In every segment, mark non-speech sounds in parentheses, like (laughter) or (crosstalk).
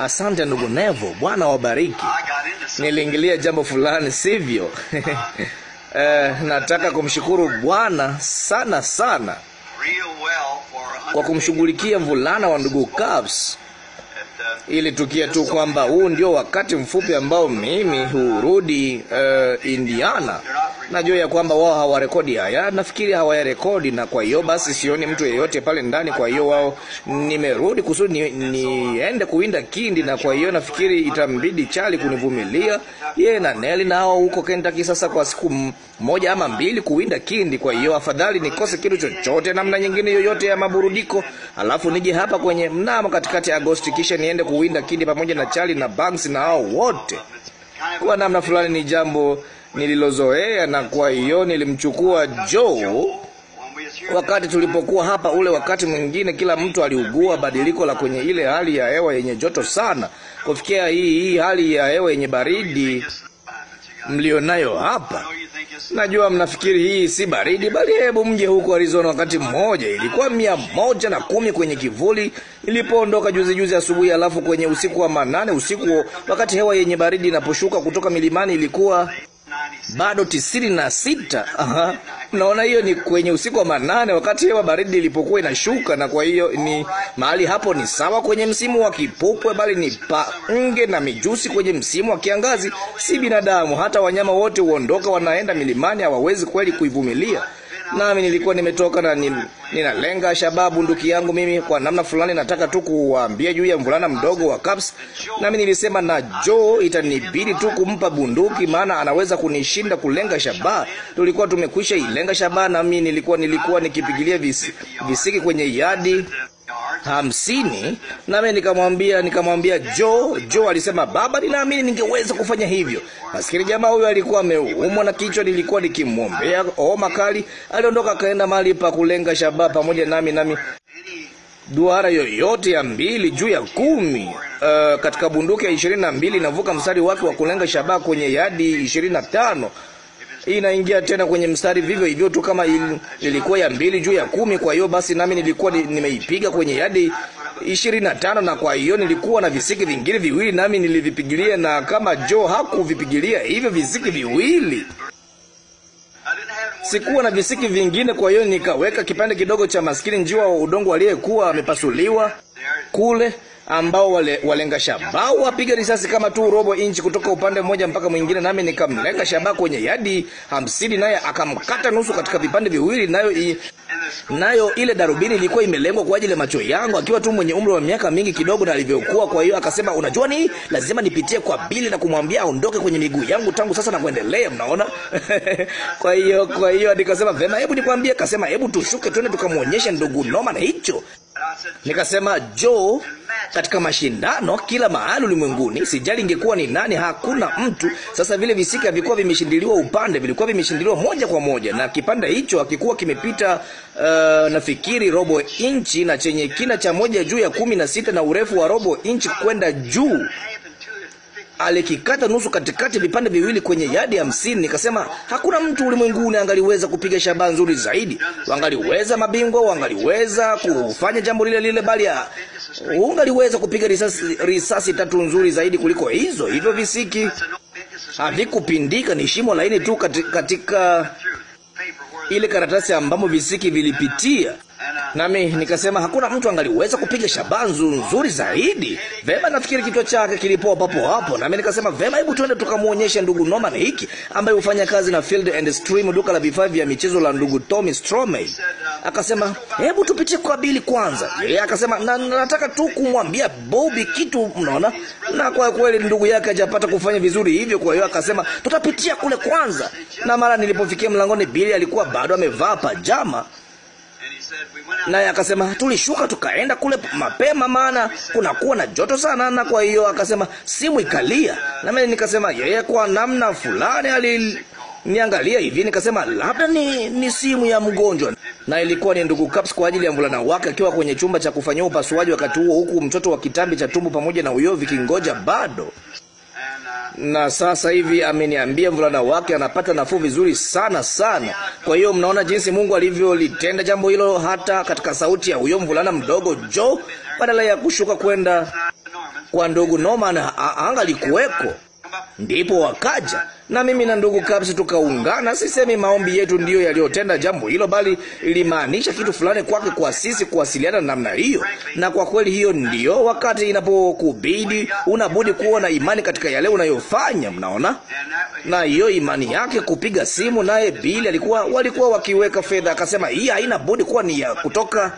Asante ndugu Nevo, Bwana wabariki. Niliingilia jambo fulani, sivyo? (laughs) Eh, nataka kumshukuru Bwana sana sana kwa kumshughulikia mvulana wa ndugu Cubs. Ilitukia tu kwamba huu ndio wakati mfupi ambao mimi hurudi uh, Indiana. Najua ya kwamba wao hawarekodi haya, nafikiri hawayarekodi, na kwa hiyo basi sioni mtu yeyote pale ndani. Kwa hiyo wao, nimerudi kusudi niende ni kuwinda kindi, na kwa hiyo nafikiri itambidi Chali kunivumilia ye na Neli na hao huko Kentucky sasa kwa siku moja ama mbili kuwinda kindi. Kwa hiyo afadhali nikose kitu chochote, namna nyingine yoyote ya maburudiko, alafu nije hapa kwenye mnamo katikati ya Agosti, kisha niende kuwinda kindi pamoja na Chali na Banks na hao wote. Kwa namna fulani ni jambo nililozoea, na kwa hiyo nilimchukua Joe wakati tulipokuwa hapa. Ule wakati mwingine kila mtu aliugua badiliko la kwenye ile hali ya hewa yenye joto sana kufikia hii hii hali ya hewa yenye baridi mlionayo hapa. Najua mnafikiri hii si baridi, bali hebu mje huko Arizona. Wakati mmoja ilikuwa mia moja na kumi kwenye kivuli ilipoondoka juzi juzi asubuhi, alafu kwenye usiku wa manane usiku, wakati hewa yenye baridi inaposhuka kutoka milimani ilikuwa bado tisini na sita. Aha, Naona hiyo ni kwenye usiku wa manane, wakati hewa baridi ilipokuwa inashuka, na kwa hiyo ni mahali hapo ni sawa kwenye msimu wa kipupwe, bali ni pa nge na mijusi kwenye msimu wa kiangazi. Si binadamu, hata wanyama wote huondoka, wanaenda milimani, hawawezi kweli kuivumilia nami nilikuwa nimetoka na nim, ninalenga shababu, nduki yangu mimi. Kwa namna fulani, nataka tu kuwaambia juu ya mvulana mdogo wa Caps, nami nilisema na Joe itanibidi tu kumpa bunduki, maana anaweza kunishinda kulenga shabaha. Tulikuwa tumekwisha ilenga shabaha, nami nilikuwa nilikuwa nikipigilia visiki kwenye yadi hamsini, nami nikamwambia nikamwambia Jo. Jo alisema baba, ninaamini ningeweza kufanya hivyo. Maskini jamaa huyo alikuwa ameumwa na kichwa, nilikuwa nikimwombea homa kali. Aliondoka akaenda mahali pa kulenga shaba pamoja nami nami duara yoyote ya mbili juu ya kumi uh, katika bunduki ya ishirini na mbili inavuka mstari wake wa kulenga shaba kwenye yadi ishirini na tano inaingia tena kwenye mstari vivyo hivyo tu kama il, ilikuwa ya mbili juu ya kumi. Kwa hiyo basi nami nilikuwa nimeipiga kwenye yadi ishirini na tano na kwa hiyo nilikuwa na visiki vingine viwili nami nilivipigilia, na kama Jo hakuvipigilia hivyo visiki viwili sikuwa na visiki vingine, kwa hiyo nikaweka kipande kidogo cha maskini njiwa wa udongo aliyekuwa amepasuliwa kule ambao wale, walenga shabaha wapiga risasi kama tu robo inchi kutoka upande mmoja mpaka mwingine, nami nikamlenga shabaha kwenye yadi hamsini, naye akamkata nusu katika vipande viwili. Nayo, i, nayo ile darubini ilikuwa imelengwa kwa ajili ya macho yangu, akiwa tu mwenye umri wa miaka mingi kidogo na alivyokuwa. Kwa hiyo akasema, unajua ni lazima nipitie kwa Bili na kumwambia aondoke kwenye miguu yangu tangu sasa na kuendelea. Mnaona? (laughs) kwa hiyo kwa hiyo nikasema, vema, hebu nikwambie. Akasema, hebu tushuke twende tukamwonyeshe ndugu Norman hicho Nikasema jo, katika mashindano kila mahali ulimwenguni, sijali ingekuwa ni nani, hakuna mtu. Sasa vile visiki havikuwa vimeshindiliwa upande, vilikuwa vimeshindiliwa moja kwa moja, na kipande hicho hakikuwa kimepita uh, nafikiri robo inchi, na chenye kina cha moja juu ya kumi na sita na urefu wa robo inchi kwenda juu alikikata nusu katikati, vipande viwili kwenye yadi hamsini. Nikasema hakuna mtu ulimwenguni angaliweza kupiga shabaha nzuri zaidi. Wangaliweza mabingwa, wangaliweza kufanya jambo lile lile, bali ah, ungaliweza kupiga risasi, risasi tatu nzuri zaidi kuliko hizo. Hivyo visiki havikupindika, ni shimo laini tu katika ile karatasi ambamo visiki vilipitia nami nikasema hakuna mtu angaliweza kupiga shabanzu nzuri zaidi. Vema, nafikiri kichwa chake kilipoa papo hapo, nami nikasema vema, hebu twende tukamwonyeshe ndugu Norman hiki ambaye hufanya kazi na Field and Stream, duka la vifaa vya michezo la ndugu Tommy Stromey. Akasema hebu tupitie kwa Bili kwanza. Yeye akasema na, nataka tu kumwambia Bobby kitu, mnaona. Na kwa kweli ndugu yake hajapata kufanya vizuri hivyo, kwa hiyo akasema tutapitia kule kwanza. Na mara nilipofikia mlangoni, Bili alikuwa bado amevaa pajama naye akasema tulishuka tukaenda kule mapema, maana kunakuwa na joto sana, na kwa hiyo akasema simu ikalia, nami nikasema yeye kwa namna fulani ali niangalia hivi nikasema, labda ni, ni simu ya mgonjwa, na ilikuwa ni ndugu Caps kwa ajili ya mvulana wake akiwa kwenye chumba cha kufanyia upasuaji wakati huo, huku mtoto wa kitambi cha tumbo pamoja na uyo vikingoja bado na sasa hivi ameniambia mvulana wake anapata nafuu vizuri sana sana. Kwa hiyo mnaona jinsi Mungu alivyolitenda jambo hilo hata katika sauti ya huyo mvulana mdogo Joe, badala ya kushuka kwenda kwa ndugu Norman, angalikuweko. Ndipo wakaja na mimi na ndugu Kapsi tukaungana. Sisemi maombi yetu ndiyo yaliyotenda jambo hilo, bali ilimaanisha kitu fulani kwake, kwa sisi kuwasiliana namna hiyo. Na kwa kweli hiyo ndiyo wakati inapokubidi, unabudi kuwa na imani katika yale unayofanya. Mnaona, na hiyo imani yake kupiga simu naye Bili alikuwa, walikuwa wakiweka fedha, akasema hii haina budi kuwa ni ya kutoka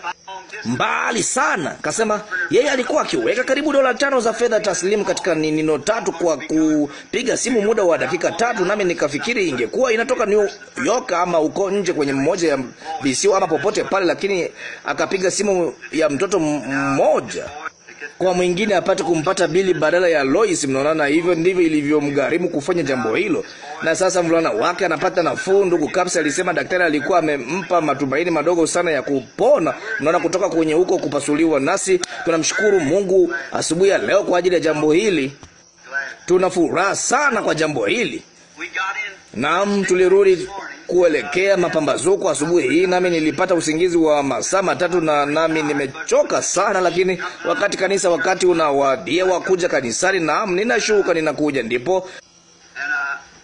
mbali sana. Kasema yeye alikuwa akiweka karibu dola tano za fedha taslimu katika ninino tatu kwa kupiga simu muda wa dakika tatu tatu, nami nikafikiri ingekuwa inatoka New York ama uko nje kwenye mmoja ya visiwa ama popote pale, lakini akapiga simu ya mtoto mmoja kwa mwingine apate kumpata Bili badala ya Lois. Mnaona, na hivyo ndivyo ilivyomgharimu kufanya jambo hilo, na sasa mvulana wake anapata nafuu. Ndugu Kapsa alisema daktari alikuwa amempa matumaini madogo sana ya kupona. Mnaona, kutoka kwenye huko kupasuliwa. Nasi tunamshukuru Mungu asubuhi ya leo kwa ajili ya jambo hili, tuna furaha sana kwa jambo hili. Naam, tulirudi kuelekea mapambazuko asubuhi hii, nami nilipata usingizi wa masaa matatu na nami nimechoka sana, lakini wakati kanisa, wakati unawadia wa kuja kanisani, naam, ninashuka ninakuja, ndipo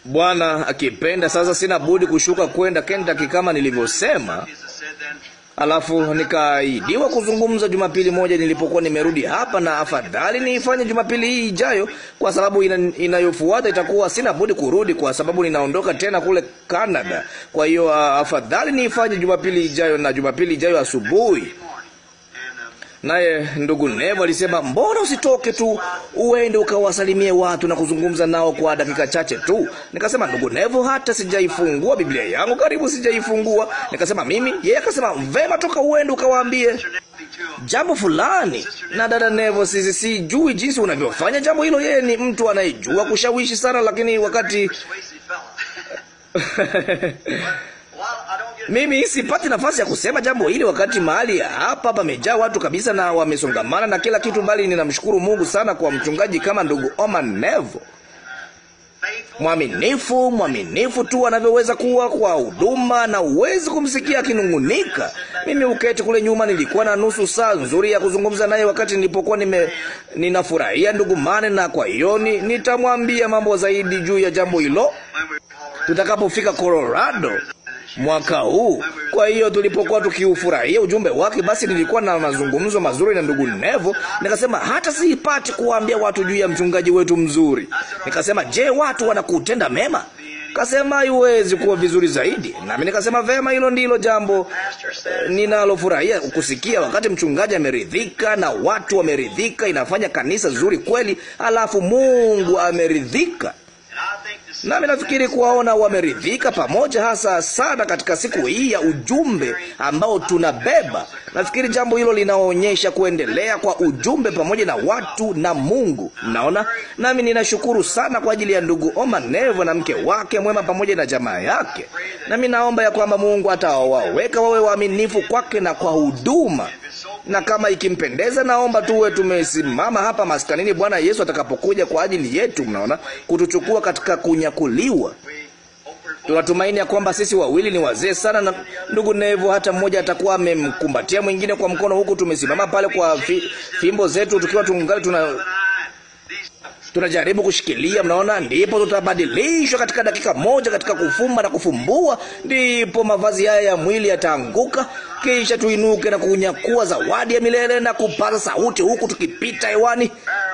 Bwana akipenda, sasa sina budi kushuka kwenda Kentucky kama nilivyosema. Alafu nikaidiwa kuzungumza Jumapili moja nilipokuwa nimerudi hapa, na afadhali niifanye Jumapili hii ijayo, kwa sababu ina, inayofuata itakuwa sina budi kurudi, kwa sababu ninaondoka tena kule Canada. Kwa hiyo afadhali niifanye Jumapili ijayo, na Jumapili ijayo asubuhi Naye ndugu Nevo alisema, mbona usitoke tu uende ukawasalimie watu na kuzungumza nao kwa dakika chache tu? Nikasema, ndugu Nevo, hata sijaifungua Biblia yangu, karibu sijaifungua. Nikasema mimi. Yeye akasema, vema, toka uende ukawaambie jambo fulani. Na dada Nevo, sisi sijui jinsi unavyofanya jambo hilo. Yeye ni mtu anayejua kushawishi sana, lakini wakati (laughs) Mimi sipati nafasi ya kusema jambo hili wakati mahali hapa pamejaa watu kabisa na wamesongamana na kila kitu, bali ninamshukuru Mungu sana kwa mchungaji kama ndugu Oman Nevo, mwaminifu mwaminifu tu anavyoweza kuwa kwa huduma, na uwezi kumsikia akinung'unika. Mimi uketi kule nyuma, nilikuwa na nusu saa nzuri ya kuzungumza naye wakati nilipokuwa nime ninafurahia ndugu Mane, na kwa hiyo nitamwambia mambo zaidi juu ya jambo hilo tutakapofika Colorado mwaka huu. Kwa hiyo tulipokuwa tukiufurahia ujumbe wake, basi nilikuwa na mazungumzo mazuri na ndugu Nevo, nikasema hata siipati kuwaambia watu juu ya mchungaji wetu mzuri. Nikasema, je, watu wanakutenda mema? Kasema haiwezi kuwa vizuri zaidi. Nami nikasema vema, hilo ndilo jambo eh, ninalofurahia kusikia, wakati mchungaji ameridhika na watu wameridhika, inafanya kanisa zuri kweli, alafu Mungu ameridhika. Nami nafikiri kuwaona wameridhika pamoja, hasa sana katika siku hii ya ujumbe ambao tunabeba. Nafikiri jambo hilo linaonyesha kuendelea kwa ujumbe pamoja na watu na Mungu. Mnaona, nami ninashukuru sana kwa ajili ya ndugu Omanevo na mke wake mwema pamoja na jamaa yake, nami naomba ya kwamba Mungu atawaweka wawe waaminifu kwake na kwa huduma na kama ikimpendeza, naomba tuwe tumesimama hapa maskanini Bwana Yesu atakapokuja kwa ajili yetu, mnaona, kutuchukua katika kunyakuliwa. Tunatumaini ya kwamba sisi wawili ni wazee sana, na ndugu Nevo, hata mmoja atakuwa amemkumbatia mwingine kwa mkono, huku tumesimama pale kwa fi, fimbo zetu tukiwa tungali tuna tunajaribu kushikilia, mnaona. Ndipo tutabadilishwa katika dakika moja, katika kufumba na kufumbua, ndipo mavazi haya ya mwili yataanguka, kisha tuinuke na kunyakua zawadi ya milele na kupaza sauti huku tukipita hewani,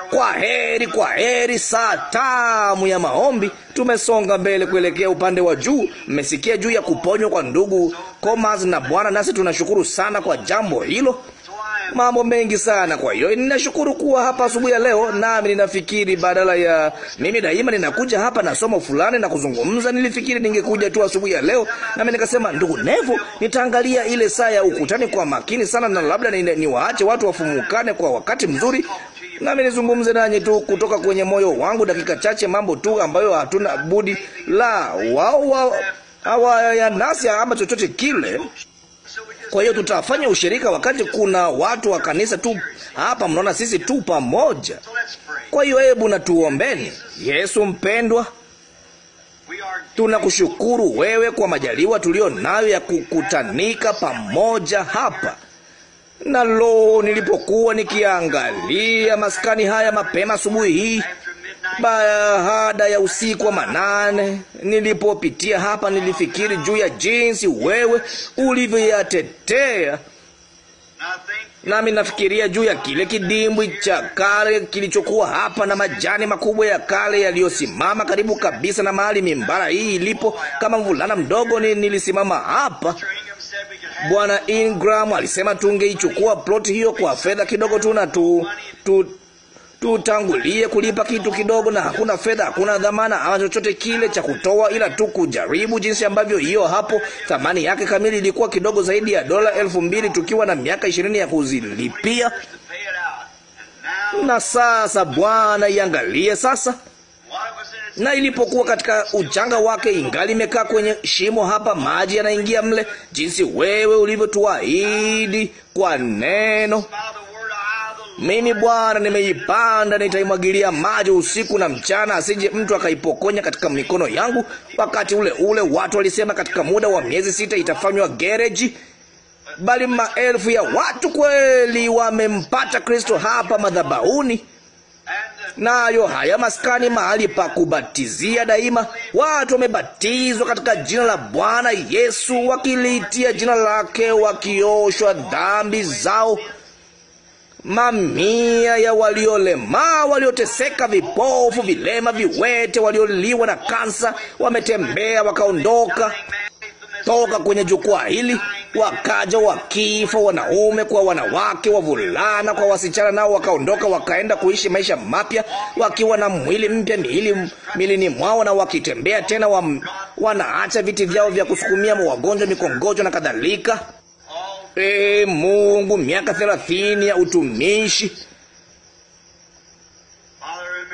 kwa heri, kwa heri, saa tamu ya maombi. Tumesonga mbele kuelekea upande wa juu. Mmesikia juu ya kuponywa kwa ndugu comas na Bwana, nasi tunashukuru sana kwa jambo hilo mambo mengi sana. Kwa hiyo ninashukuru kuwa hapa asubuhi ya leo, nami ninafikiri badala ya mimi daima ninakuja hapa na somo fulani na kuzungumza, nilifikiri ningekuja tu asubuhi ya leo, nami nikasema, ndugu Nevo, nitaangalia ile saa ya ukutani kwa makini sana, na labda niwaache ni watu wafumukane kwa wakati mzuri nami nizungumze nanyi tu kutoka kwenye moyo wangu dakika chache, mambo tu ambayo hatuna budi la wao hawayanasi ama chochote kile. Kwa hiyo tutafanya ushirika wakati kuna watu wa kanisa tu hapa, mnaona sisi tu pamoja. Kwa hiyo hebu na tuombeni. Yesu mpendwa, tunakushukuru wewe kwa majaliwa tulio nayo ya kukutanika pamoja hapa na lo, nilipokuwa nikiangalia maskani haya mapema asubuhi hii baada ya usiku wa manane, nilipopitia hapa, nilifikiri juu ya jinsi wewe ulivyoyatetea nami nafikiria juu ya kile kidimbwi cha kale kilichokuwa hapa na majani makubwa ya kale yaliyosimama karibu kabisa na mahali mimbara hii ilipo. Kama mvulana mdogo ni nilisimama hapa. Bwana Ingram alisema tungeichukua ploti hiyo kwa fedha kidogo tu na tu, tu tutangulie kulipa kitu kidogo, na hakuna fedha, hakuna dhamana ama chochote kile cha kutoa, ila tu kujaribu jinsi ambavyo hiyo hapo thamani yake kamili ilikuwa kidogo zaidi ya dola elfu mbili tukiwa na miaka ishirini ya kuzilipia. Na sasa Bwana iangalie sasa na ilipokuwa katika uchanga wake, ingali imekaa kwenye shimo hapa, maji yanaingia mle, jinsi wewe ulivyotuahidi kwa neno. Mimi Bwana nimeipanda, nitaimwagilia maji usiku na mchana, asije mtu akaipokonya katika mikono yangu. Wakati ule ule watu walisema katika muda wa miezi sita itafanywa gereji, bali maelfu ya watu kweli wamempata Kristo hapa madhabahuni. Nayo haya maskani, mahali pa kubatizia daima. Watu wamebatizwa katika jina la Bwana Yesu, wakilitia jina lake, wakioshwa dhambi zao mamia ya waliolemaa, walioteseka, vipofu, vilema, viwete, walioliwa na kansa, wametembea wakaondoka toka kwenye jukwaa hili, wakaja wakifa, wanaume kwa wanawake, wavulana kwa wasichana, nao wakaondoka wakaenda kuishi maisha mapya, wakiwa na mwili mpya miili milini mwao, na wakitembea tena, wanaacha viti vyao vya kusukumia wagonjwa, mikongojo na kadhalika. Ee Mungu, miaka thelathini ya utumishi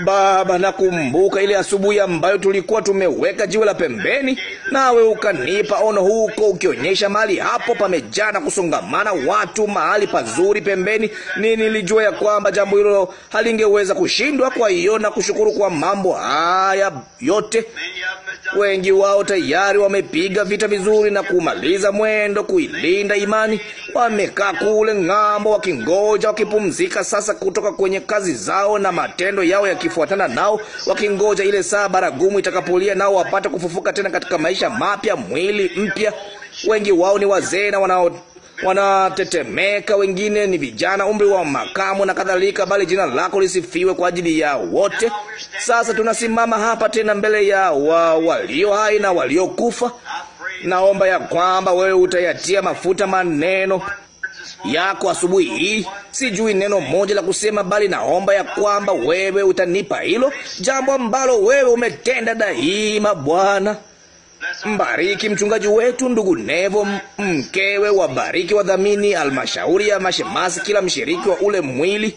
Baba, nakumbuka ile asubuhi ambayo tulikuwa tumeweka jiwe la pembeni, nawe ukanipa ono huko, ukionyesha mahali hapo pamejaa na kusongamana watu, mahali pazuri pembeni. Ni nilijua ya kwamba jambo hilo halingeweza kushindwa. Kwa hiyo na kushukuru kwa mambo haya yote. Wengi wao tayari wamepiga vita vizuri na kumaliza mwendo, kuilinda imani. Wamekaa kule ng'ambo, wakingoja, wakipumzika sasa kutoka kwenye kazi zao na matendo yao ya wakifuatana nao, wakingoja ile saa baragumu itakapolia, nao wapate kufufuka tena katika maisha mapya, mwili mpya. Wengi wao ni wazee na wanao wanatetemeka, wengine ni vijana, umri wa makamu na kadhalika, bali jina lako lisifiwe kwa ajili ya wote. Sasa tunasimama hapa tena mbele ya wa, walio hai na waliokufa. Naomba ya kwamba wewe utayatia mafuta maneno yako asubuhi hii. Sijui neno moja la kusema, bali naomba ya kwamba wewe utanipa hilo jambo ambalo wewe umetenda daima. Bwana, mbariki mchungaji wetu ndugu Nevo, mkewe, wabariki wadhamini, almashauri ya mashemasi, kila mshiriki wa ule mwili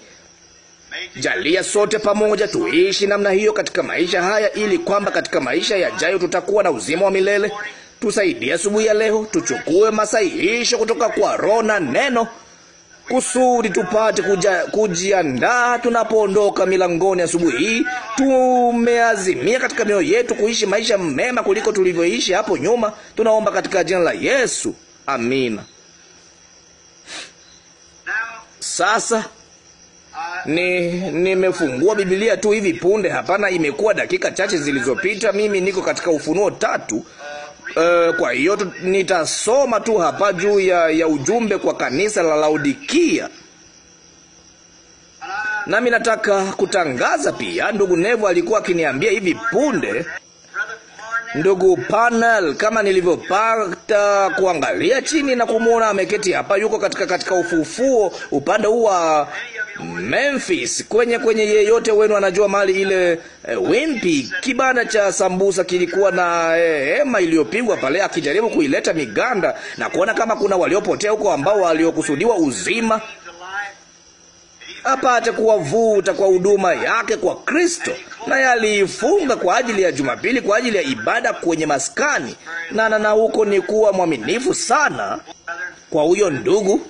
Jalia sote pamoja tuishi namna hiyo katika maisha haya, ili kwamba katika maisha yajayo tutakuwa na uzima wa milele. Tusaidie asubuhi ya leo, tuchukue masahihisho kutoka kwa Roho na neno kusudi tupate kujiandaa tunapoondoka milangoni asubuhi hii. Tumeazimia katika mioyo yetu kuishi maisha mema kuliko tulivyoishi hapo nyuma. Tunaomba katika jina la Yesu, amina. Sasa ni nimefungua Biblia tu hivi punde, hapana, imekuwa dakika chache zilizopita. Mimi niko katika Ufunuo tatu. Uh, kwa hiyo nitasoma tu hapa juu ya, ya ujumbe kwa kanisa la Laodikia. Nami nataka kutangaza pia, ndugu Nevo alikuwa akiniambia hivi punde ndugu Panel, kama nilivyopata kuangalia chini na kumwona ameketi hapa, yuko katika katika ufufuo upande huu wa Memphis. Kwenye kwenye yeyote wenu anajua mali ile e, Wimpy kibanda cha sambusa kilikuwa na eh, hema e, iliyopigwa pale, akijaribu kuileta miganda na kuona kama kuna waliopotea huko ambao waliokusudiwa uzima apate kuwavuta kwa huduma yake kwa Kristo, na yaliifunga kwa ajili ya Jumapili, kwa ajili ya ibada kwenye maskani na na huko ni kuwa mwaminifu sana kwa huyo ndugu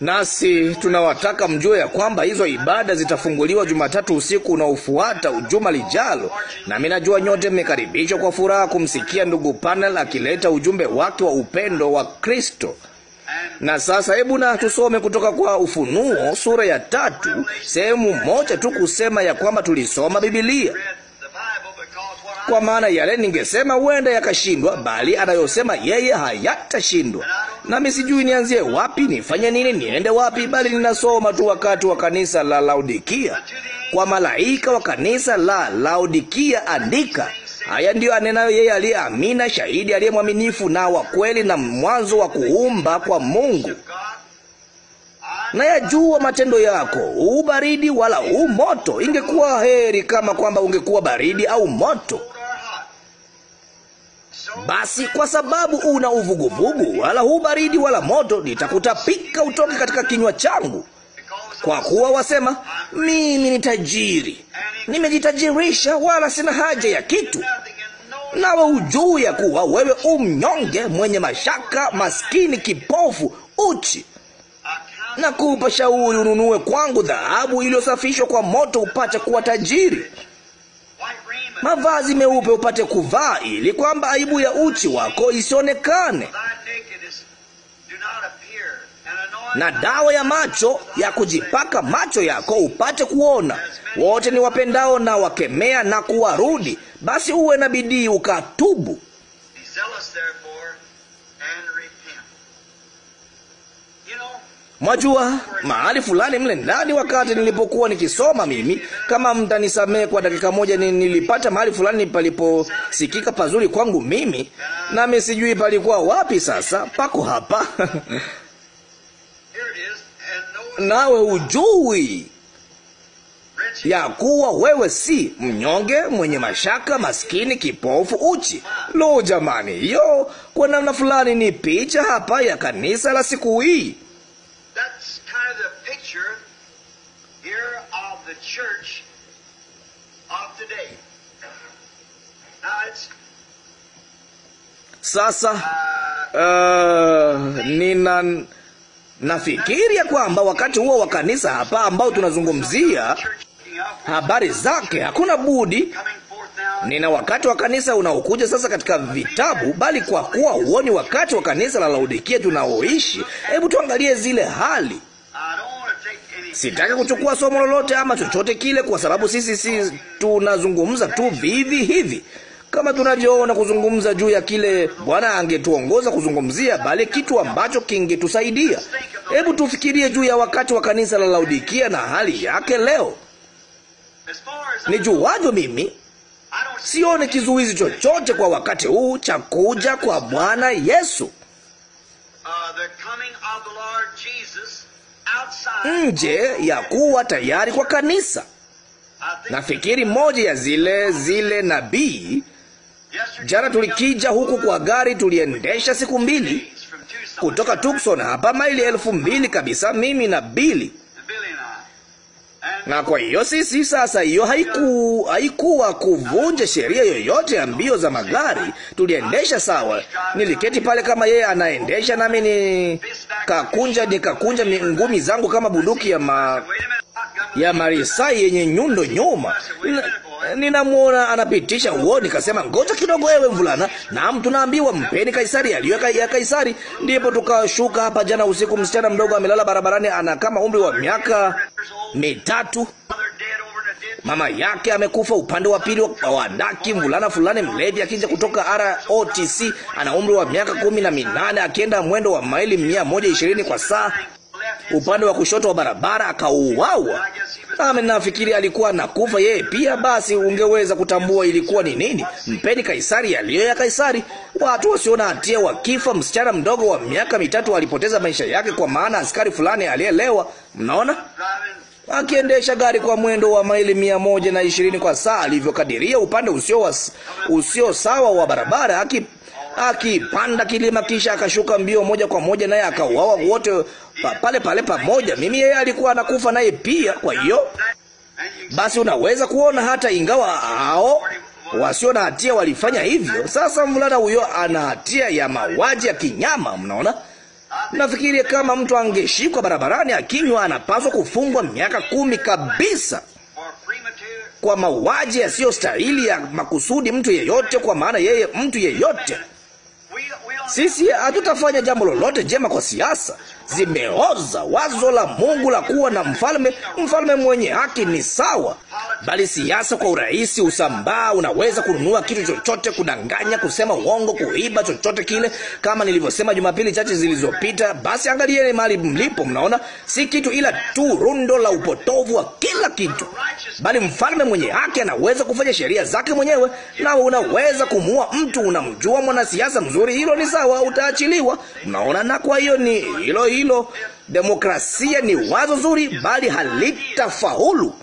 nasi tunawataka mjue ya kwamba hizo ibada zitafunguliwa Jumatatu usiku unaofuata juma lijalo. Nami najua nyote mmekaribishwa kwa furaha kumsikia ndugu Panel akileta ujumbe wake wa upendo wa Kristo. Na sasa hebu na tusome kutoka kwa Ufunuo sura ya tatu sehemu moja tu, kusema ya kwamba tulisoma Biblia kwa maana yale ningesema huenda yakashindwa, bali anayosema yeye hayatashindwa. Nami sijui nianzie wapi, nifanye nini, niende wapi, bali ninasoma tu wakati wa kanisa la Laodikia. Kwa malaika wa kanisa la Laodikia andika, Haya ndiyo anenayo yeye aliye amina, shahidi aliye mwaminifu na wa kweli, na mwanzo wa kuumba kwa Mungu. Nayajua matendo yako, huu baridi wala huu moto. Ingekuwa heri kama kwamba ungekuwa baridi au moto. Basi kwa sababu una uvuguvugu, wala huu baridi wala moto, nitakutapika utoke katika kinywa changu. Kwa kuwa wasema, mimi ni tajiri, nimejitajirisha, wala sina haja ya kitu. Nawe ujuu ya kuwa wewe umnyonge, mwenye mashaka, maskini, kipofu, uchi. na kupa shauri, ununue kwangu dhahabu iliyosafishwa kwa moto, upate kuwa tajiri mavazi meupe upate kuvaa, ili kwamba aibu ya uchi wako isionekane, na dawa ya macho ya kujipaka macho yako upate kuona. Wote ni wapendao na wakemea na kuwarudi, basi uwe na bidii ukatubu. Mwajua, mahali fulani mle ndani, wakati nilipokuwa nikisoma mimi, kama mtanisamehe kwa dakika moja, nilipata mahali fulani paliposikika pazuri kwangu mimi, nami sijui palikuwa wapi. Sasa pako hapa (laughs) nawe ujui ya kuwa wewe si mnyonge, mwenye mashaka, maskini, kipofu, uchi. Lo, jamani, hiyo kwa namna fulani ni picha hapa ya kanisa la siku hii. Sasa uh, uh nina Nafikiria kwamba wakati huo wa kanisa hapa ambao tunazungumzia habari zake, hakuna budi nina wakati wa kanisa unaokuja sasa katika vitabu, bali kwa kuwa huo ni wakati wa kanisa la Laodikia tunaoishi, hebu tuangalie zile hali. Sitaki kuchukua somo lolote ama chochote kile, kwa sababu sisi si tunazungumza tu vivi hivi kama tunavyoona kuzungumza juu ya kile Bwana angetuongoza kuzungumzia, bali kitu ambacho kingetusaidia. Hebu tufikirie juu ya wakati wa kanisa la Laodikia na hali yake leo. ni Nijuavyo mimi sioni kizuizi chochote kwa wakati huu cha kuja kwa Bwana Yesu. Nje ya kuwa tayari kwa kanisa, nafikiri moja ya zile zile nabii Jana tulikija huku kwa gari, tuliendesha siku mbili kutoka Tucson hapa, maili elfu mbili kabisa, mimi na Bili na kwa hiyo sisi sasa, hiyo haiku haikuwa kuvunja sheria yoyote ya mbio za magari. Tuliendesha sawa, niliketi pale kama yeye anaendesha, nami nikakunja nikakunja ngumi zangu kama bunduki ya ma, ya marisai yenye nyundo nyuma ninamwona anapitisha huo, nikasema ngoja kidogo, ewe mvulana. Naam, tunaambiwa mpeni Kaisari aliyo ya Kaisari. Ndipo tukashuka hapa jana usiku, msichana mdogo amelala barabarani, ana kama umri wa miaka mitatu mama yake amekufa upande wa pili wa daki. Mvulana fulani mlevi akija kutoka ROTC ana umri wa miaka kumi na minane akienda mwendo wa maili mia moja ishirini kwa saa upande wa kushoto wa barabara akauawa nami nafikiri alikuwa nakufa yeye pia, basi ungeweza kutambua ilikuwa ni nini. Mpeni Kaisari yaliyo ya Kaisari. Watu wasiona hatia wakifa. Msichana mdogo wa miaka mitatu alipoteza maisha yake kwa maana askari fulani aliyelewa. Mnaona, akiendesha gari kwa mwendo wa maili mia moja na ishirini kwa saa, alivyokadiria upande usio, usio sawa wa barabara, aki akipanda kilima, kisha akashuka mbio moja kwa moja, naye akauawa wote pale pale pamoja. Mimi yeye alikuwa anakufa naye pia. Kwa hiyo basi unaweza kuona hata ingawa hao wasio na hatia walifanya hivyo. Sasa mvulana huyo ana hatia ya mauaji ya kinyama. Mnaona, nafikiri kama mtu angeshikwa barabarani akinywa, anapaswa kufungwa miaka kumi kabisa kwa mauaji yasiyostahili ya makusudi mtu yeyote, kwa maana yeye mtu yeyote we, we Sisi hatutafanya jambo lolote jema kwa siasa. Zimeoza wazo la Mungu la kuwa na mfalme, mfalme mwenye haki ni sawa, bali siasa kwa urahisi usambaa. Unaweza kununua kitu chochote, kudanganya, kusema uongo, kuiba, chochote kile. Kama nilivyosema Jumapili chache zilizopita, basi angalieni mahali mlipo. Mnaona si kitu, ila tu rundo la upotovu wa kila kitu, bali mfalme mwenye haki anaweza kufanya sheria zake mwenyewe, na unaweza kumua mtu unamjua, mwanasiasa mzuri. Hilo ni sawa, utaachiliwa. Mnaona? Na kwa hiyo ni hilo hilo. Demokrasia ni wazo zuri, bali halitafaulu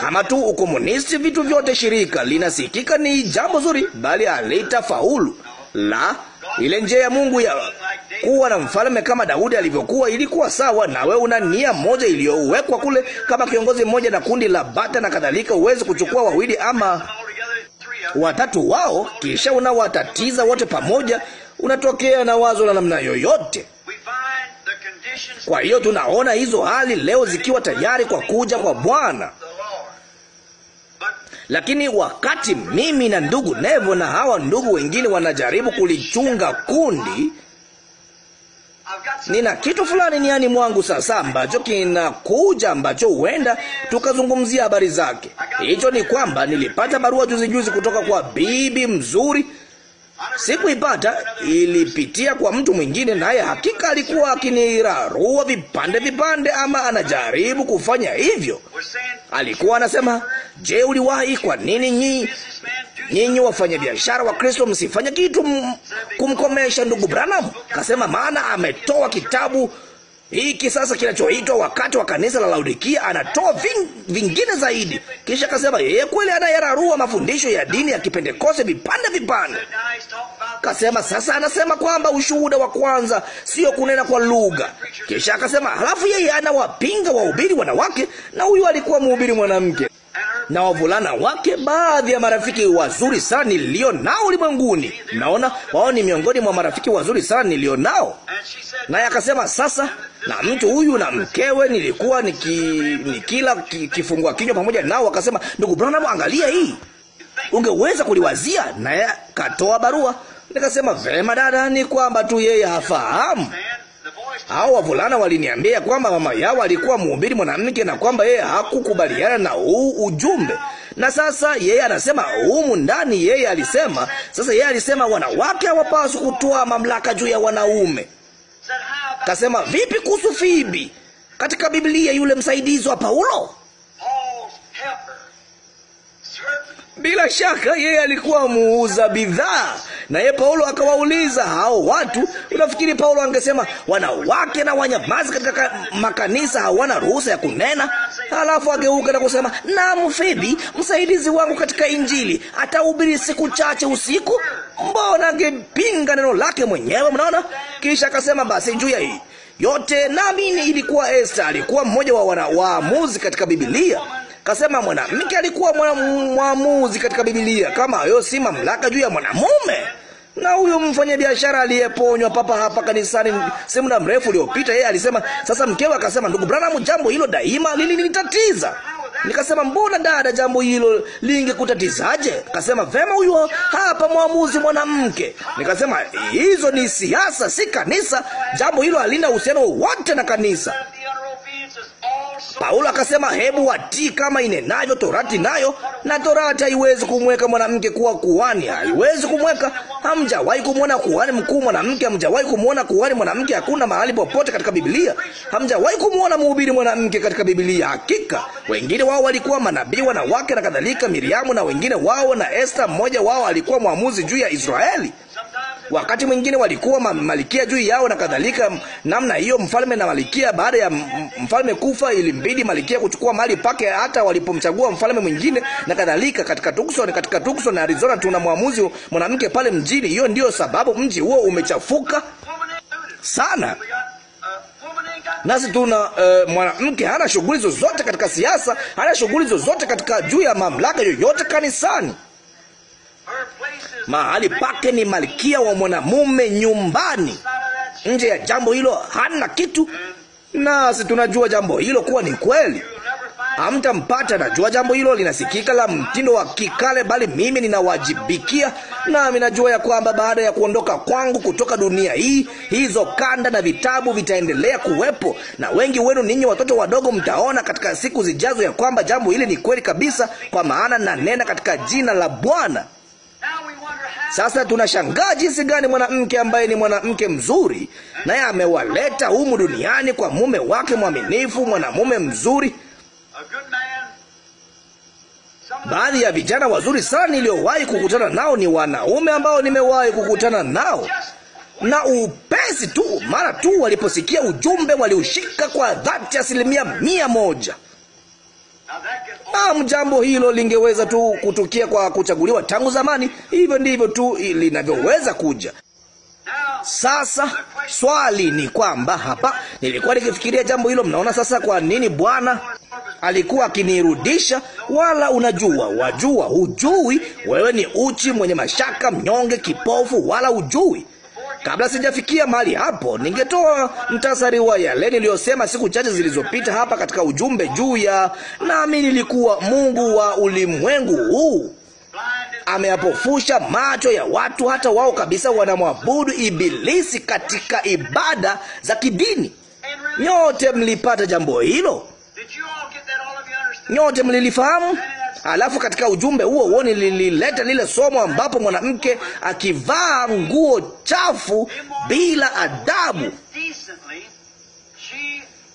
kama tu ukomunisti. Vitu vyote shirika linasikika ni jambo zuri, bali halitafaulu. La, ile njia ya Mungu ya kuwa na mfalme kama Daudi alivyokuwa ilikuwa sawa, na wewe una nia moja iliyowekwa kule, kama kiongozi mmoja na kundi la bata na kadhalika. uweze kuchukua wawili ama watatu wao, kisha unawatatiza wote pamoja, unatokea na wazo la namna yoyote. Kwa hiyo tunaona hizo hali leo zikiwa tayari kwa kuja kwa Bwana. Lakini wakati mimi na ndugu Nevo na hawa ndugu wengine wanajaribu kulichunga kundi nina kitu fulani niani mwangu sasa ambacho kinakuja ambacho huenda tukazungumzia habari zake. Hicho ni kwamba nilipata barua juzi juzi kutoka kwa bibi mzuri Sikuipata, ilipitia kwa mtu mwingine, naye hakika alikuwa akinirarua vipande vipande, ama anajaribu kufanya hivyo. Alikuwa anasema, je, uliwahi? Kwa nini nyi nyinyi wafanyabiashara wa Kristo msifanye kitu kumkomesha ndugu Branham? Kasema, maana ametoa kitabu hiki sasa kinachoitwa wakati wa kanisa la Laodikia. Anatoa ving, vingine zaidi, kisha akasema yeye kweli anayararua mafundisho ya dini ya Kipentekoste vipande vipande. Kasema sasa, anasema kwamba ushuhuda wa kwanza sio kunena kwa lugha. Kisha akasema halafu yeye anawapinga wahubiri wanawake, na huyu alikuwa mhubiri mwanamke na wavulana wake, baadhi ya marafiki wazuri sana nilio nao ulimwenguni. Naona wao ni miongoni mwa marafiki wazuri sana nilio nao. Naye akasema sasa, na mtu huyu na mkewe, nilikuwa niki, nikila kifungua kinywa pamoja nao, wakasema, ndugu Branham, angalia hii, ungeweza kuliwazia. Naye katoa barua. Nikasema, vema dada, ni kwamba tu yeye hafahamu. Hao wavulana waliniambia kwamba mama yao alikuwa mhubiri mwanamke na kwamba yeye hakukubaliana na huu ujumbe, na sasa yeye anasema humu ndani, yeye alisema sasa, yeye alisema wanawake hawapaswi kutoa mamlaka juu ya wanaume. Kasema, vipi kuhusu Fibi katika Biblia, yule msaidizi wa Paulo? Bila shaka yeye alikuwa muuza bidhaa. Naye Paulo akawauliza hao watu. Unafikiri Paulo angesema wanawake na wanyamazi katika makanisa hawana ruhusa ya kunena? Halafu ageuka na kusema naam, Fedi msaidizi wangu katika Injili atahubiri siku chache usiku. Mbona angepinga neno lake mwenyewe? Mnaona? Kisha akasema basi juu ya hii yote, nami ilikuwa Esther, alikuwa mmoja wa waamuzi katika Biblia Kasema mwanamke alikuwa mwamuzi katika Biblia. Kama hayo si mamlaka juu ya mwanamume na huyo mfanyabiashara aliyeponywa papa hapa kanisani si muda mrefu uliopita, yeye alisema. Sasa mkewe akasema, ndugu Branham, jambo hilo daima lilinitatiza. Nikasema, mbona dada, jambo hilo lingekutatizaje? Akasema, vema, huyo hapa mwamuzi mwanamke. Nikasema, hizo ni siasa, si kanisa. Jambo hilo halina uhusiano wote na kanisa. Paulo akasema, hebu watii kama inenavyo Torati, nayo na Torati haiwezi kumweka mwanamke kuwa kuhani, haiwezi kumweka. Hamjawahi kumwona kuhani mkuu mwanamke, hamjawahi kumwona kuhani mwanamke. Hakuna mahali popote katika Biblia, hamjawahi kumwona mhubiri mwanamke katika Biblia. Hakika wengine wao walikuwa manabii wanawake na kadhalika, Miriamu na wengine wao na Esta. Mmoja wao alikuwa mwamuzi juu ya Israeli wakati mwingine walikuwa malikia juu yao na kadhalika, namna hiyo. Mfalme na malikia, baada ya mfalme kufa, ilimbidi malikia kuchukua mali pake, hata walipomchagua mfalme mwingine na kadhalika. Katika Tucson, katika Tucson Arizona, tuna mwamuzi mwanamke pale mjini. Hiyo ndiyo sababu mji huo umechafuka sana nasi tuna uh, mwanamke hana shughuli zozote katika siasa, hana shughuli zozote katika juu ya mamlaka yoyote kanisani mahali pake ni malkia wa mwanamume nyumbani. Nje ya jambo hilo hana kitu, nasi tunajua jambo hilo kuwa ni kweli. Hamtampata. Najua jambo hilo linasikika la mtindo wa kikale, bali mimi ninawajibikia, nami najua ya kwamba baada ya kuondoka kwangu kutoka dunia hii, hizo kanda na vitabu vitaendelea kuwepo, na wengi wenu ninyi watoto wadogo mtaona katika siku zijazo ya kwamba jambo hili ni kweli kabisa, kwa maana nanena katika jina la Bwana. Sasa tunashangaa jinsi gani mwanamke ambaye ni mwanamke mzuri, naye amewaleta humu duniani kwa mume wake mwaminifu, mwanamume mzuri Baadhi ya vijana wazuri sana niliyowahi kukutana nao ni wanaume ambao nimewahi kukutana nao, na upesi tu, mara tu waliposikia ujumbe waliushika kwa dhati asilimia mia moja. Naam, ah, jambo hilo lingeweza tu kutukia kwa kuchaguliwa tangu zamani. Hivyo ndivyo tu linavyoweza kuja. Sasa swali ni kwamba hapa nilikuwa nikifikiria jambo hilo. Mnaona sasa kwa nini Bwana alikuwa akinirudisha? Wala unajua, wajua, hujui. Wewe ni uchi, mwenye mashaka, mnyonge, kipofu, wala hujui. Kabla sijafikia mahali hapo, ningetoa mtasari wa yale niliyosema siku chache zilizopita hapa katika ujumbe juu ya naamini ilikuwa Mungu wa ulimwengu huu ameapofusha macho ya watu, hata wao kabisa wanamwabudu Ibilisi katika ibada za kidini. Nyote mlipata jambo hilo? Nyote mlilifahamu? Alafu katika ujumbe huo huo nilileta lile somo ambapo mwanamke akivaa nguo chafu bila adabu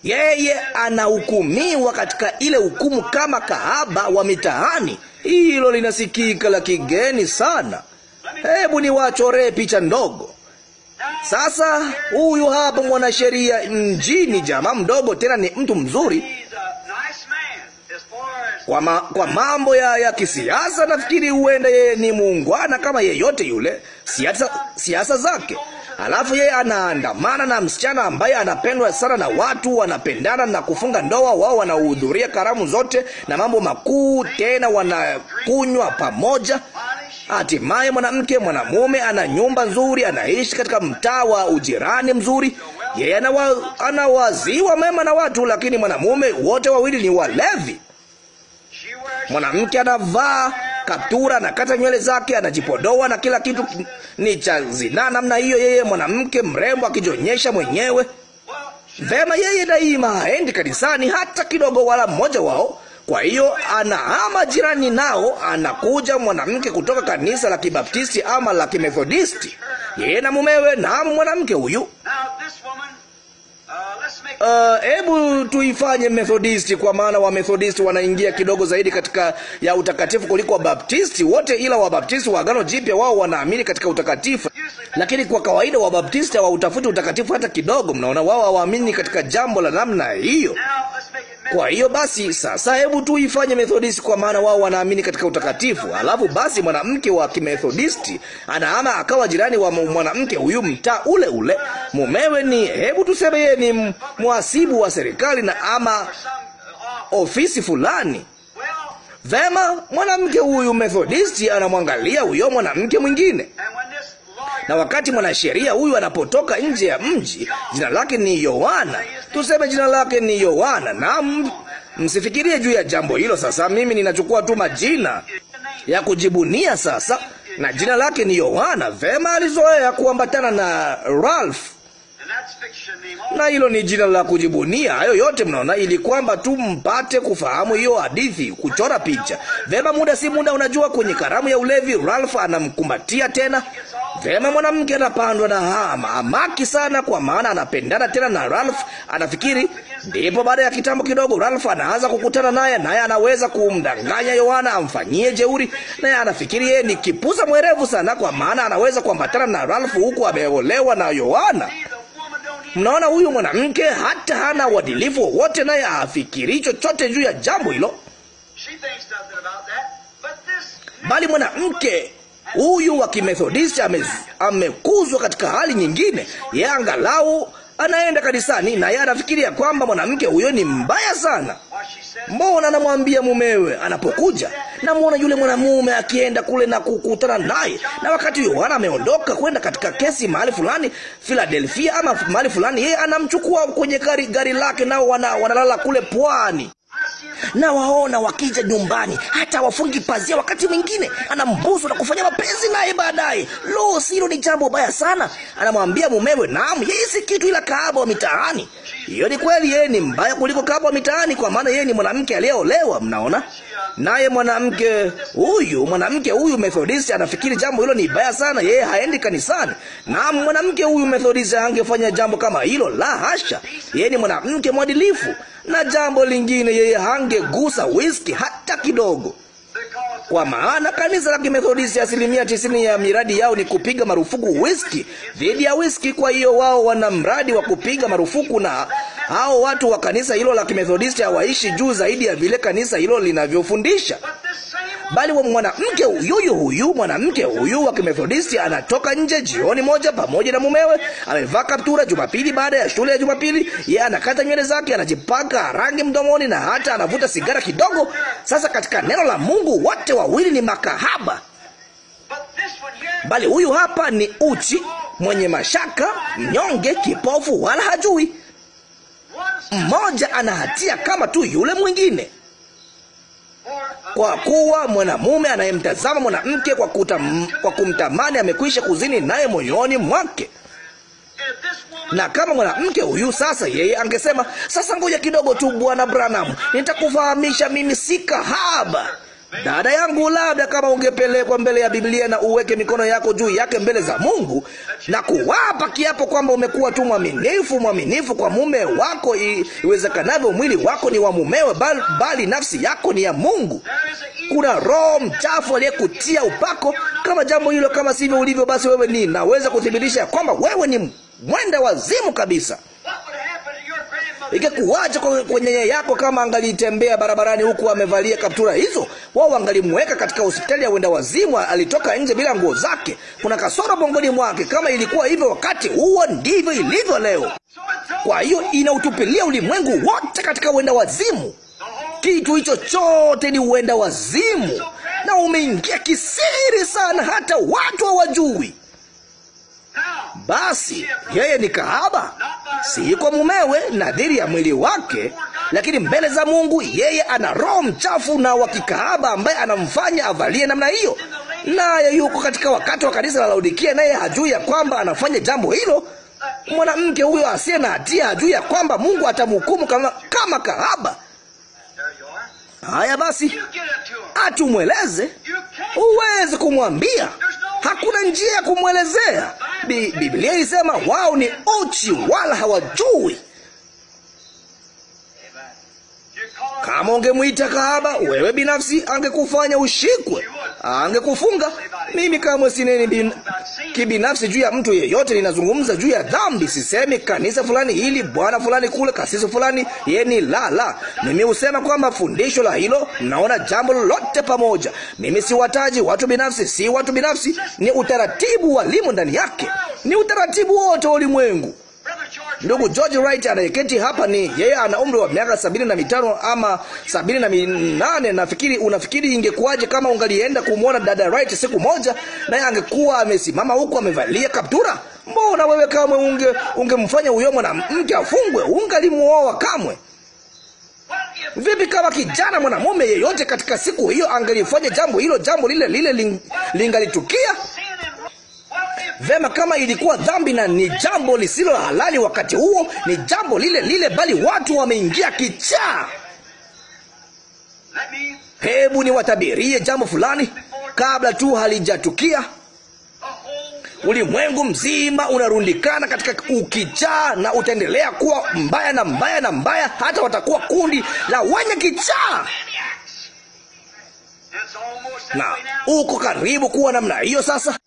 yeye anahukumiwa katika ile hukumu kama kahaba wa mitaani. Hilo linasikika la kigeni sana. Hebu niwachoree picha ndogo. Sasa huyu hapa mwanasheria mjini, jamaa mdogo, tena ni mtu mzuri kwa, ma, kwa mambo ya, ya kisiasa. Nafikiri huenda yeye ni muungwana kama yeyote yule, siasa, siasa zake. Alafu yeye anaandamana na msichana ambaye anapendwa sana na watu, wanapendana na kufunga ndoa. Wao wanahudhuria karamu zote na mambo makuu, tena wanakunywa pamoja. Hatimaye mwanamke mwanamume ana nyumba nzuri, anaishi katika mtaa wa ujirani mzuri. Yeye anawaziwa mema na watu, lakini mwanamume, wote wawili ni walevi. Mwanamke anavaa kaptura, anakata nywele zake, anajipodoa na kila kitu ni cha zinaa namna hiyo, yeye mwanamke mrembo akijionyesha mwenyewe vema. Yeye daima haendi kanisani hata kidogo, wala mmoja wao. Kwa hiyo anahama jirani nao, anakuja mwanamke kutoka kanisa la Kibaptisti ama la Kimethodisti, yeye na mumewe na mwanamke huyu Eh, hebu uh, tuifanye Methodisti, kwa maana Wamethodisti wanaingia kidogo zaidi katika ya utakatifu kuliko Wabaptisti wote, ila Wabaptisti wa Agano Jipya wao wanaamini katika utakatifu, lakini kwa kawaida Wabaptisti hawautafuti utakatifu hata kidogo. Mnaona, wao hawaamini katika jambo la namna hiyo. Kwa hiyo basi sasa, hebu tuifanye Methodisti, kwa maana wao wanaamini katika utakatifu. Alafu basi mwanamke wa Kimethodisti anaama akawa jirani wa mwanamke huyu mtaa ule ule, mumewe ni hebu tuseme yeye ni mwasibu wa serikali na ama ofisi fulani. Vema, mwanamke huyu Methodisti anamwangalia huyo mwanamke mwingine, na wakati mwanasheria huyu anapotoka nje ya mji, jina lake ni Yohana, tuseme jina lake ni Yohana. Na msifikirie juu ya jambo hilo. Sasa mimi ninachukua tu majina ya kujibunia sasa, na jina lake ni Yohana. Vema, alizoea kuambatana na Ralph na hilo ni jina la kujibunia. Hayo yote mnaona, ili kwamba tu mpate kufahamu hiyo hadithi, kuchora picha vema. Muda si muda, unajua, kwenye karamu ya ulevi Ralph anamkumbatia tena. Vema, mwanamke anapandwa na hama amaki sana, kwa maana anapendana tena na Ralph, anafikiri. Ndipo baada ya kitambo kidogo, Ralph anaanza kukutana naye, naye anaweza kumdanganya Yohana amfanyie jeuri, naye anafikiri yeye ni kipusa mwerevu sana, kwa maana anaweza kuambatana na Ralph huku ameolewa na Yohana. Mnaona, huyu mwanamke hata hana uadilifu wowote, naye afikiri chochote juu ya jambo hilo, bali mwanamke huyu wa Kimethodisti amekuzwa katika hali nyingine. Yeye angalau anaenda kanisani, naye anafikiria kwamba mwanamke huyo ni mbaya sana. Mbona anamwambia mumewe anapokuja, namwona yule mwanamume akienda kule na kukutana naye. Na wakati Yohana ameondoka kwenda katika kesi mahali fulani Philadelphia, ama mahali fulani, yeye anamchukua kwenye gari, gari lake, nao wanalala wana kule pwani na waona wakija nyumbani, hata wafungi pazia. Wakati mwingine anambusu na kufanya mapenzi naye baadaye. Lo, silo ni jambo baya sana. Anamwambia mumewe, naam, yeye si kitu ila kahaba wa mitaani. Hiyo ni kweli, yeye ni mbaya kuliko kahaba wa mitaani, kwa maana yeye ni mwanamke aliyeolewa. Mnaona, naye mwanamke huyu mwanamke huyu Methodisti anafikiri jambo hilo ni baya sana, yeye haendi kanisani. Na mwanamke huyu Methodisti angefanya jambo kama hilo? La hasha, yeye ni mwanamke mwadilifu na jambo lingine, yeye hangegusa whisky hata kidogo, kwa maana kanisa la Kimethodisti asilimia tisini ya miradi yao ni kupiga marufuku whisky, dhidi ya whisky. Kwa hiyo wao wana mradi wa kupiga marufuku na hao watu wa kanisa hilo la Kimethodisti hawaishi juu zaidi ya vile kanisa hilo linavyofundisha, bali mwanamke huyu huyu mwanamke huyu wa Kimethodisti anatoka nje jioni moja pamoja na mumewe, amevaa kaptura Jumapili baada ya shule ya Jumapili. Yeye anakata nywele zake, anajipaka rangi mdomoni na hata anavuta sigara kidogo. Sasa katika neno la Mungu wote wawili ni makahaba, bali huyu hapa ni uchi, mwenye mashaka, mnyonge, kipofu, wala hajui mmoja ana hatia kama tu yule mwingine, kwa kuwa mwanamume anayemtazama mwanamke kwa, kwa kumtamani amekwisha kuzini naye moyoni mwake. Na kama mwanamke huyu sasa, yeye angesema sasa, ngoja kidogo tu, bwana Branham, nitakufahamisha mimi si kahaba Dada yangu, labda kama ungepelekwa mbele ya Biblia na uweke mikono yako juu yake mbele za Mungu na kuwapa kiapo kwamba umekuwa tu mwaminifu, mwaminifu kwa mume wako iwezekanavyo, mwili wako ni wa mumewe, bali, bali nafsi yako ni ya Mungu. Kuna roho mchafu aliyekutia upako kama jambo hilo. Kama sivyo ulivyo, basi wewe naweza kuthibitisha ya kwamba wewe ni mwenda wazimu kabisa. Ingekuwaje kwenye yako kama angalitembea barabarani huku amevalia kaptura hizo? Wao wangalimweka katika hospitali ya wenda wazimu, alitoka nje bila nguo zake. Kuna kasoro bongoni mwake. Kama ilikuwa hivyo wakati huo, ndivyo ilivyo leo. Kwa hiyo inautupilia ulimwengu wote katika wenda wazimu. Kitu hicho chote ni wenda wazimu, na umeingia kisiri sana, hata watu hawajui. Basi yeye ni kahaba, si kwa mumewe, nadhiri ya mwili wake, lakini mbele za Mungu yeye ana roho mchafu na wa kikahaba ambaye anamfanya avalie namna hiyo, naye yuko katika wakati wa kanisa la Laodikia, naye hajui ya kwamba anafanya jambo hilo. Mwanamke huyo asiye na hatia hajui ya kwamba Mungu atamhukumu kama, kama kahaba. Haya basi, atumweleze. Huwezi kumwambia, hakuna njia ya kumwelezea. Bi, Biblia ilisema wao ni uchi wala hawajui. Kama ungemwita kahaba, wewe binafsi angekufanya ushikwe angekufunga. Mimi kamwe sineni kibinafsi juu ya mtu yeyote, ninazungumza juu ya dhambi. Sisemi kanisa fulani hili, bwana fulani kule, kasisi fulani yeni, la la. Mimi husema kwamba fundisho la hilo, naona jambo lolote pamoja. Mimi siwataji watu binafsi, si watu binafsi, ni utaratibu wa ndani yake, ni utaratibu wote wa ulimwengu. Ndugu George Wright anayeketi hapa ni yeye, ana umri wa miaka sabini na mitano ama sabini na minane nafikiri. Unafikiri ingekuwaje kama ungalienda kumwona dada Wright siku moja, naye angekuwa amesimama huku amevalia kaptura? Mbona wewe kamwe unge ungemfanya huyo mwanamke afungwe? Ungalimuoa kamwe? Vipi kama kijana mwanamume yeyote katika siku hiyo angelifanya jambo hilo, jambo lile lile ling, lingalitukia? Vema, kama ilikuwa dhambi na ni jambo lisilo halali wakati huo, ni jambo lile lile, bali watu wameingia kichaa. Hebu niwatabirie jambo fulani kabla tu halijatukia. Ulimwengu mzima unarundikana katika ukichaa na utaendelea kuwa mbaya na mbaya na mbaya, hata watakuwa kundi la wenye kichaa na uko karibu kuwa namna hiyo. Sasa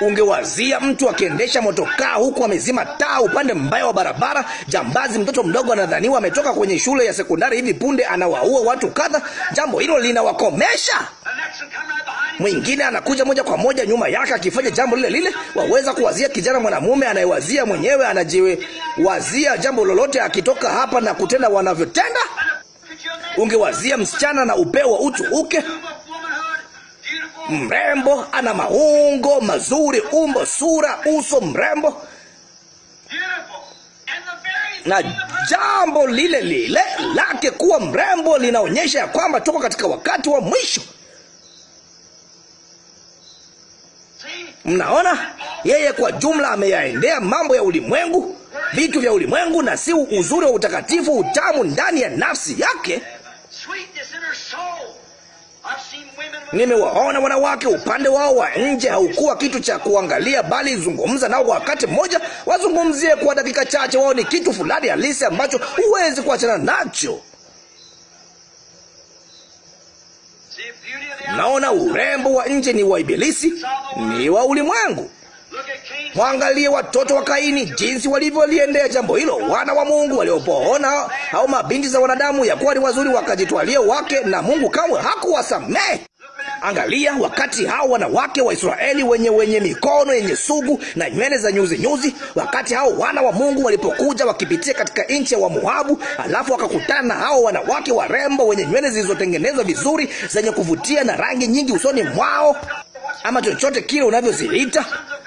ungewazia mtu akiendesha motokaa huku amezima taa upande mbaya wa barabara. Jambazi mtoto mdogo anadhaniwa ametoka kwenye shule ya sekondari hivi punde, anawaua watu kadha. Jambo hilo linawakomesha. Mwingine anakuja moja kwa moja nyuma yake akifanya jambo lile lile. Waweza kuwazia kijana mwanamume anayewazia mwenyewe, anajiwazia jambo lolote akitoka hapa na kutenda wanavyotenda. Ungewazia msichana na upeo wa utu uke mrembo, ana maungo mazuri, umbo, sura, uso mrembo na jambo lile lile lake kuwa mrembo linaonyesha ya kwamba tuko katika wakati wa mwisho. Mnaona, yeye kwa jumla ameyaendea mambo ya ulimwengu, vitu vya ulimwengu, na si uzuri wa utakatifu, utamu ndani ya nafsi yake. Nimewaona wanawake, upande wao wa nje haukuwa kitu cha kuangalia, bali zungumza nao wakati mmoja, wazungumzie kwa dakika chache. Wao ni kitu fulani halisi ambacho huwezi kuachana nacho. Naona urembo wa nje ni wa Ibilisi, ni wa ulimwengu. Mwangalie watoto wa Kaini, jinsi walivyoliendea jambo hilo. Wana wa Mungu waliopoona au mabinti za wanadamu ya kuwa ni wazuri, wakajitwalia wake, na Mungu kamwe hakuwasamehe. Angalia, wakati hao wanawake wa Israeli wenye wenye mikono yenye sugu na nywele za nyuzi nyuzi, wakati hao wana wa Mungu walipokuja wakipitia katika nchi ya Wamoabu, alafu wakakutana na hao wanawake warembo wenye nywele zilizotengenezwa vizuri zenye kuvutia na rangi nyingi usoni mwao ama chochote kile unavyoziita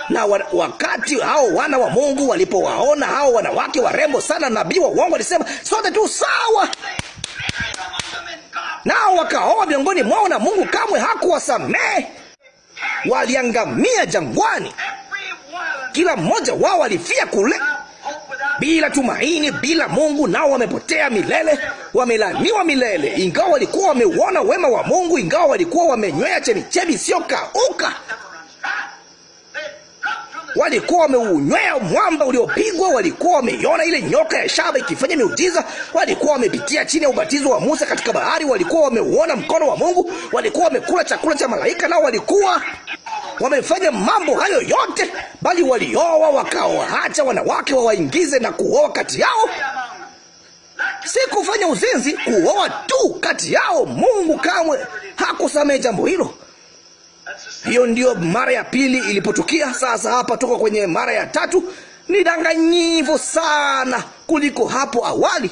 na wa, wakati hao wana wa Mungu walipowaona hao wanawake warembo sana, nabii wa uongo alisema sote tu sawa nao wakaoa miongoni mwao, na Mungu kamwe hakuwasamehe. Waliangamia jangwani, kila mmoja wao walifia kule bila tumaini, bila Mungu, nao wamepotea milele, wamelaniwa milele, ingawa walikuwa wameuona wema wa Mungu, ingawa walikuwa wamenywea chemichemi sio kauka. Walikuwa wameunywea mwamba uliopigwa, walikuwa wameiona ile nyoka ya shaba ikifanya miujiza, walikuwa wamepitia chini ya ubatizo wa Musa katika bahari, walikuwa wameuona mkono wa Mungu, walikuwa wamekula chakula cha malaika, nao walikuwa wamefanya mambo hayo yote, bali walioa, wakawaacha wanawake wawaingize na kuoa kati yao si kufanya uzinzi, kuoa tu kati yao. Mungu kamwe hakusamehe jambo hilo. Hiyo ndiyo mara ya pili ilipotukia. Sasa hapa tuko kwenye mara ya tatu. Ni danganyivu sana kuliko hapo awali.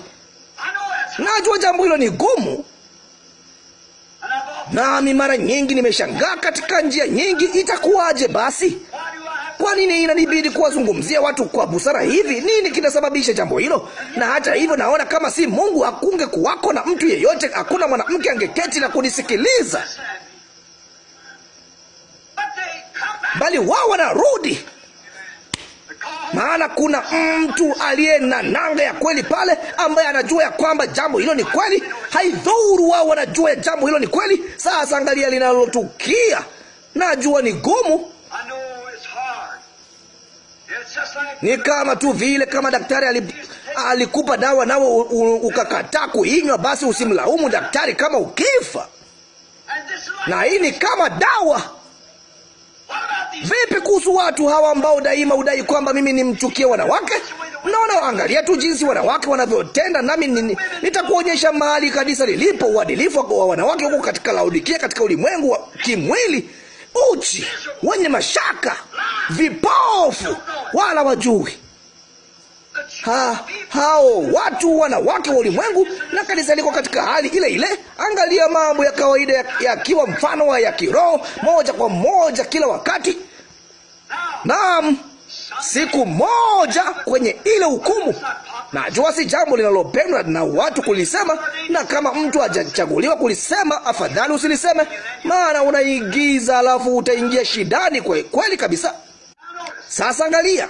Najua jambo hilo ni gumu, nami mara nyingi nimeshangaa katika njia nyingi. Itakuwaje basi? Kwa nini inanibidi kuwazungumzia watu kwa busara hivi? Nini kinasababisha jambo hilo? Na hata hivyo, naona kama si Mungu, hakungekuwako na mtu yeyote, hakuna mwanamke angeketi na kunisikiliza bali wao wanarudi, maana kuna mtu aliye na nanga ya kweli pale, ambaye anajua ya kwamba jambo hilo ni kweli. Haidhuru wao wanajua jambo hilo ni kweli. Sasa angalia linalotukia. Najua ni gumu ni kama tu vile kama daktari alikupa dawa nawe ukakataa kuinywa, basi usimlaumu daktari kama ukifa, na hii ni kama dawa. Vipi kuhusu watu hawa ambao daima udai kwamba mimi nimchukie wanawake? naona angalia tu jinsi wanawake wanavyotenda, nami nitakuonyesha mahali kabisa lilipo uadilifu wa wanawake huko katika Laodikia, katika ulimwengu wa kimwili, uchi, wenye mashaka, vipofu, wala wajui ha, hao watu wanawake wa ulimwengu, na kanisa liko katika hali ile ile. Angalia mambo ya kawaida yakiwa ya mfano wa ya kiroho moja kwa moja kila wakati. Naam, siku moja kwenye ile hukumu. Najua si jambo linalopendwa na watu kulisema, na kama mtu hajachaguliwa kulisema, afadhali usiliseme, maana unaigiza, alafu utaingia shidani kweli kweli kabisa. Sasa angalia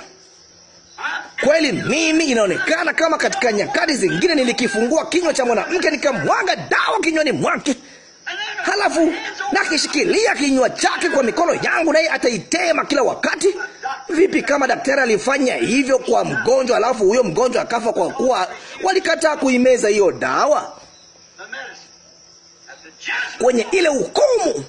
Kweli mimi inaonekana kama katika nyakati zingine nilikifungua kinywa cha mwanamke nikamwaga dawa kinywani mwake, halafu nakishikilia kinywa chake kwa mikono yangu, naye ataitema kila wakati. Vipi kama daktari alifanya hivyo kwa mgonjwa, halafu huyo mgonjwa akafa kwa kuwa walikataa kuimeza hiyo dawa? Kwenye ile hukumu,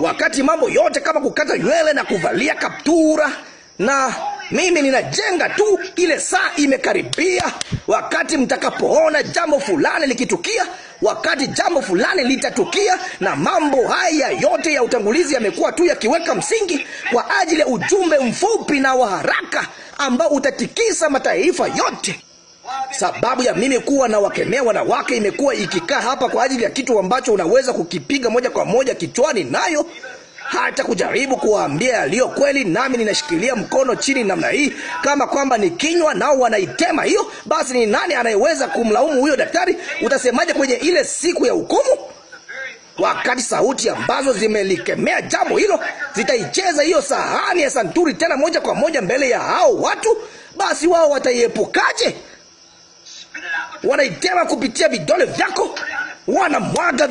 wakati mambo yote kama kukata nywele na kuvalia kaptura na mimi ninajenga tu, ile saa imekaribia, wakati mtakapoona jambo fulani likitukia, wakati jambo fulani litatukia. Na mambo haya yote ya utangulizi yamekuwa tu yakiweka msingi kwa ajili ya ujumbe mfupi na wa haraka ambao utatikisa mataifa yote. Sababu ya mimi kuwa na wakemea wanawake imekuwa ikikaa hapa kwa ajili ya kitu ambacho unaweza kukipiga moja kwa moja kichwani nayo hata kujaribu kuwaambia yaliyo kweli, nami ninashikilia mkono chini namna hii kama kwamba ni kinywa, nao wanaitema hiyo. Basi ni nani anayeweza kumlaumu huyo daktari? Utasemaje kwenye ile siku ya hukumu, wakati sauti ambazo zimelikemea jambo hilo zitaicheza hiyo sahani ya santuri tena moja kwa moja mbele ya hao watu? Basi wao wataiepukaje? Wanaitema kupitia vidole vyako, wanamwaga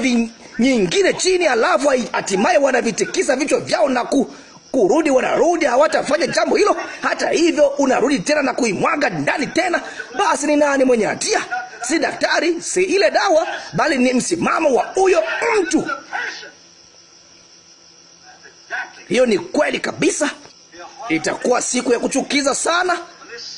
nyingine chini, alafu hatimaye wanavitikisa vichwa vyao na ku, kurudi, wanarudi, hawatafanya jambo hilo. Hata hivyo unarudi tena na kuimwaga ndani tena. Basi ni nani mwenye hatia? Si daktari, si ile dawa, bali ni msimamo wa huyo mtu. Hiyo ni kweli kabisa. Itakuwa siku ya kuchukiza sana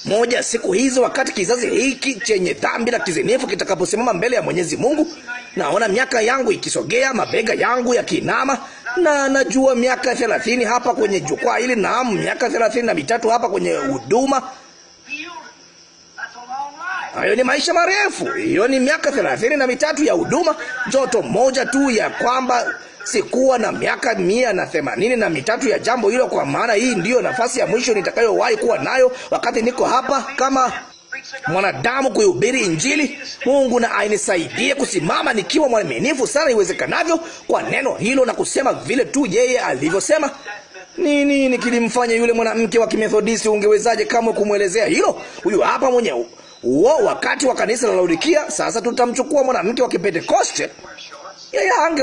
moja siku hizi, wakati kizazi hiki chenye dhambi na kizinifu kitakaposimama mbele ya Mwenyezi Mungu. Naona miaka yangu ikisogea, mabega yangu yakiinama, na najua miaka thelathini hapa kwenye jukwaa hili, naam, miaka thelathini na mitatu hapa kwenye huduma. Hayo ni maisha marefu. Hiyo ni miaka thelathini na mitatu ya huduma, joto moja tu ya kwamba sikuwa na miaka mia na themanini na mitatu ya jambo hilo, kwa maana hii ndiyo nafasi ya mwisho nitakayowahi kuwa nayo wakati niko hapa kama mwanadamu kuihubiri Injili. Mungu na ainisaidie kusimama nikiwa mwaminifu sana iwezekanavyo kwa neno hilo na kusema vile tu yeye alivyosema. Ni nini kilimfanya yule mwanamke wa Kimethodisti? Ungewezaje kamwe kumwelezea hilo? Huyu hapa mwenye huo wakati wa kanisa la Laodikia. Sasa tutamchukua mwanamke wa Kipentekoste, yeye ange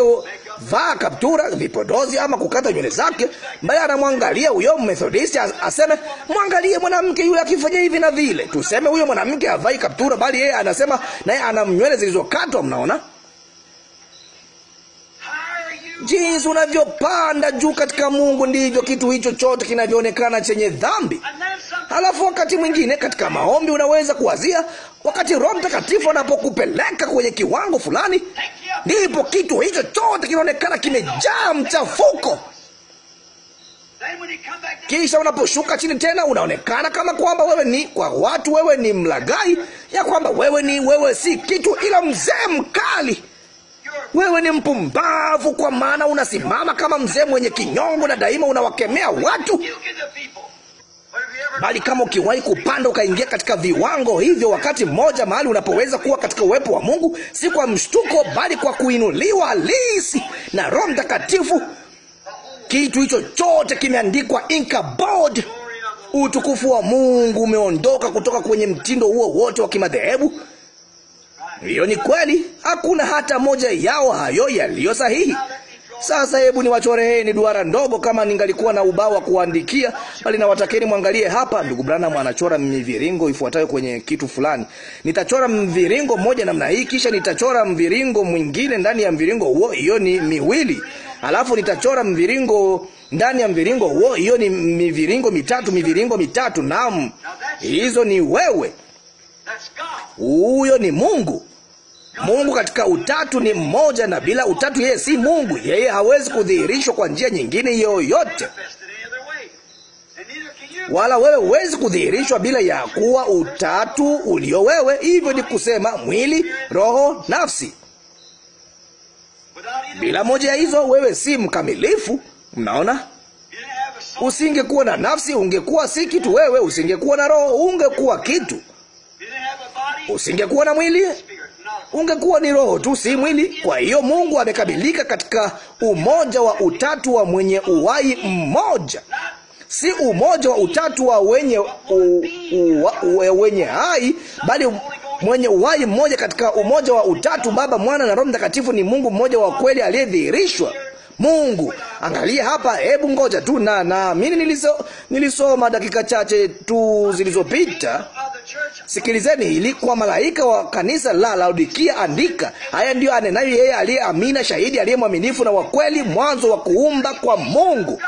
vaa kaptura, vipodozi ama kukata nywele zake, mbaya anamwangalia huyo Methodist aseme, mwangalie mwanamke yule akifanya hivi na vile. Tuseme huyo mwanamke avai kaptura, bali yeye anasema naye ana nywele zilizokatwa. Mnaona jinsi unavyopanda juu katika Mungu, ndivyo kitu hicho chote kinavyoonekana chenye dhambi. Halafu wakati mwingine katika maombi unaweza kuwazia Wakati Roho Mtakatifu anapokupeleka kwenye kiwango fulani, ndipo kitu hicho chote kinaonekana kimejaa mchafuko. Kisha unaposhuka chini tena, unaonekana kama kwamba wewe ni kwa watu, wewe ni mlagai, ya kwamba wewe ni wewe, si kitu ila mzee mkali. Wewe ni mpumbavu, kwa maana unasimama kama mzee mwenye kinyongo na daima unawakemea watu. Bali kama ukiwahi kupanda ukaingia katika viwango hivyo, wakati mmoja mahali unapoweza kuwa katika uwepo wa Mungu, si kwa mshtuko, bali kwa kuinuliwa halisi na Roho Mtakatifu. Kitu hicho chote kimeandikwa board. Utukufu wa Mungu umeondoka kutoka kwenye mtindo huo wote wa kimadhehebu. Hiyo ni kweli, hakuna hata moja yao hayo yaliyo sahihi. Sasa hebu niwachoreheni duara ndogo, kama ningalikuwa na ubao wa kuandikia, bali nawatakeni mwangalie hapa. Ndugu Branham anachora miviringo ifuatayo kwenye kitu fulani. Nitachora mviringo mmoja namna hii, kisha nitachora mviringo mwingine ndani ya mviringo huo, hiyo ni miwili. Alafu nitachora mviringo ndani ya mviringo huo, hiyo ni miviringo mitatu, miviringo mitatu. Naam, hizo ni wewe, huyo ni Mungu. Mungu katika utatu ni mmoja, na bila utatu yeye si Mungu. Yeye hawezi kudhihirishwa kwa njia nyingine yoyote, wala wewe huwezi kudhihirishwa bila ya kuwa utatu ulio wewe. Hivyo ni kusema mwili, roho, nafsi. Bila moja ya hizo wewe si mkamilifu. Mnaona? Usingekuwa na nafsi, ungekuwa si kitu wewe. Usingekuwa na roho, ungekuwa kitu. Usingekuwa na mwili, ungekuwa ni roho tu, si mwili. Kwa hiyo Mungu amekamilika katika umoja wa utatu wa mwenye uwai mmoja, si umoja wa utatu wa wenye, u, u, u, wenye hai, bali mwenye uwai mmoja katika umoja wa utatu. Baba, Mwana na Roho Mtakatifu ni Mungu mmoja wa kweli aliyedhihirishwa. Mungu, angalia hapa, hebu ngoja tu, na naamini niliso nilisoma dakika chache tu zilizopita. Sikilizeni hili, kwa malaika wa kanisa la Laodikia andika, haya ndiyo anenayo yeye aliye amina, shahidi aliye mwaminifu na wa kweli, mwanzo wa kuumba kwa Mungu.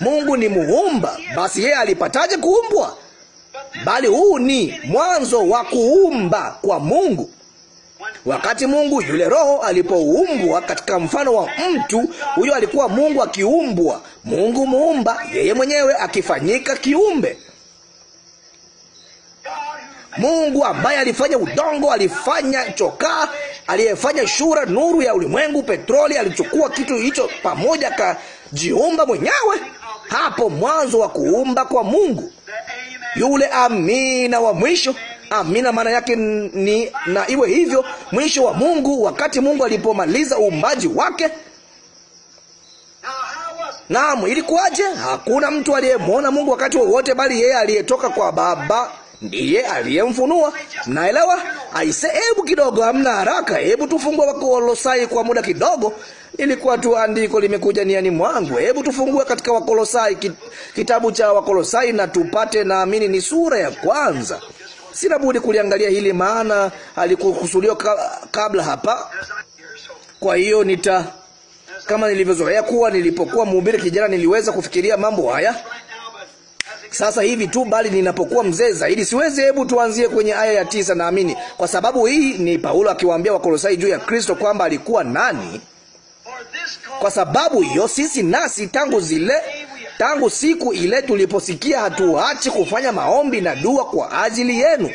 Mungu ni muumba, basi yeye alipataje kuumbwa? Bali huu ni mwanzo wa kuumba kwa Mungu. Wakati Mungu yule Roho alipoumbwa katika mfano wa mtu, huyo alikuwa Mungu akiumbwa, Mungu muumba, yeye mwenyewe akifanyika kiumbe. Mungu ambaye alifanya udongo, alifanya chokaa, aliyefanya shura, nuru ya ulimwengu, petroli, alichukua kitu hicho pamoja, akajiumba mwenyewe. Hapo mwanzo wa kuumba kwa Mungu, yule amina wa mwisho Amina ah, maana yake ni na iwe hivyo. Mwisho wa Mungu, wakati Mungu alipomaliza uumbaji wake, naam, ilikuwaje? Hakuna mtu aliyemwona Mungu wakati wowote wa, bali yeye aliyetoka kwa Baba ndiye aliyemfunua. Mnaelewa? Aise, hebu kidogo, hamna haraka. Hebu tufungue Wakolosai kwa muda kidogo. Ilikuwa tu andiko limekuja niani mwangu. Hebu tufungue katika Wakolosai, kitabu cha Wakolosai na tupate, naamini ni sura ya kwanza. Sina budi kuliangalia hili, maana halikukusudiwa kabla hapa. Kwa hiyo nita kama nilivyozoea kuwa nilipokuwa mhubiri kijana, niliweza kufikiria mambo haya sasa hivi tu, bali ninapokuwa mzee zaidi siwezi. Hebu tuanzie kwenye aya ya tisa, naamini kwa sababu hii ni Paulo akiwaambia Wakolosai juu ya Kristo kwamba alikuwa nani. Kwa sababu hiyo sisi nasi tangu zile Tangu siku ile tuliposikia, hatuachi kufanya maombi na dua kwa ajili yenu,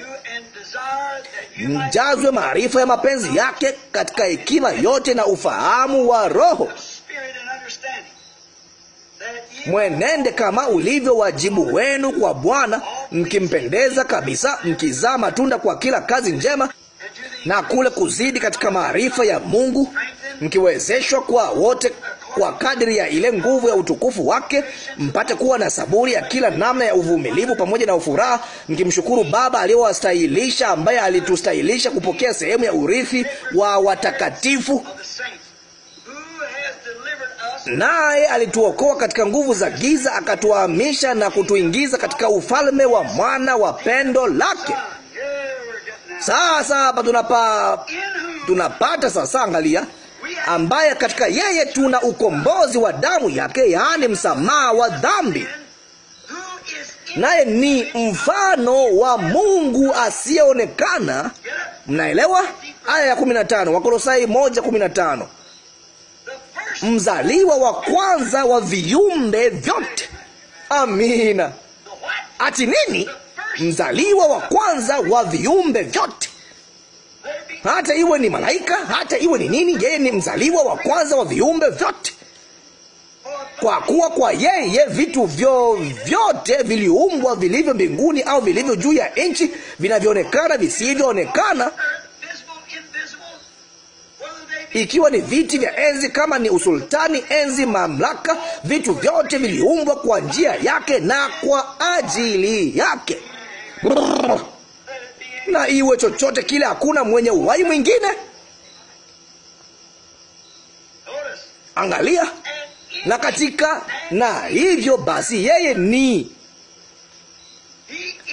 mjazwe maarifa ya mapenzi yake katika hekima yote na ufahamu wa Roho, mwenende kama ulivyo wajibu wenu kwa Bwana, mkimpendeza kabisa, mkizaa matunda kwa kila kazi njema na kule kuzidi katika maarifa ya Mungu, mkiwezeshwa kwa wote kwa kadri ya ile nguvu ya utukufu wake, mpate kuwa na saburi ya kila namna ya uvumilivu pamoja na ufuraha, mkimshukuru Baba aliyowastahilisha, ambaye alitustahilisha kupokea sehemu ya urithi wa watakatifu naye alituokoa katika nguvu za giza akatuhamisha na kutuingiza katika ufalme wa mwana wa pendo lake. Sasa hapa tunapa tunapata sasa, angalia ambaye katika yeye tuna ukombozi wa damu yake, yaani msamaha wa dhambi, naye ni mfano wa Mungu asiyeonekana. Mnaelewa? Aya ya 15 Wakolosai 1:15, mzaliwa wa kwanza wa viumbe vyote. Amina. Ati nini? Mzaliwa wa kwanza wa viumbe vyote hata iwe ni malaika, hata iwe ni nini, yeye ni mzaliwa wa kwanza wa viumbe vyote, kwa kuwa kwa yeye vitu vyote viliumbwa, vilivyo mbinguni au vilivyo juu ya nchi, vinavyoonekana, visivyoonekana ikiwa ni viti vya enzi, kama ni usultani, enzi, mamlaka, vitu vyote viliumbwa kwa njia yake na kwa ajili yake. Brrr na iwe chochote kile, hakuna mwenye uhai mwingine. Angalia na katika na hivyo basi, yeye ni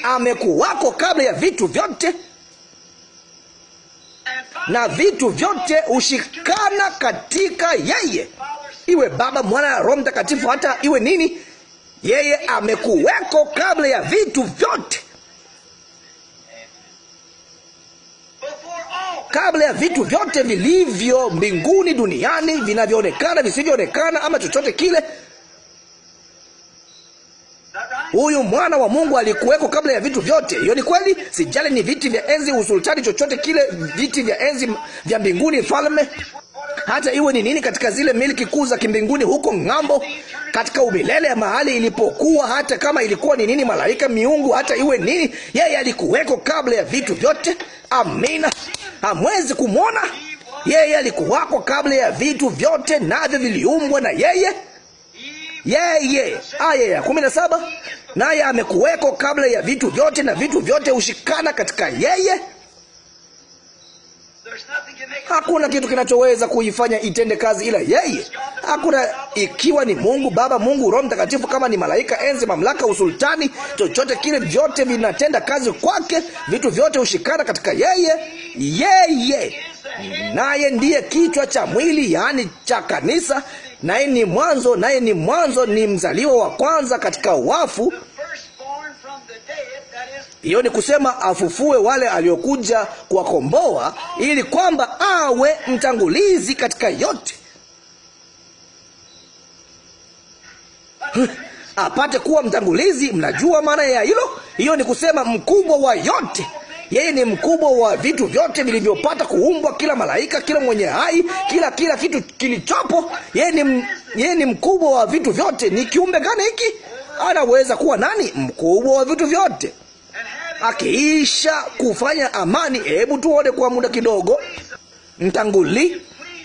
amekuwako kabla ya vitu vyote, na vitu vyote hushikana katika yeye, iwe Baba, Mwana na Roho Mtakatifu, hata iwe nini, yeye amekuweko kabla ya vitu vyote. kabla ya vitu vyote vilivyo mbinguni, duniani, vinavyoonekana, visivyoonekana, ama chochote kile. Huyu mwana wa Mungu alikuweko kabla ya vitu vyote. Hiyo ni kweli. Sijali ni viti vya enzi, usultani, chochote kile, viti vya enzi vya mbinguni, falme hata iwe ni nini, katika zile milki kuu za kimbinguni huko ng'ambo, katika umilele ya mahali ilipokuwa, hata kama ilikuwa ni nini, malaika, miungu, hata iwe nini, yeye alikuweko kabla ya vitu vyote. Amina. Hamwezi kumwona yeye, alikuwako kabla ya vitu vyote, navyo viliumbwa na yeye yeye aya ya kumi na saba naye amekuweko kabla ya vitu vyote, na vitu vyote hushikana katika yeye. Hakuna kitu kinachoweza kuifanya itende kazi ila yeye. Hakuna, ikiwa ni Mungu Baba, Mungu Roho Mtakatifu, kama ni malaika, enzi, mamlaka, usultani, chochote kile, vyote vinatenda kazi kwake. Vitu vyote hushikana katika yeye. Yeye naye ndiye kichwa cha mwili, yaani cha kanisa, naye ni mwanzo, naye ni mwanzo, ni mzaliwa wa kwanza katika wafu hiyo ni kusema afufue wale aliokuja kuwakomboa, ili kwamba awe mtangulizi katika yote, apate kuwa mtangulizi. Mnajua maana ya hilo? Hiyo ni kusema mkubwa wa yote. Yeye ni mkubwa wa vitu vyote vilivyopata kuumbwa, kila malaika, kila mwenye hai, kila kila kitu kilichopo. Yeye ni, yeye ni mkubwa wa vitu vyote. Ni kiumbe gani hiki? Anaweza kuwa nani? Mkubwa wa vitu vyote. Akiisha kufanya amani, hebu tuone kwa muda kidogo mtanguli,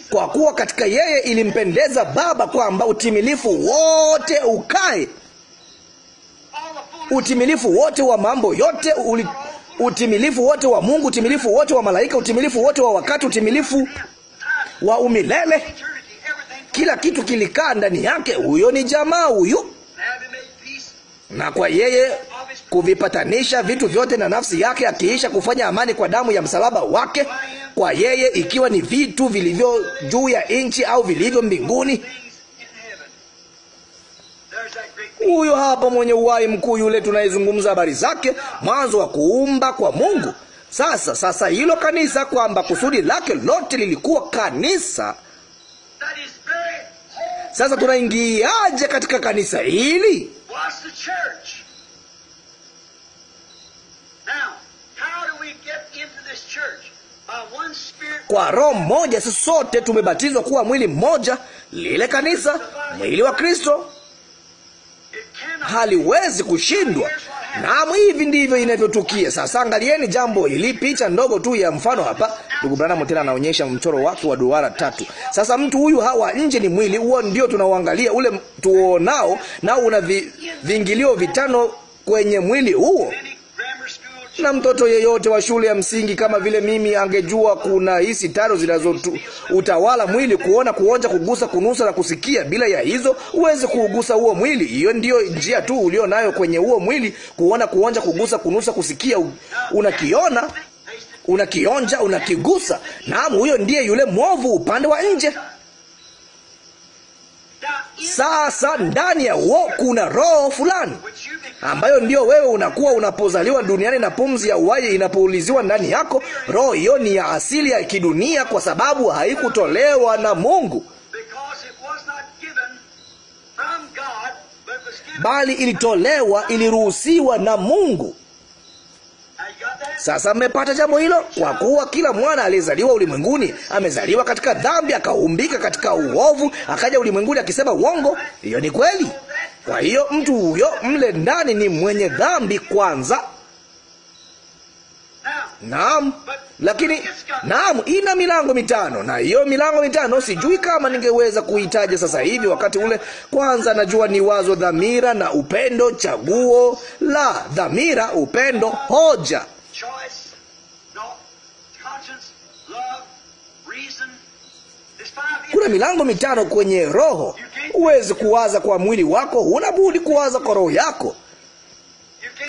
kwa kuwa katika yeye ilimpendeza Baba kwamba utimilifu wote ukae, utimilifu wote wa mambo yote uli, utimilifu wote wa Mungu, utimilifu wote wa malaika, utimilifu wote wa wakati, utimilifu wa umilele. Kila kitu kilikaa ndani yake. Huyo ni jamaa huyu na kwa yeye kuvipatanisha vitu vyote na nafsi yake, akiisha kufanya amani kwa damu ya msalaba wake, kwa yeye, ikiwa ni vitu vilivyo juu ya nchi au vilivyo mbinguni. Huyo hapo mwenye uhai mkuu, yule tunayezungumza habari zake, mwanzo wa kuumba kwa Mungu. Sasa sasa, hilo kanisa, kwamba kusudi lake lote lilikuwa kanisa. Sasa tunaingiaje katika kanisa hili? Kwa roho moja sisi sote tumebatizwa kuwa mwili mmoja, lile kanisa, mwili wa Kristo. Haliwezi kushindwa. Naam, hivi ndivyo inavyotukia. Sasa angalieni jambo hili, picha ndogo tu ya mfano hapa. Ndugu Branham tena anaonyesha mchoro wake wa duara tatu. Sasa mtu huyu hawa nje ni mwili, huo ndio tunauangalia, ule tuonao, nao una vi, vingilio vitano kwenye mwili huo na mtoto yeyote wa shule ya msingi kama vile mimi angejua kuna hisi tano utawala mwili: kuona, kuonja, kugusa, kunusa na kusikia. Bila ya hizo huwezi kuugusa huo mwili. Hiyo ndiyo njia tu ulio nayo kwenye huo mwili: kuona, kuonja, kugusa, kunusa, kusikia. Unakiona, unakionja, unakigusa. Naam, huyo ndiye yule mwovu upande wa nje. Sasa ndani ya uo kuna roho fulani ambayo ndio wewe unakuwa unapozaliwa duniani na pumzi ya uhai inapouliziwa ndani yako. Roho hiyo ni ya asili ya kidunia, kwa sababu haikutolewa na Mungu bali ilitolewa, iliruhusiwa na Mungu. Sasa mmepata jambo hilo? Kwa kuwa kila mwana aliyezaliwa ulimwenguni amezaliwa katika dhambi, akaumbika katika uovu, akaja ulimwenguni akisema uongo. Hiyo ni kweli. Kwa hiyo mtu huyo mle ndani ni mwenye dhambi kwanza. Naam, lakini naam, ina milango mitano, na hiyo milango mitano sijui kama ningeweza kuitaja sasa hivi wakati ule. Kwanza najua ni wazo, dhamira na upendo, chaguo la dhamira, upendo, hoja choice, no, conscience, love, reason, kuna milango mitano kwenye roho. Huwezi kuwaza kwa mwili wako, huna budi kuwaza kwa roho yako.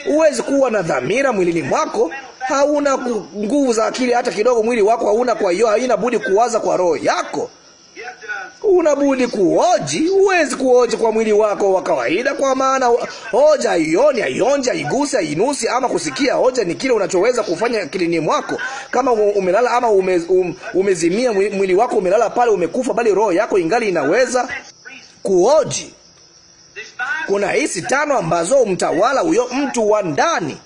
Huwezi kuwa na dhamira mwilini mwako, hauna nguvu za akili hata kidogo. Mwili wako hauna, kwa hiyo haina budi kuwaza kwa roho yako unabudi kuoji. Huwezi kuoji kwa mwili wako wa kawaida, kwa maana hoja haioni, haionji, haigusi, hainusi ama kusikia. Hoja ni kile unachoweza kufanya akilini mwako. Kama umelala ama ume, um, umezimia, mwili wako umelala pale, umekufa, bali roho yako ingali inaweza kuoji. Kuna hisi tano ambazo mtawala huyo mtu wa ndani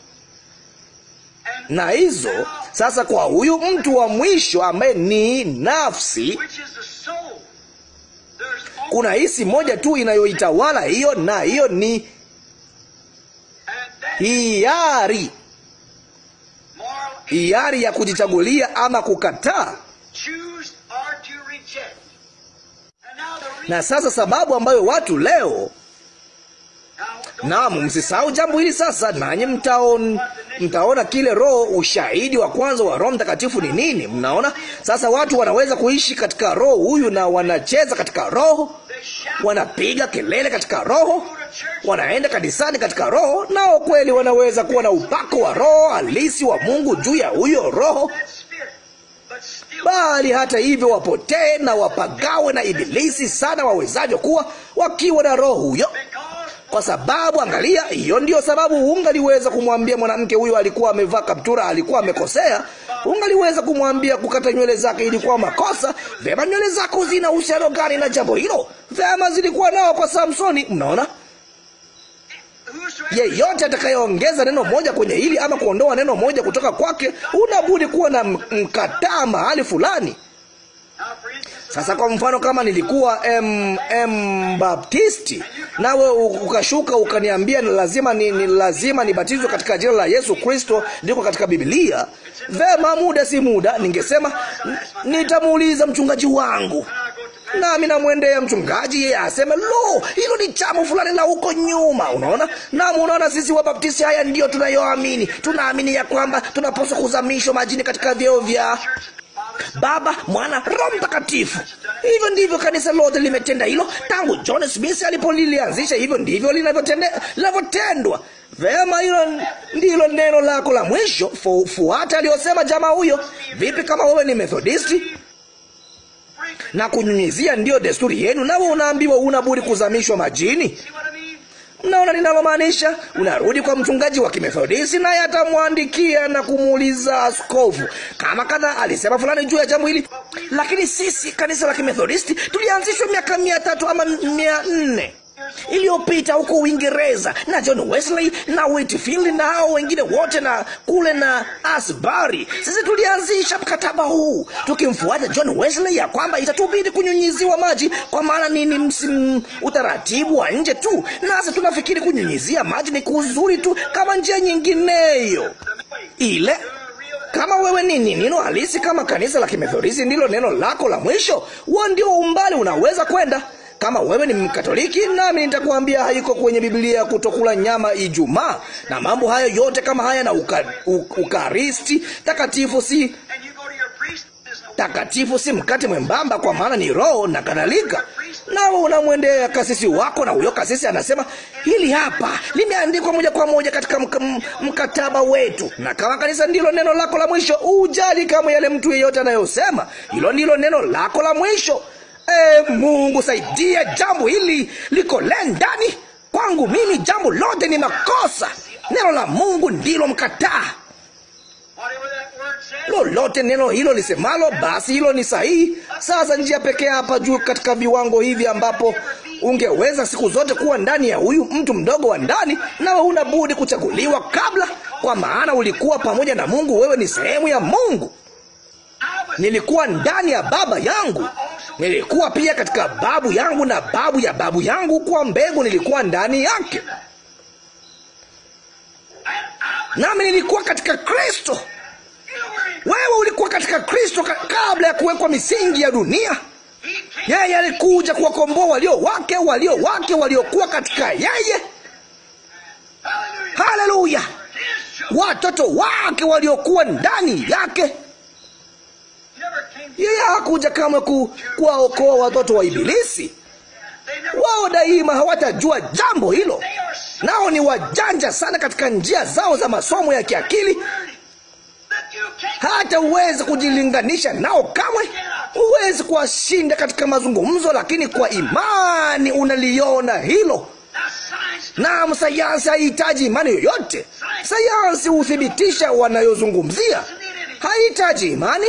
na hizo sasa, kwa huyu mtu wa mwisho ambaye ni nafsi kuna hisi moja tu inayoitawala hiyo, na hiyo ni hiari, hiari ya kujichagulia ama kukataa. Na sasa sababu ambayo watu leo Naam, msisahau jambo hili sasa, nanyi mtaon, mtaona kile roho, ushahidi wa kwanza wa Roho Mtakatifu ni nini. Mnaona sasa, watu wanaweza kuishi katika roho huyu, na wanacheza katika roho, wanapiga kelele katika roho, wanaenda kanisani katika roho, nao kweli wanaweza kuwa na upako wa roho halisi wa Mungu juu ya huyo roho bali hata hivyo wapotee na wapagawe na Ibilisi sana wawezavyo kuwa, wakiwa na roho huyo, kwa sababu angalia, hiyo ndio sababu ungaliweza kumwambia mwanamke huyo alikuwa amevaa kaptura, alikuwa amekosea. Ungaliweza kumwambia kukata nywele zake ilikuwa makosa. Vema, nywele zako zina uhusiano gani na jambo hilo? Vema, zilikuwa nao kwa Samsoni. Mnaona, yeyote atakayeongeza neno moja kwenye hili ama kuondoa neno moja kutoka kwake, unabudi kuwa na mkataa mahali fulani. Sasa kwa mfano, kama nilikuwa mbaptisti nawe ukashuka ukaniambia lazima ni, ni lazima nibatizwe katika jina la Yesu Kristo, ndiko katika Biblia. Vema, muda si muda, ningesema nitamuuliza mchungaji wangu nami namwendea mchungaji, yeye aseme lo, hilo ni chama fulani la huko nyuma. Unaona, nam, unaona, sisi Baptisti haya ndio tunayoamini. Tunaamini ya kwamba tunapaswa kuzamishwa majini katika vyeo vya Baba, Mwana, Roho Mtakatifu. Hivyo ndivyo kanisa lote limetenda hilo tangu John Smith alipolilianzisha. Hivyo ndivyo linavyotendwa. Vema, hilo ndilo neno lako la mwisho. fuata aliyosema jamaa huyo. Vipi kama wewe ni Methodisti na kunyunyizia ndiyo desturi yenu, nawe unaambiwa unabudi kuzamishwa majini? Mnaona ninalomaanisha? Unarudi kwa mchungaji wa Kimethodisti, naye atamwandikia na kumuuliza askofu kama kadha alisema fulani juu ya jambo hili. Lakini sisi kanisa la Kimethodisti tulianzishwa miaka mia tatu ama mia nne iliyopita huko Uingereza na John Wesley na Whitfield na hao wengine wote na kule na Asbury. Sisi tulianzisha mkataba huu tukimfuata John Wesley ya kwamba itatubidi kunyunyiziwa maji, kwa maana ni Msimu utaratibu wa nje tu, nasi tunafikiri kunyunyizia maji ni kuzuri tu kama njia nyingineyo ile kama wewe ni neno halisi, kama kanisa la Kimethodisti ndilo neno lako la mwisho, huo ndio umbali unaweza kwenda. Kama wewe ni Mkatoliki, nami nitakwambia haiko kwenye Biblia kutokula nyama Ijumaa na mambo hayo yote kama haya, na ukaristi takatifu si takatifu si mkate mwembamba, kwa maana ni roho na kadhalika. Nawe unamwendea kasisi wako, na huyo kasisi anasema hili hapa limeandikwa moja kwa moja katika mkataba wetu, na kama kanisa ndilo neno lako la mwisho, ujali kama yale mtu yeyote anayosema. Hilo ndilo neno lako la mwisho. E, Mungu saidia, jambo hili liko ndani kwangu mimi, jambo lote ni makosa. Neno la Mungu ndilo mkataa lolote neno hilo lisemalo, basi hilo ni sahihi. Sasa njia pekee hapa juu katika viwango hivi ambapo ungeweza siku zote kuwa ndani ya huyu mtu mdogo wa ndani, nawe huna budi kuchaguliwa kabla, kwa maana ulikuwa pamoja na Mungu, wewe ni sehemu ya Mungu. Nilikuwa ndani ya baba yangu, nilikuwa pia katika babu yangu, na babu ya babu yangu, kwa mbegu nilikuwa ndani yake, nami nilikuwa katika Kristo. Wewe ulikuwa katika Kristo kabla ya kuwekwa misingi ya dunia. Yeye alikuja kuwakomboa walio wake, walio wake waliokuwa katika yeye. Haleluya! watoto wake waliokuwa ndani yake. Yeye hakuja kamwe ku, kuwaokoa watoto wa Ibilisi. Wao daima hawatajua jambo hilo, nao ni wajanja sana katika njia zao za masomo ya kiakili. Hata huwezi kujilinganisha nao kamwe, huwezi kuwashinda katika mazungumzo, lakini kwa imani unaliona hilo. Naam, sayansi haihitaji imani yoyote. Sayansi huthibitisha wanayozungumzia, haihitaji imani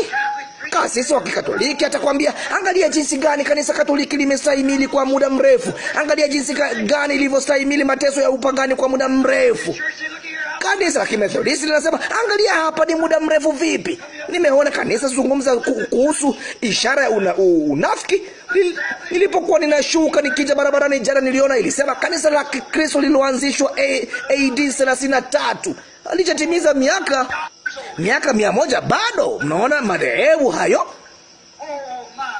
kasisi wa Kikatoliki atakwambia, angalia jinsi gani kanisa Katoliki limestahimili kwa muda mrefu, angalia jinsi gani ilivyostahimili mateso ya upagani kwa muda mrefu. Kanisa la Kimethodisti linasema, angalia hapa, ni muda mrefu vipi. Nimeona kanisa zungumza kuhusu ishara ya una, unafiki. Nilipokuwa ninashuka nikija barabarani jana, niliona ilisema kanisa la Kikristo lililoanzishwa AD 33 alijatimiza miaka miaka mia moja bado. Mnaona madhehebu hayo.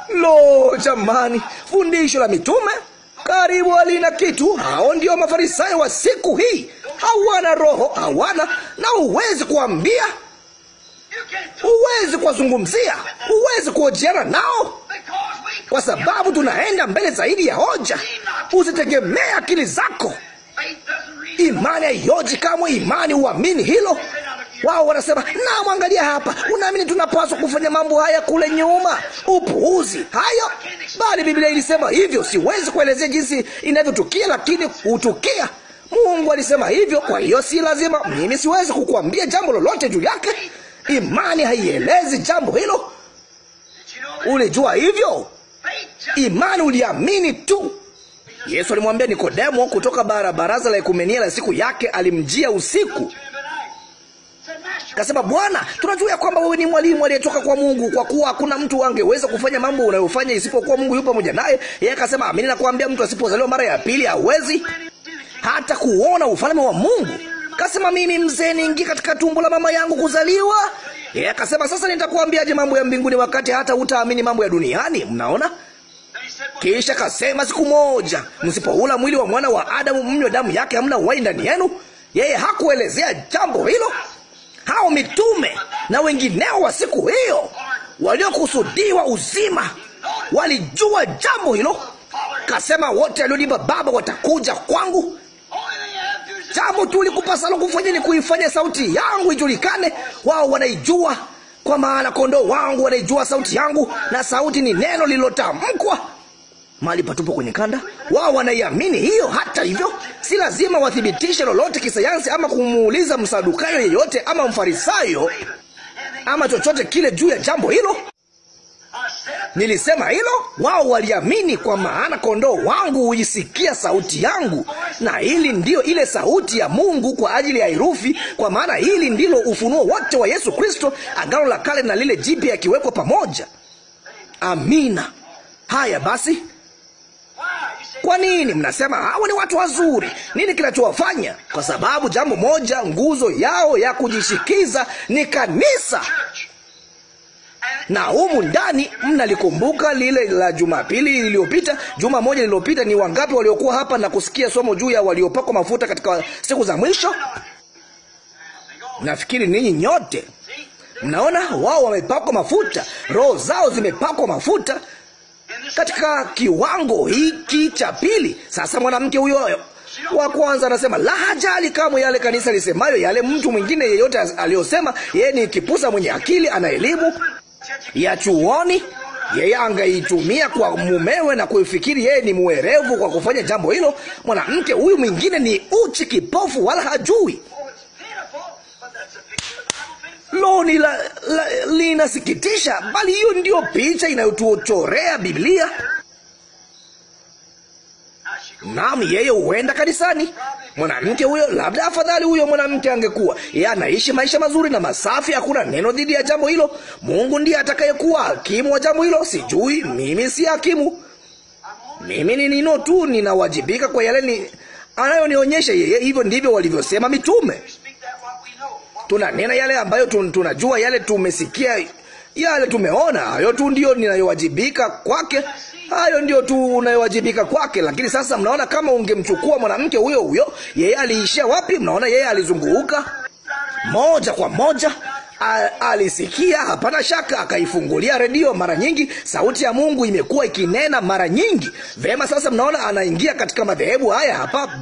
Lo, jamani, fundisho la mitume karibu halina kitu. Hao ndio mafarisayo wa siku hii, hawana roho, hawana na huwezi kuambia, huwezi kuwazungumzia, huwezi kuojiana nao, kwa sababu tunaenda mbele zaidi ya hoja. Usitegemee akili zako. Imani haioji kamwe. Imani huamini hilo. Wao wanasema na mwangalia hapa, unaamini tunapaswa kufanya mambo haya kule nyuma? Upuuzi hayo, bali Biblia ilisema hivyo. Siwezi kuelezea jinsi inavyotukia, lakini hutukia. Mungu alisema hivyo, kwa hiyo si lazima mimi, siwezi kukuambia jambo lolote juu yake. Imani haielezi jambo hilo. Ulijua hivyo, imani uliamini tu. Yesu alimwambia Nikodemo kutoka bara baraza la ekumenia la siku yake, alimjia usiku Kasema, Bwana, tunajua ya kwamba wewe ni mwalimu aliyetoka kwa Mungu, kwa kuwa hakuna mtu angeweza kufanya mambo unayofanya isipokuwa Mungu yupo pamoja naye. Yeye akasema, amini nakwambia, mtu asipozaliwa mara ya pili hawezi hata kuona ufalme wa Mungu. Kasema, mimi mzee ningi katika tumbo la mama yangu kuzaliwa? Yeye akasema, sasa nitakuambiaje mambo ya mbinguni wakati hata utaamini mambo ya duniani? Mnaona? Kisha kasema, siku moja msipoula mwili wa mwana wa Adamu mnywe damu yake, hamna uhai ndani yenu. Yeye hakuelezea jambo hilo hao mitume na wengineo wa siku hiyo waliokusudiwa uzima walijua jambo hilo. Kasema wote alionipa Baba watakuja kwangu. Jambo tu likupasalo kufanya ni kuifanya sauti yangu ijulikane. Wao wanaijua, kwa maana kondoo wangu wanaijua sauti yangu, na sauti ni neno lililotamkwa mahali patupo kwenye kanda. Wao wanaiamini hiyo. Hata hivyo, si lazima wathibitishe lolote kisayansi ama kumuuliza msadukayo yeyote ama mfarisayo ama chochote kile juu ya jambo hilo. Nilisema hilo, wao waliamini, kwa maana kondoo wangu huisikia sauti yangu, na hili ndiyo ile sauti ya Mungu kwa ajili ya herufi, kwa maana hili ndilo ufunuo wote wa Yesu Kristo, agano la kale na lile jipya yakiwekwa pamoja. Amina. Haya basi. Kwa nini mnasema hawa ni watu wazuri? Nini kinachowafanya? Kwa sababu jambo moja, nguzo yao ya kujishikiza ni kanisa na humu ndani mnalikumbuka lile la Jumapili iliyopita, juma moja lililopita. Ni wangapi waliokuwa hapa na kusikia somo juu ya waliopakwa mafuta katika siku za mwisho? Nafikiri ninyi nyote mnaona, wao wamepakwa mafuta, roho zao zimepakwa mafuta katika kiwango hiki cha pili. Sasa mwanamke huyo wa kwanza anasema la hajali kamwe yale kanisa lisemayo, yale mtu mwingine yeyote aliyosema. Yeye ni kipusa mwenye akili, ana elimu ya chuoni yeye angaitumia kwa mumewe na kuifikiri yeye ni mwerevu kwa kufanya jambo hilo. Mwanamke huyu mwingine ni uchi, kipofu, wala hajui loni la, la, linasikitisha, bali hiyo ndiyo picha inayotuchorea Biblia. Naam, yeye huenda kanisani. Mwanamke huyo, labda afadhali huyo mwanamke angekuwa yeye anaishi maisha mazuri na masafi, hakuna neno dhidi ya jambo hilo. Mungu ndiye atakayekuwa hakimu wa jambo hilo, sijui. Mimi si hakimu, mimi ni nino tu, ninawajibika kwa yale ni anayonionyesha yeye. Hivyo ndivyo walivyosema mitume tunanena yale ambayo tunajua, yale tumesikia, yale tumeona. Hayo tu ndio ninayowajibika kwake, hayo ndio tu unayowajibika kwake. Lakini sasa, mnaona kama ungemchukua mwanamke huyo huyo, yeye aliishia wapi? Mnaona yeye alizunguka moja kwa moja alisikia, hapana shaka, akaifungulia redio. Mara nyingi sauti ya Mungu imekuwa ikinena mara nyingi. Vema, sasa mnaona anaingia katika madhehebu haya hapa,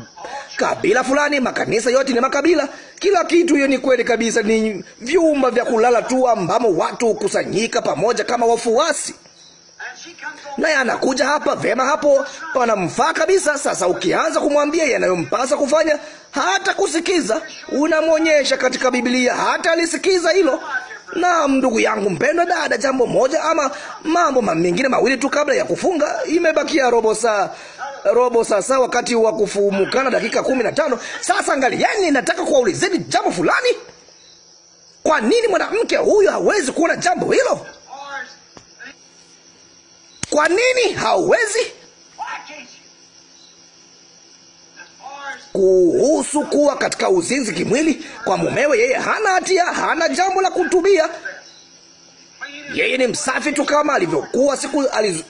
kabila fulani, makanisa yote ni makabila, kila kitu. Hiyo ni kweli kabisa, ni vyumba vya kulala tu ambamo watu hukusanyika pamoja kama wafuasi naye anakuja hapa vema, hapo panamfaa kabisa. Sasa ukianza kumwambia yanayompasa kufanya, hata kusikiza, unamwonyesha katika Biblia, hata alisikiza hilo. Na ndugu yangu mpendwa, dada, jambo moja ama mambo mengine mawili tu kabla ya kufunga. Imebakia robo saa robo sasa, wakati wa kufumukana dakika kumi na tano. Sasa yani nataka kuwaulizeni jambo fulani. Kwa nini mwanamke huyo hawezi kuona jambo hilo? Kwa nini hauwezi? Kuhusu kuwa katika uzinzi kimwili kwa mumewe, yeye hana hatia, hana jambo la kutubia. Yeye ni msafi tu kama alivyokuwa siku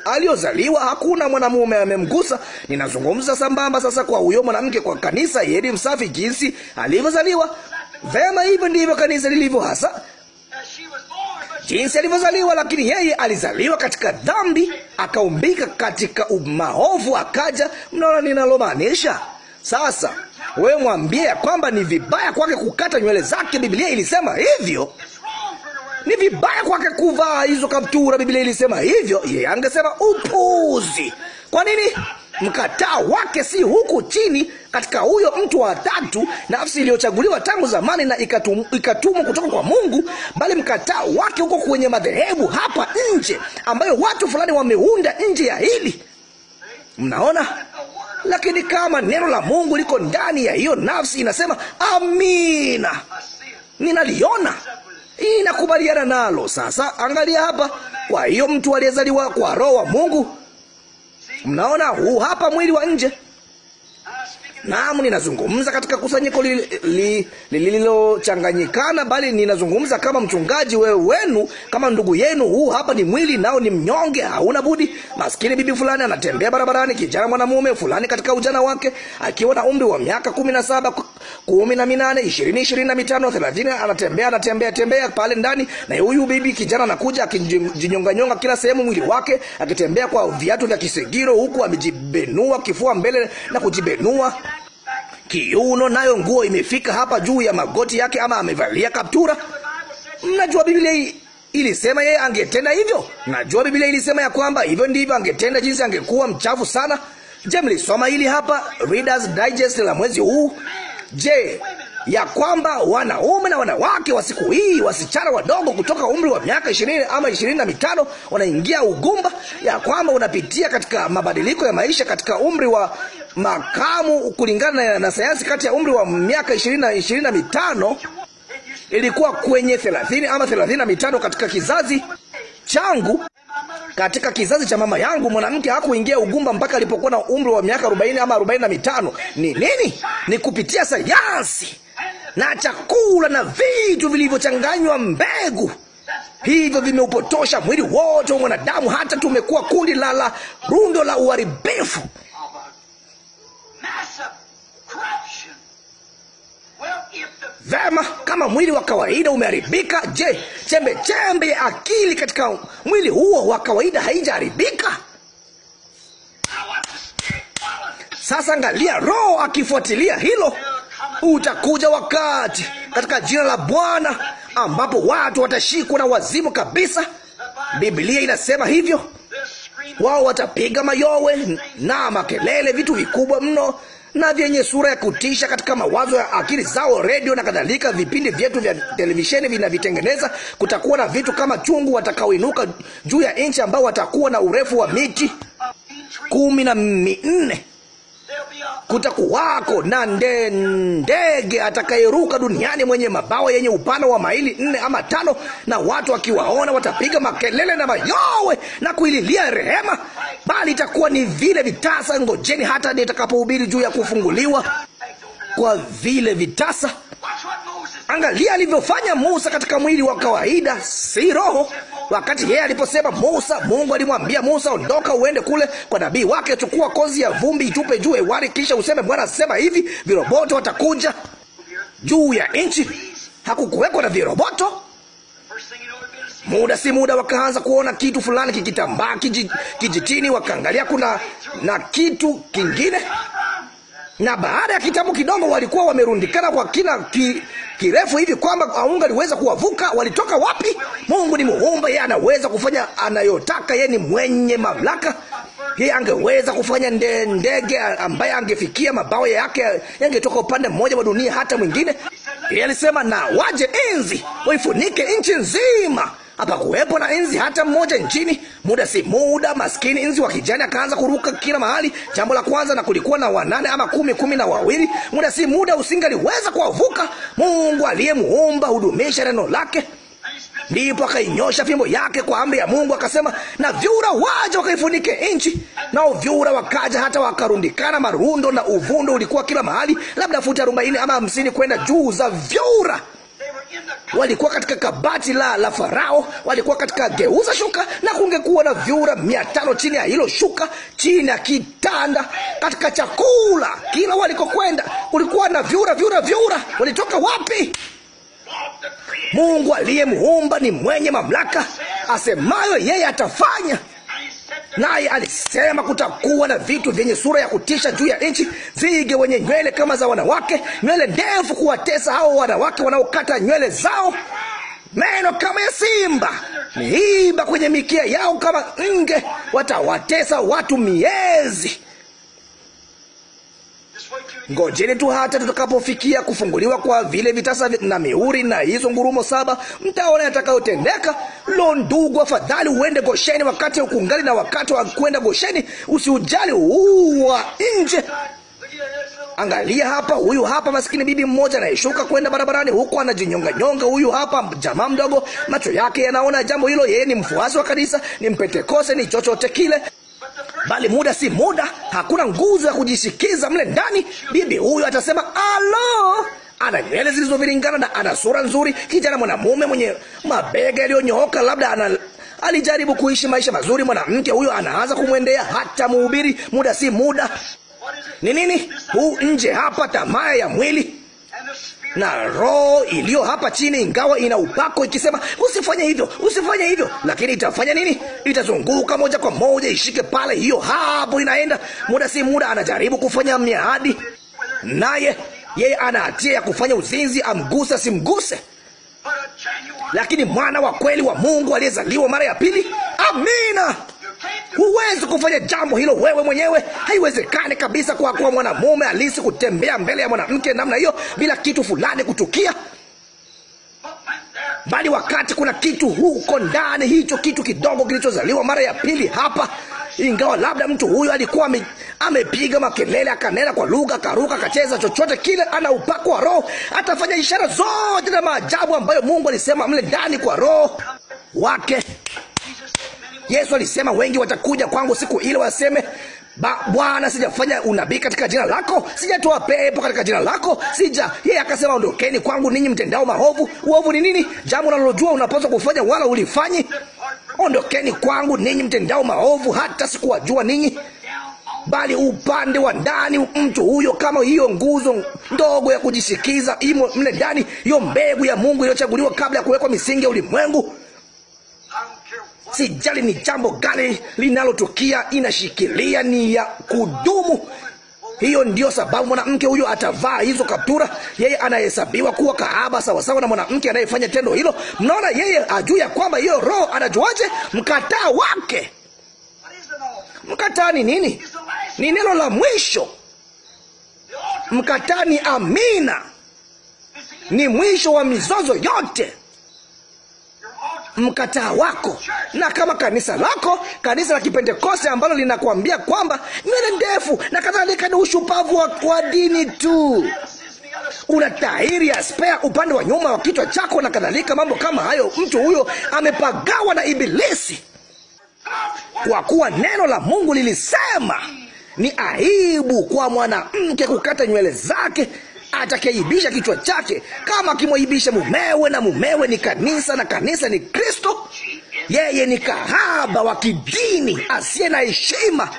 aliyozaliwa. Hakuna mwanamume amemgusa. Ninazungumza sambamba sasa kwa huyo mwanamke, kwa kanisa. Yeye ni msafi jinsi alivyozaliwa. Vema, hivyo ndivyo kanisa lilivyo hasa jinsi alivyozaliwa, lakini yeye alizaliwa katika dhambi, akaumbika katika umaovu akaja. Mnaona ninalomaanisha? Sasa wewe mwambie ya kwamba ni vibaya kwake kukata nywele zake, Biblia ilisema hivyo. Ni vibaya kwake kuvaa hizo kaptura, Biblia ilisema hivyo. Yeye angesema upuzi. Kwa nini? mkataa wake si huku chini katika huyo mtu wa tatu, nafsi iliyochaguliwa tangu zamani na ikatum, ikatumwa kutoka kwa Mungu, bali mkataa wake huko kwenye madhehebu hapa nje, ambayo watu fulani wameunda nje ya hili. Mnaona? Lakini kama neno la Mungu liko ndani ya hiyo nafsi, inasema amina, ninaliona inakubaliana nalo. Sasa angalia hapa. Kwa hiyo mtu aliyezaliwa kwa Roho wa Mungu Mnaona, huu hapa mwili wa nje. Naam, ninazungumza katika kusanyiko lililochanganyikana li, li, li, bali ninazungumza kama mchungaji wewe wenu, kama ndugu yenu. Huu hapa ni mwili, nao ni mnyonge, hauna budi. Maskini bibi fulani anatembea barabarani, kijana mwanamume fulani katika ujana wake, akiwa na umri wa miaka kumi na saba, kumi na minane, ishirini, ishirini na mitano, thelathini, anatembea anatembea tembea pale ndani, na huyu bibi kijana anakuja akijinyonganyonga kila sehemu mwili wake, akitembea kwa viatu vya kisegiro, huku amejibenua kifua mbele na kujibenua kiuno, nayo nguo imefika hapa juu ya magoti yake, ama amevalia kaptura. Mnajua Biblia ilisema yeye angetenda hivyo. Najua Biblia ilisema ya kwamba hivyo ndivyo angetenda, jinsi angekuwa mchafu sana. Je, mlisoma hili hapa Reader's Digest la mwezi huu? Je, ya kwamba wanaume na wanawake wa siku hii, wasichana wadogo kutoka umri wa miaka ishirini ama ishirini na mitano wanaingia ugumba, ya kwamba unapitia katika mabadiliko ya maisha katika umri wa makamu kulingana na sayansi, kati ya umri wa miaka ishirini na ishirini na mitano ilikuwa kwenye thelathini ama thelathini na mitano katika kizazi changu. Katika kizazi cha mama yangu mwanamke hakuingia ugumba mpaka alipokuwa na umri wa miaka 40 ama 45. na mitano. Ni nini? Ni kupitia sayansi na chakula na vitu vilivyochanganywa mbegu hivyo vimeupotosha mwili wote wa mwanadamu, hata tumekuwa kundi la la rundo la uharibifu. Vema, kama mwili wa kawaida umeharibika, je, chembe chembe ya akili katika mwili huo wa kawaida haijaharibika? Sasa angalia Roho akifuatilia hilo. Utakuja wakati katika jina la Bwana ambapo watu watashikwa na wazimu kabisa. Biblia inasema hivyo. Wao watapiga mayowe na makelele, vitu vikubwa mno na vyenye sura ya kutisha katika mawazo ya akili zao, redio na kadhalika, vipindi vyetu vya televisheni vinavitengeneza. Kutakuwa na vitu kama chungu watakaoinuka juu ya nchi ambao watakuwa na urefu wa miti kumi na minne kutakuwako na nde ndege atakayeruka duniani mwenye mabawa yenye upana wa maili nne ama tano, na watu akiwaona watapiga makelele na mayowe na kuililia rehema, bali itakuwa ni vile vitasa. Ngojeni hata nitakapohubiri juu ya kufunguliwa kwa vile vitasa. Angalia alivyofanya Musa katika mwili wa kawaida, si roho. Wakati yeye aliposema Musa, Mungu alimwambia Musa, ondoka uende kule kwa nabii wake, chukua kozi ya vumbi itupe juu hewani, kisha useme Bwana sema hivi, viroboto watakuja juu ya nchi. Hakukuwekwa na viroboto. Muda si muda wakaanza kuona kitu fulani kikitambaa kijitini, wakaangalia kuna na kitu kingine na baada ya kitabu kidogo walikuwa wamerundikana kwa kina ki, kirefu hivi kwamba aunga aliweza kuwavuka. Walitoka wapi? Mungu ni muumba, yeye anaweza kufanya anayotaka, yeye ni mwenye mamlaka. Yeye angeweza kufanya nde, ndege ambaye angefikia mabawa yake yangetoka upande mmoja wa dunia hata mwingine. Yeye alisema na waje enzi waifunike nchi nzima hapakuwepo na nzi hata mmoja nchini. Muda si muda, maskini nzi wa kijani akaanza kuruka kila mahali, jambo la kwanza, na kulikuwa na wanane ama kumi, kumi na wawili. Muda si muda, usingaliweza kuwavuka. Mungu aliyemuumba hudumisha neno lake. Ndipo akainyosha fimbo yake kwa amri ya Mungu, akasema na vyura waje wakaifunike nchi. Nao vyura wakaja hata wakarundikana marundo, na uvundo ulikuwa kila mahali, labda futi arobaini ama hamsini kwenda juu za vyura walikuwa katika kabati la, la Farao, walikuwa katika geuza shuka, na kungekuwa na vyura mia tano chini ya hilo shuka, chini ya kitanda, katika chakula kila walikokwenda kulikuwa na vyura, vyura, vyura. Walitoka wapi? Mungu aliye muumba ni mwenye mamlaka, asemayo yeye atafanya naye alisema kutakuwa na vitu vyenye sura ya kutisha juu ya nchi, nzige wenye nywele kama za wanawake, nywele ndefu kuwatesa hao wanawake wanaokata nywele zao, meno kama ya simba, miiba kwenye mikia yao kama nge, watawatesa watu miezi Ngojeni tu hata tutakapofikia kufunguliwa kwa vile vitasa na mihuri na hizo ngurumo saba, mtaona yatakayotendeka. Lo, ndugu, afadhali uende Gosheni wakati ukungali na wakati wa kwenda Gosheni, usiujali huu wa nje. Angalia hapa, huyu hapa maskini bibi mmoja anayeshuka kwenda barabarani, huku anajinyonga nyonga. Huyu hapa jamaa mdogo, macho yake yanaona jambo hilo. Yeye ni mfuasi wa kanisa, ni mpentekoste, ni chochote kile bali muda si muda, hakuna nguzo ya kujishikiza mle ndani. Bibi huyo atasema alo, ana nywele zilizoviringana na ana sura nzuri, kijana mwanamume mwenye mabega yaliyonyooka, labda ana alijaribu kuishi maisha mazuri. Mwanamke huyo anaanza kumwendea, hata muhubiri, muda si muda. Ni nini huu nje hapa? Tamaa ya mwili na roho iliyo hapa chini, ingawa ina upako ikisema usifanye hivyo, usifanye hivyo, lakini itafanya nini? Itazunguka moja kwa moja ishike pale, hiyo hapo inaenda. Muda si muda anajaribu kufanya miadi, naye yeye ana hatia ya kufanya uzinzi, amguse simguse. Lakini mwana wa kweli wa Mungu aliyezaliwa mara ya pili, amina. Huwezi kufanya jambo hilo wewe mwenyewe, haiwezekani kabisa, kwa kuwa mwanamume alisi kutembea mbele ya mwanamke namna hiyo bila kitu fulani kutukia bali wakati kuna kitu huko ndani, hicho kitu kidogo kilichozaliwa mara ya pili hapa. Ingawa labda mtu huyo alikuwa ame, amepiga makelele, akanena kwa lugha, akaruka, akacheza chochote kile, ana upako wa Roho, atafanya ishara zote na maajabu ambayo Mungu alisema mle ndani kwa Roho wake. Yesu alisema, wengi watakuja kwangu siku ile waseme Bwana, sijafanya unabii katika jina lako, sijatoa pepo katika jina lako, sija. Yeye akasema ondokeni kwangu ninyi mtendao maovu. Uovu ni nini? Jambo unalojua unapaswa kufanya wala ulifanyi. Ondokeni kwangu ninyi mtendao maovu, hata sikuwajua ninyi. Bali upande wa ndani mtu huyo, kama hiyo nguzo ndogo ya kujishikiza, imo mle ndani, hiyo mbegu ya Mungu iliyochaguliwa kabla ya kuwekwa misingi ya ulimwengu sijali ni jambo gani linalotukia, inashikilia ni ya kudumu. Hiyo ndiyo sababu mwanamke huyo atavaa hizo kaptura. Yeye anahesabiwa kuwa kahaba sawasawa na mwanamke anayefanya tendo hilo. Mnaona, yeye ajuu ya kwamba hiyo roho. Anajuaje mkataa wake? Mkataa ni nini? Ni neno la mwisho. Mkataa ni amina, ni mwisho wa mizozo yote mkataa wako. Na kama kanisa lako, kanisa la Kipentekoste ambalo linakuambia kwamba nywele ndefu na kadhalika ni ushupavu wa, wa dini tu, una tairi ya spea upande wa nyuma wa kichwa chako na kadhalika, mambo kama hayo, mtu huyo amepagawa na Ibilisi, kwa kuwa neno la Mungu lilisema ni aibu kwa mwanamke kukata nywele zake atakayeibisha kichwa chake, kama akimwaibisha mumewe, na mumewe ni kanisa, na kanisa ni Kristo. Yeye ni kahaba wa kidini asiye na heshima.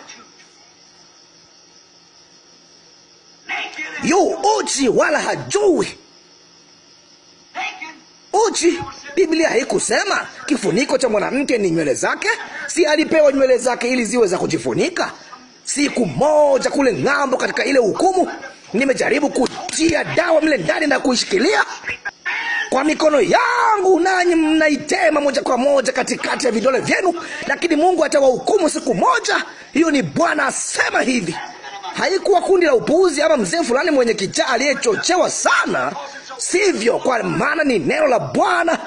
Yu uchi wala hajui uchi. Biblia haikusema kifuniko cha mwanamke ni nywele zake? Si alipewa nywele zake ili ziwe za kujifunika? Siku moja kule ng'ambo, katika ile hukumu, nimejaribu ku kutia dawa mle ndani na kuishikilia kwa mikono yangu, nanyi mnaitema moja kwa moja katikati ya vidole vyenu, lakini Mungu atawahukumu siku moja. Hiyo ni Bwana asema hivi. Haikuwa kundi la upuuzi ama mzee fulani mwenye kichaa aliyechochewa sana, sivyo? Kwa maana ni neno la Bwana,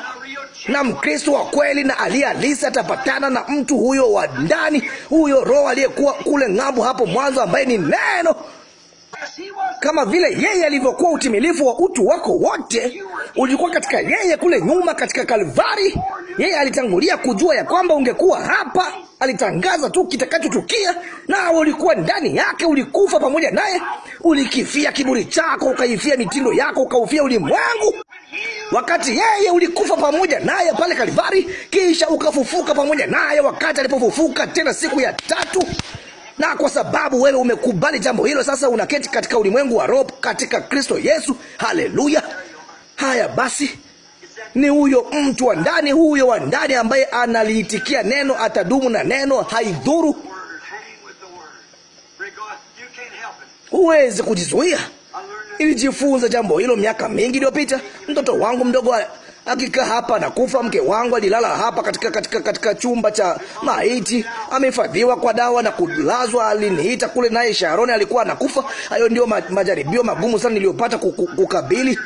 na Mkristo wa kweli na aliye halisi atapatana na mtu huyo wa ndani, huyo Roho aliyekuwa kule ng'ambo hapo mwanzo, ambaye ni neno kama vile yeye alivyokuwa utimilifu wa utu wako wote. Ulikuwa katika yeye kule nyuma katika Kalvari. Yeye alitangulia kujua ya kwamba ungekuwa hapa, alitangaza tu kitakachotukia, na ulikuwa ndani yake. Ulikufa pamoja naye, ulikifia kiburi chako, ukaifia mitindo yako, ukaufia ulimwengu. Wakati yeye ulikufa pamoja naye pale Kalvari, kisha ukafufuka pamoja naye wakati alipofufuka tena siku ya tatu na kwa sababu wewe umekubali jambo hilo, sasa unaketi katika ulimwengu wa roho katika Kristo Yesu. Haleluya! Haya basi, ni huyo mtu wa ndani, huyo wa ndani ambaye analiitikia neno, atadumu na neno, haidhuru. Huwezi kujizuia. ilijifunza jambo hilo miaka mingi iliyopita. Mtoto wangu mdogo akikaa hapa na kufa. Mke wangu alilala hapa katika, katika, katika chumba cha maiti, amehifadhiwa kwa dawa na kulazwa. Aliniita kule, naye Sharoni alikuwa anakufa. Hayo ndio majaribio magumu sana niliyopata kukabili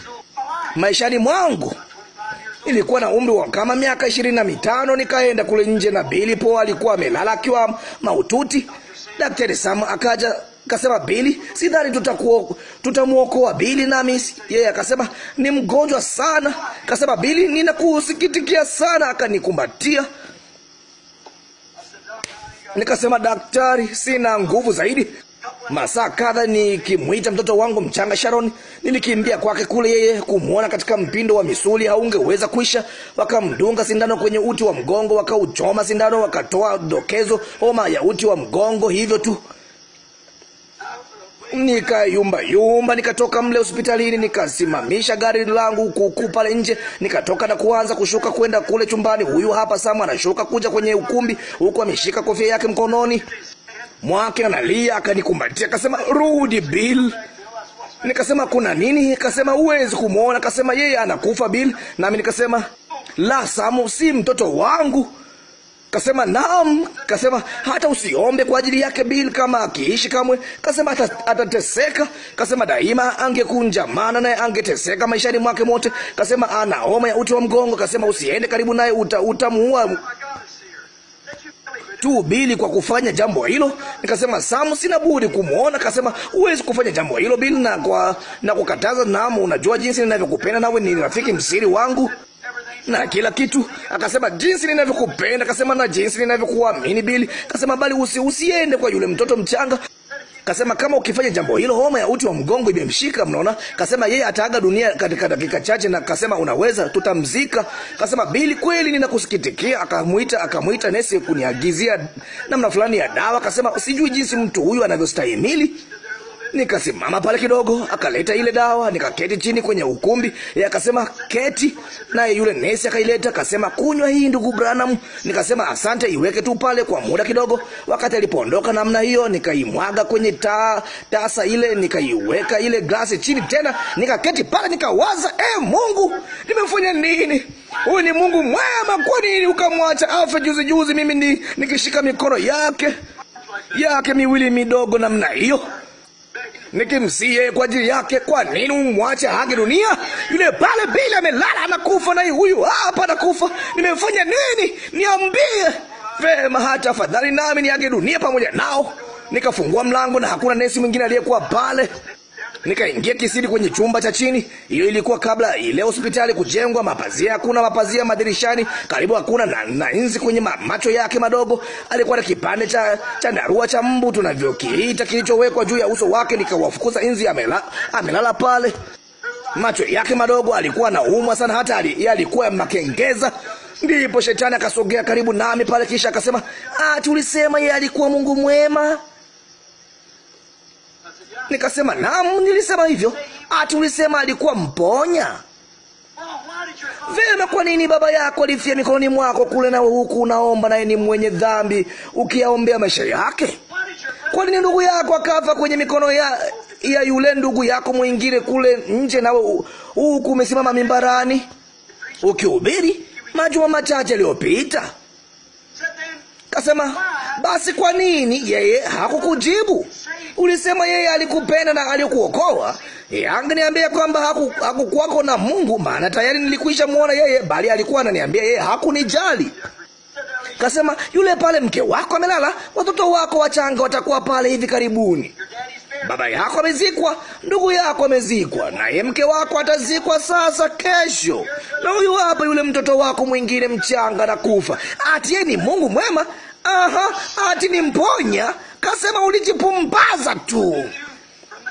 maishani mwangu. ilikuwa na umri wa kama miaka ishirini na mitano. Nikaenda kule nje na Bili Po alikuwa amelala akiwa maututi. Daktari Sam akaja Nikasema, Bili, sidhani tutakuo tutamwokoa Bili nami yeye yeah. Akasema, ni mgonjwa sana. Akasema, Bili, ninakusikitikia sana. Akanikumbatia. Nikasema, daktari, sina nguvu zaidi. Masaa kadha nikimwita mtoto wangu mchanga Sharon, nilikimbia kwake kule, yeye kumwona katika mpindo wa misuli haungeweza kuisha. Wakamdunga sindano kwenye uti wa mgongo, wakauchoma sindano, wakatoa dokezo homa ya uti wa mgongo, hivyo tu nika yumba, nikatoka mle hospitalini, nikasimamisha gari langu kuku pale nje, nikatoka na kuanza kushuka kwenda kule chumbani. Huyu hapa Samu anashuka kuja kwenye ukumbi, huku ameshika kofia yake mkononi mwake, analia, akanikumbatia, akasema rudi Bill. Nikasema kuna nini? Akasema huwezi kumwona. Akasema yeye anakufa Bill. Nami nikasema la, Samu si mtoto wangu. Kasema naam. Kasema hata usiombe kwa ajili yake Bill kama akiishi kamwe. Kasema atateseka. Kasema daima angekunjamana naye angeteseka maishani mwake mote. Kasema ana homa ya uti wa mgongo. Kasema usiende karibu naye uta, utamuua oh tu Bili kwa kufanya jambo hilo. Nikasema Samu, sina budi kumwona. Kasema huwezi kufanya jambo hilo Bili, na kwa na kukataza. Naam, unajua jinsi ninavyokupenda nawe ni rafiki msiri wangu na kila kitu. Akasema jinsi ninavyokupenda, akasema na jinsi ninavyokuamini Bili, akasema bali usi, usiende kwa yule mtoto mchanga Kasema kama ukifanya jambo hilo, homa ya uti wa mgongo imemshika. Mnaona, kasema yeye ataaga dunia katika dakika chache, na kasema unaweza, tutamzika. Kasema Bili, kweli ninakusikitikia. Akamwita akamwita nesi kuniagizia namna fulani ya dawa. Kasema sijui jinsi mtu huyu anavyostahimili. Nikasimama pale kidogo, akaleta ile dawa, nikaketi chini kwenye ukumbi. Yeye akasema keti, naye yule nesi akaileta, akasema kunywa hii, ndugu Branham. Nikasema asante, iweke tu pale kwa muda kidogo. Wakati alipoondoka namna hiyo, nikaimwaga kwenye ta, tasa ile, nikaiweka ile glasi chini tena, nikaketi pale, nikawaza eh, Mungu, nimefanya nini? Huyu ni Mungu mwema, kwa nini ukamwacha afe juzi juzi, mimi ni, nikishika mikono yake yake miwili midogo namna hiyo? nikimsie yeye kwa ajili yake, kwa nini umwache hage dunia? Yule pale bila amelala anakufa, na huyu hapa anakufa. Nimefanya nini? Niambie. Vema, hata afadhali nami niage dunia pamoja nao. Nikafungua mlango na hakuna nesi mwingine aliyekuwa pale. Nikaingia kisiri kwenye chumba cha chini. Hiyo ilikuwa kabla ile hospitali kujengwa. Mapazia, hakuna mapazia madirishani, karibu hakuna na, na inzi kwenye macho yake madogo. Alikuwa na kipande cha chandarua cha mbu tunavyokiita kilichowekwa juu ya uso wake. Nikawafukuza inzi, amela, amelala pale. Macho yake madogo alikuwa anaumwa sana, hata alikuwa makengeza. Ndipo shetani akasogea karibu nami pale, kisha akasema, ah, tulisema yeye alikuwa Mungu mwema. Nikasema, naam, nilisema hivyo. Ati ulisema alikuwa mponya? Vema, kwa nini baba yako alifia mikononi mwako kule, na huku unaomba naye ni mwenye dhambi ukiyaombea maisha yake? Kwa nini ndugu yako akafa kwenye mikono ya, ya yule ndugu yako mwingine kule nje, nawe huku umesimama mimbarani ukihubiri majuma machache yaliyopita? Kasema, basi kwa nini yeye hakukujibu? Ulisema yeye alikupenda na alikuokoa. E, angeniambia kwamba hakukuwako haku na Mungu, maana tayari nilikwisha muona yeye, bali alikuwa ananiambia yeye hakunijali. Kasema yule pale mke wako amelala, watoto wako wachanga watakuwa pale hivi karibuni. Baba yako amezikwa, ndugu yako amezikwa, naye mke wako atazikwa sasa kesho, na huyu hapa yule mtoto wako mwingine mchanga na kufa. Ati yeye ni Mungu mwema? Aha, ati ni mponya? Kasema ulijipumbaza tu.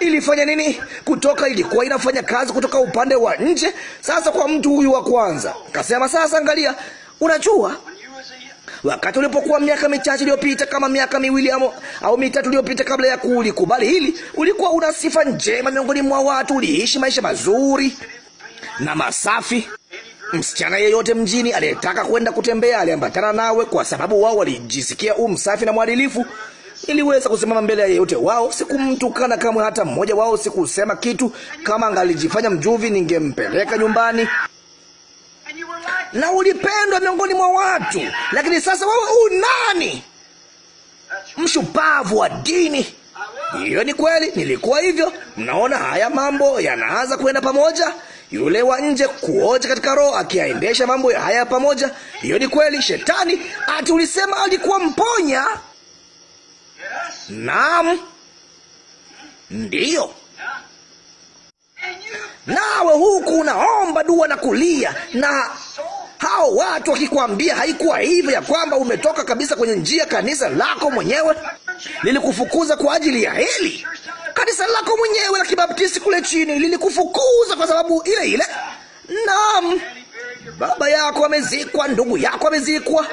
Ilifanya nini? Kutoka ilikuwa inafanya kazi kutoka upande wa nje, sasa kwa mtu huyu wa kwanza. Kasema sasa, angalia, unajua Wakati ulipokuwa miaka michache iliyopita, kama miaka miwili au, au mitatu iliyopita, kabla ya kulikubali hili, ulikuwa una sifa njema miongoni mwa watu, uliishi maisha mazuri na masafi. Msichana yeyote mjini aliyetaka kwenda kutembea aliambatana nawe, kwa sababu wao walijisikia u msafi na mwadilifu. Niliweza kusimama mbele ya yeyote wao, sikumtukana kamwe hata mmoja wao, sikusema kitu. Kama angalijifanya mjuvi, ningempeleka nyumbani na ulipendwa miongoni mwa watu, lakini sasa wewe u nani? Mshupavu wa dini. Hiyo ni kweli, nilikuwa hivyo. Mnaona, haya mambo yanaanza kwenda pamoja. Yule wa nje kuoja katika roho akiyaendesha mambo haya pamoja. Hiyo ni kweli. Shetani ati ulisema alikuwa mponya? Naam, ndiyo nawe huku unaomba dua na kulia na hao watu wakikwambia haikuwa hivyo, ya kwamba umetoka kabisa kwenye njia, kanisa lako mwenyewe lilikufukuza kwa ajili ya hili. Kanisa lako mwenyewe la Kibaptisti kule chini lilikufukuza kwa sababu ile ile. Naam, baba yako amezikwa, ndugu yako amezikwa,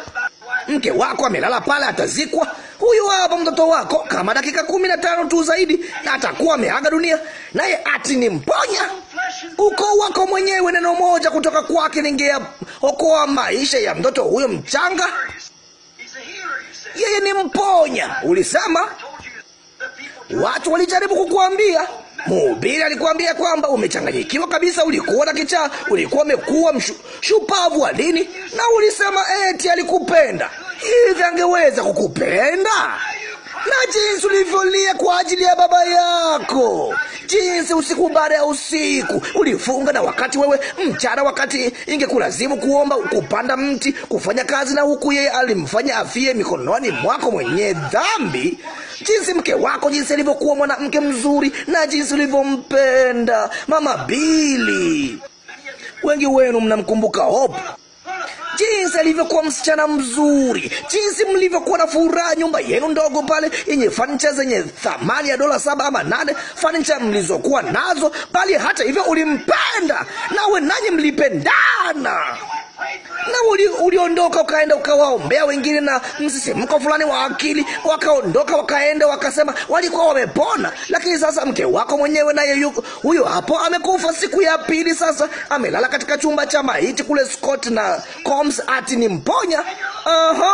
mke wako amelala pale, atazikwa. Huyu hapa mtoto wako, kama dakika kumi na tano tu zaidi, na atakuwa ameaga dunia, naye ati nimponya ukoo wako mwenyewe. Neno moja kutoka kwake okoa maisha ya mtoto huyo mchanga. Yeye ni mponya. Ulisema watu walijaribu kukuambia Mhubiri alikuambia kwamba umechanganyikiwa kabisa, ulikuwa na kichaa, ulikuwa umekuwa mshupavu wa dini, na ulisema eti alikupenda. Hivi angeweza kukupenda? na jinsi ulivyolia kwa ajili ya baba yako, jinsi usiku baada ya usiku ulifunga, na wakati wewe mchana, wakati ingekulazimu kuomba, kupanda mti, kufanya kazi, na huku yeye alimfanya afie mikononi mwako mwenye dhambi. Jinsi mke wako, jinsi alivyokuwa mwanamke mzuri, na jinsi ulivyompenda mama Bili. Wengi wenu mnamkumbuka Hope jinsi alivyokuwa msichana mzuri, jinsi mlivyokuwa na furaha, nyumba yenu ndogo pale yenye fanicha zenye thamani ya dola saba ama nane, fanicha mlizokuwa nazo, bali hata hivyo ulimpenda, nawe nanyi mlipendana na uliondoka uli ukaenda ukawaombea wengine na msisimko fulani wa akili, wakaondoka wakaenda wakasema walikuwa wamepona. Lakini sasa mke wako mwenyewe naye huyo hapo amekufa siku ya pili, sasa amelala katika chumba cha maiti kule Scott na Combs ati ni mponya. Aha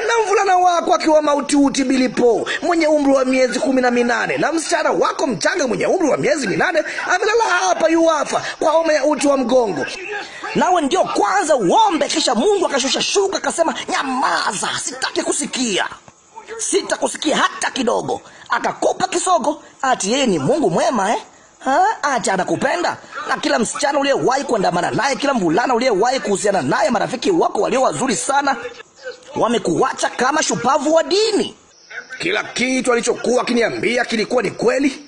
na mvulana wako akiwa mautiuti bilipo mwenye umri wa miezi kumi na minane na msichana wako mchanga mwenye umri wa miezi minane amelala hapa yuwafa kwa homa ya uti wa mgongo, nawe ndio kwanza uombe. Kisha Mungu akashusha shuka akasema, nyamaza, sitaki kusikia, sitakusikia hata kidogo. Akakupa kisogo, ati yeye ni Mungu mwema eh? Ha, ati anakupenda na kila msichana uliyewahi kuandamana naye, kila mvulana uliyewahi kuhusiana naye, marafiki wako walio wazuri sana Wamekuacha kama shupavu wa dini. Kila kitu alichokuwa akiniambia kilikuwa ni kweli.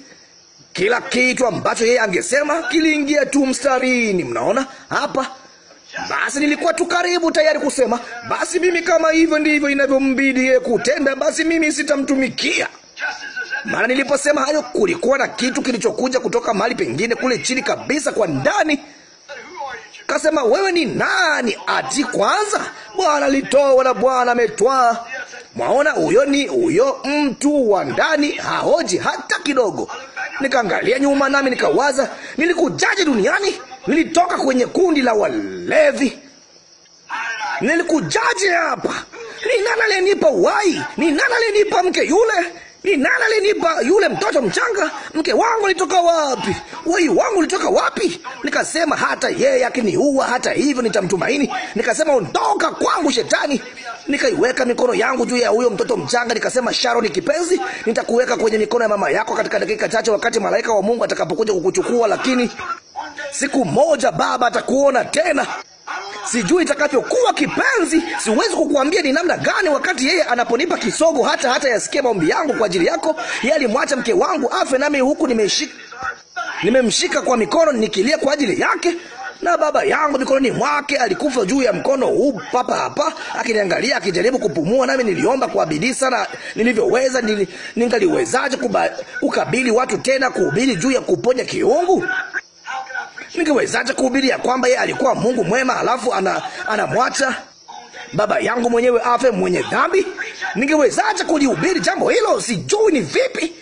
Kila kitu ambacho yeye angesema kiliingia tu mstarini. Mnaona hapa? Basi nilikuwa tu karibu tayari kusema, basi mimi kama hivyo ndivyo inavyombidi yeye kutenda, basi mimi sitamtumikia. Maana niliposema hayo, kulikuwa na kitu kilichokuja kutoka mahali pengine kule chini kabisa kwa ndani Kasema, wewe ni nani? Ati kwanza Bwana alitoa na Bwana ametwaa. Mwaona, huyo ni huyo mtu wa ndani, haoji hata kidogo. Nikaangalia nyuma, nami nikawaza, nilikujaje duniani? Nilitoka kwenye kundi la walevi. Nilikujaje hapa? Ni nani aliyenipa uhai? Ni nani aliyenipa mke yule? Ni nani alinipa yule mtoto mchanga? Mke wangu alitoka wapi? Wai wangu ulitoka wapi? Nikasema hata yeye akiniua, hata hivyo nitamtumaini. Nikasema ondoka kwangu shetani. Nikaiweka mikono yangu juu ya huyo mtoto mchanga, nikasema Sharon, kipenzi, nitakuweka kwenye mikono ya mama yako katika dakika chache, wakati malaika wa Mungu atakapokuja kukuchukua, lakini siku moja baba atakuona tena sijui itakavyokuwa kipenzi, siwezi kukuambia ni namna gani. Wakati yeye anaponipa kisogo, hata hata yasikie maombi yangu kwa ajili yako. Yeye alimwacha mke wangu afe, nami huku nimeshika, nimemshika kwa mikono nikilia kwa ajili yake na baba yangu mikononi mwake alikufa juu ya mkono huu papa hapa, akiniangalia akijaribu kupumua, nami niliomba kwa bidii sana nilivyoweza. Ningaliwezaje kukabili watu tena kuhubiri juu ya kuponya kiungu? Ningewezaje kuhubiri ya kwamba yeye alikuwa Mungu mwema alafu anamwacha ana baba yangu mwenyewe afe mwenye dhambi? Ningewezaje kulihubiri jambo hilo? Sijui ni vipi,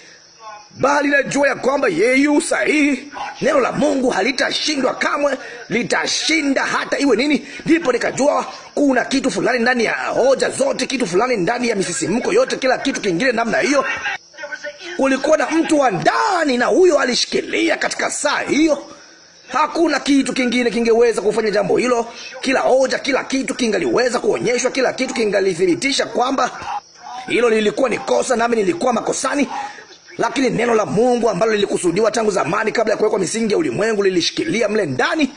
bali najua ya kwamba yeye yu sahihi. Neno la Mungu halitashindwa kamwe, litashinda hata iwe nini. Ndipo nikajua kuna kitu fulani ndani ya hoja zote, kitu fulani ndani ya misisimko yote, kila kitu kingine namna hiyo. Kulikuwa na mtu wa ndani, na huyo alishikilia katika saa hiyo Hakuna kitu kingine kingeweza kufanya jambo hilo. Kila hoja, kila kitu kingaliweza kuonyeshwa, kila kitu kingalithibitisha kwamba hilo lilikuwa ni kosa, nami nilikuwa makosani. Lakini neno la Mungu ambalo lilikusudiwa tangu zamani, kabla ya kuwekwa misingi ya ulimwengu, lilishikilia mle ndani.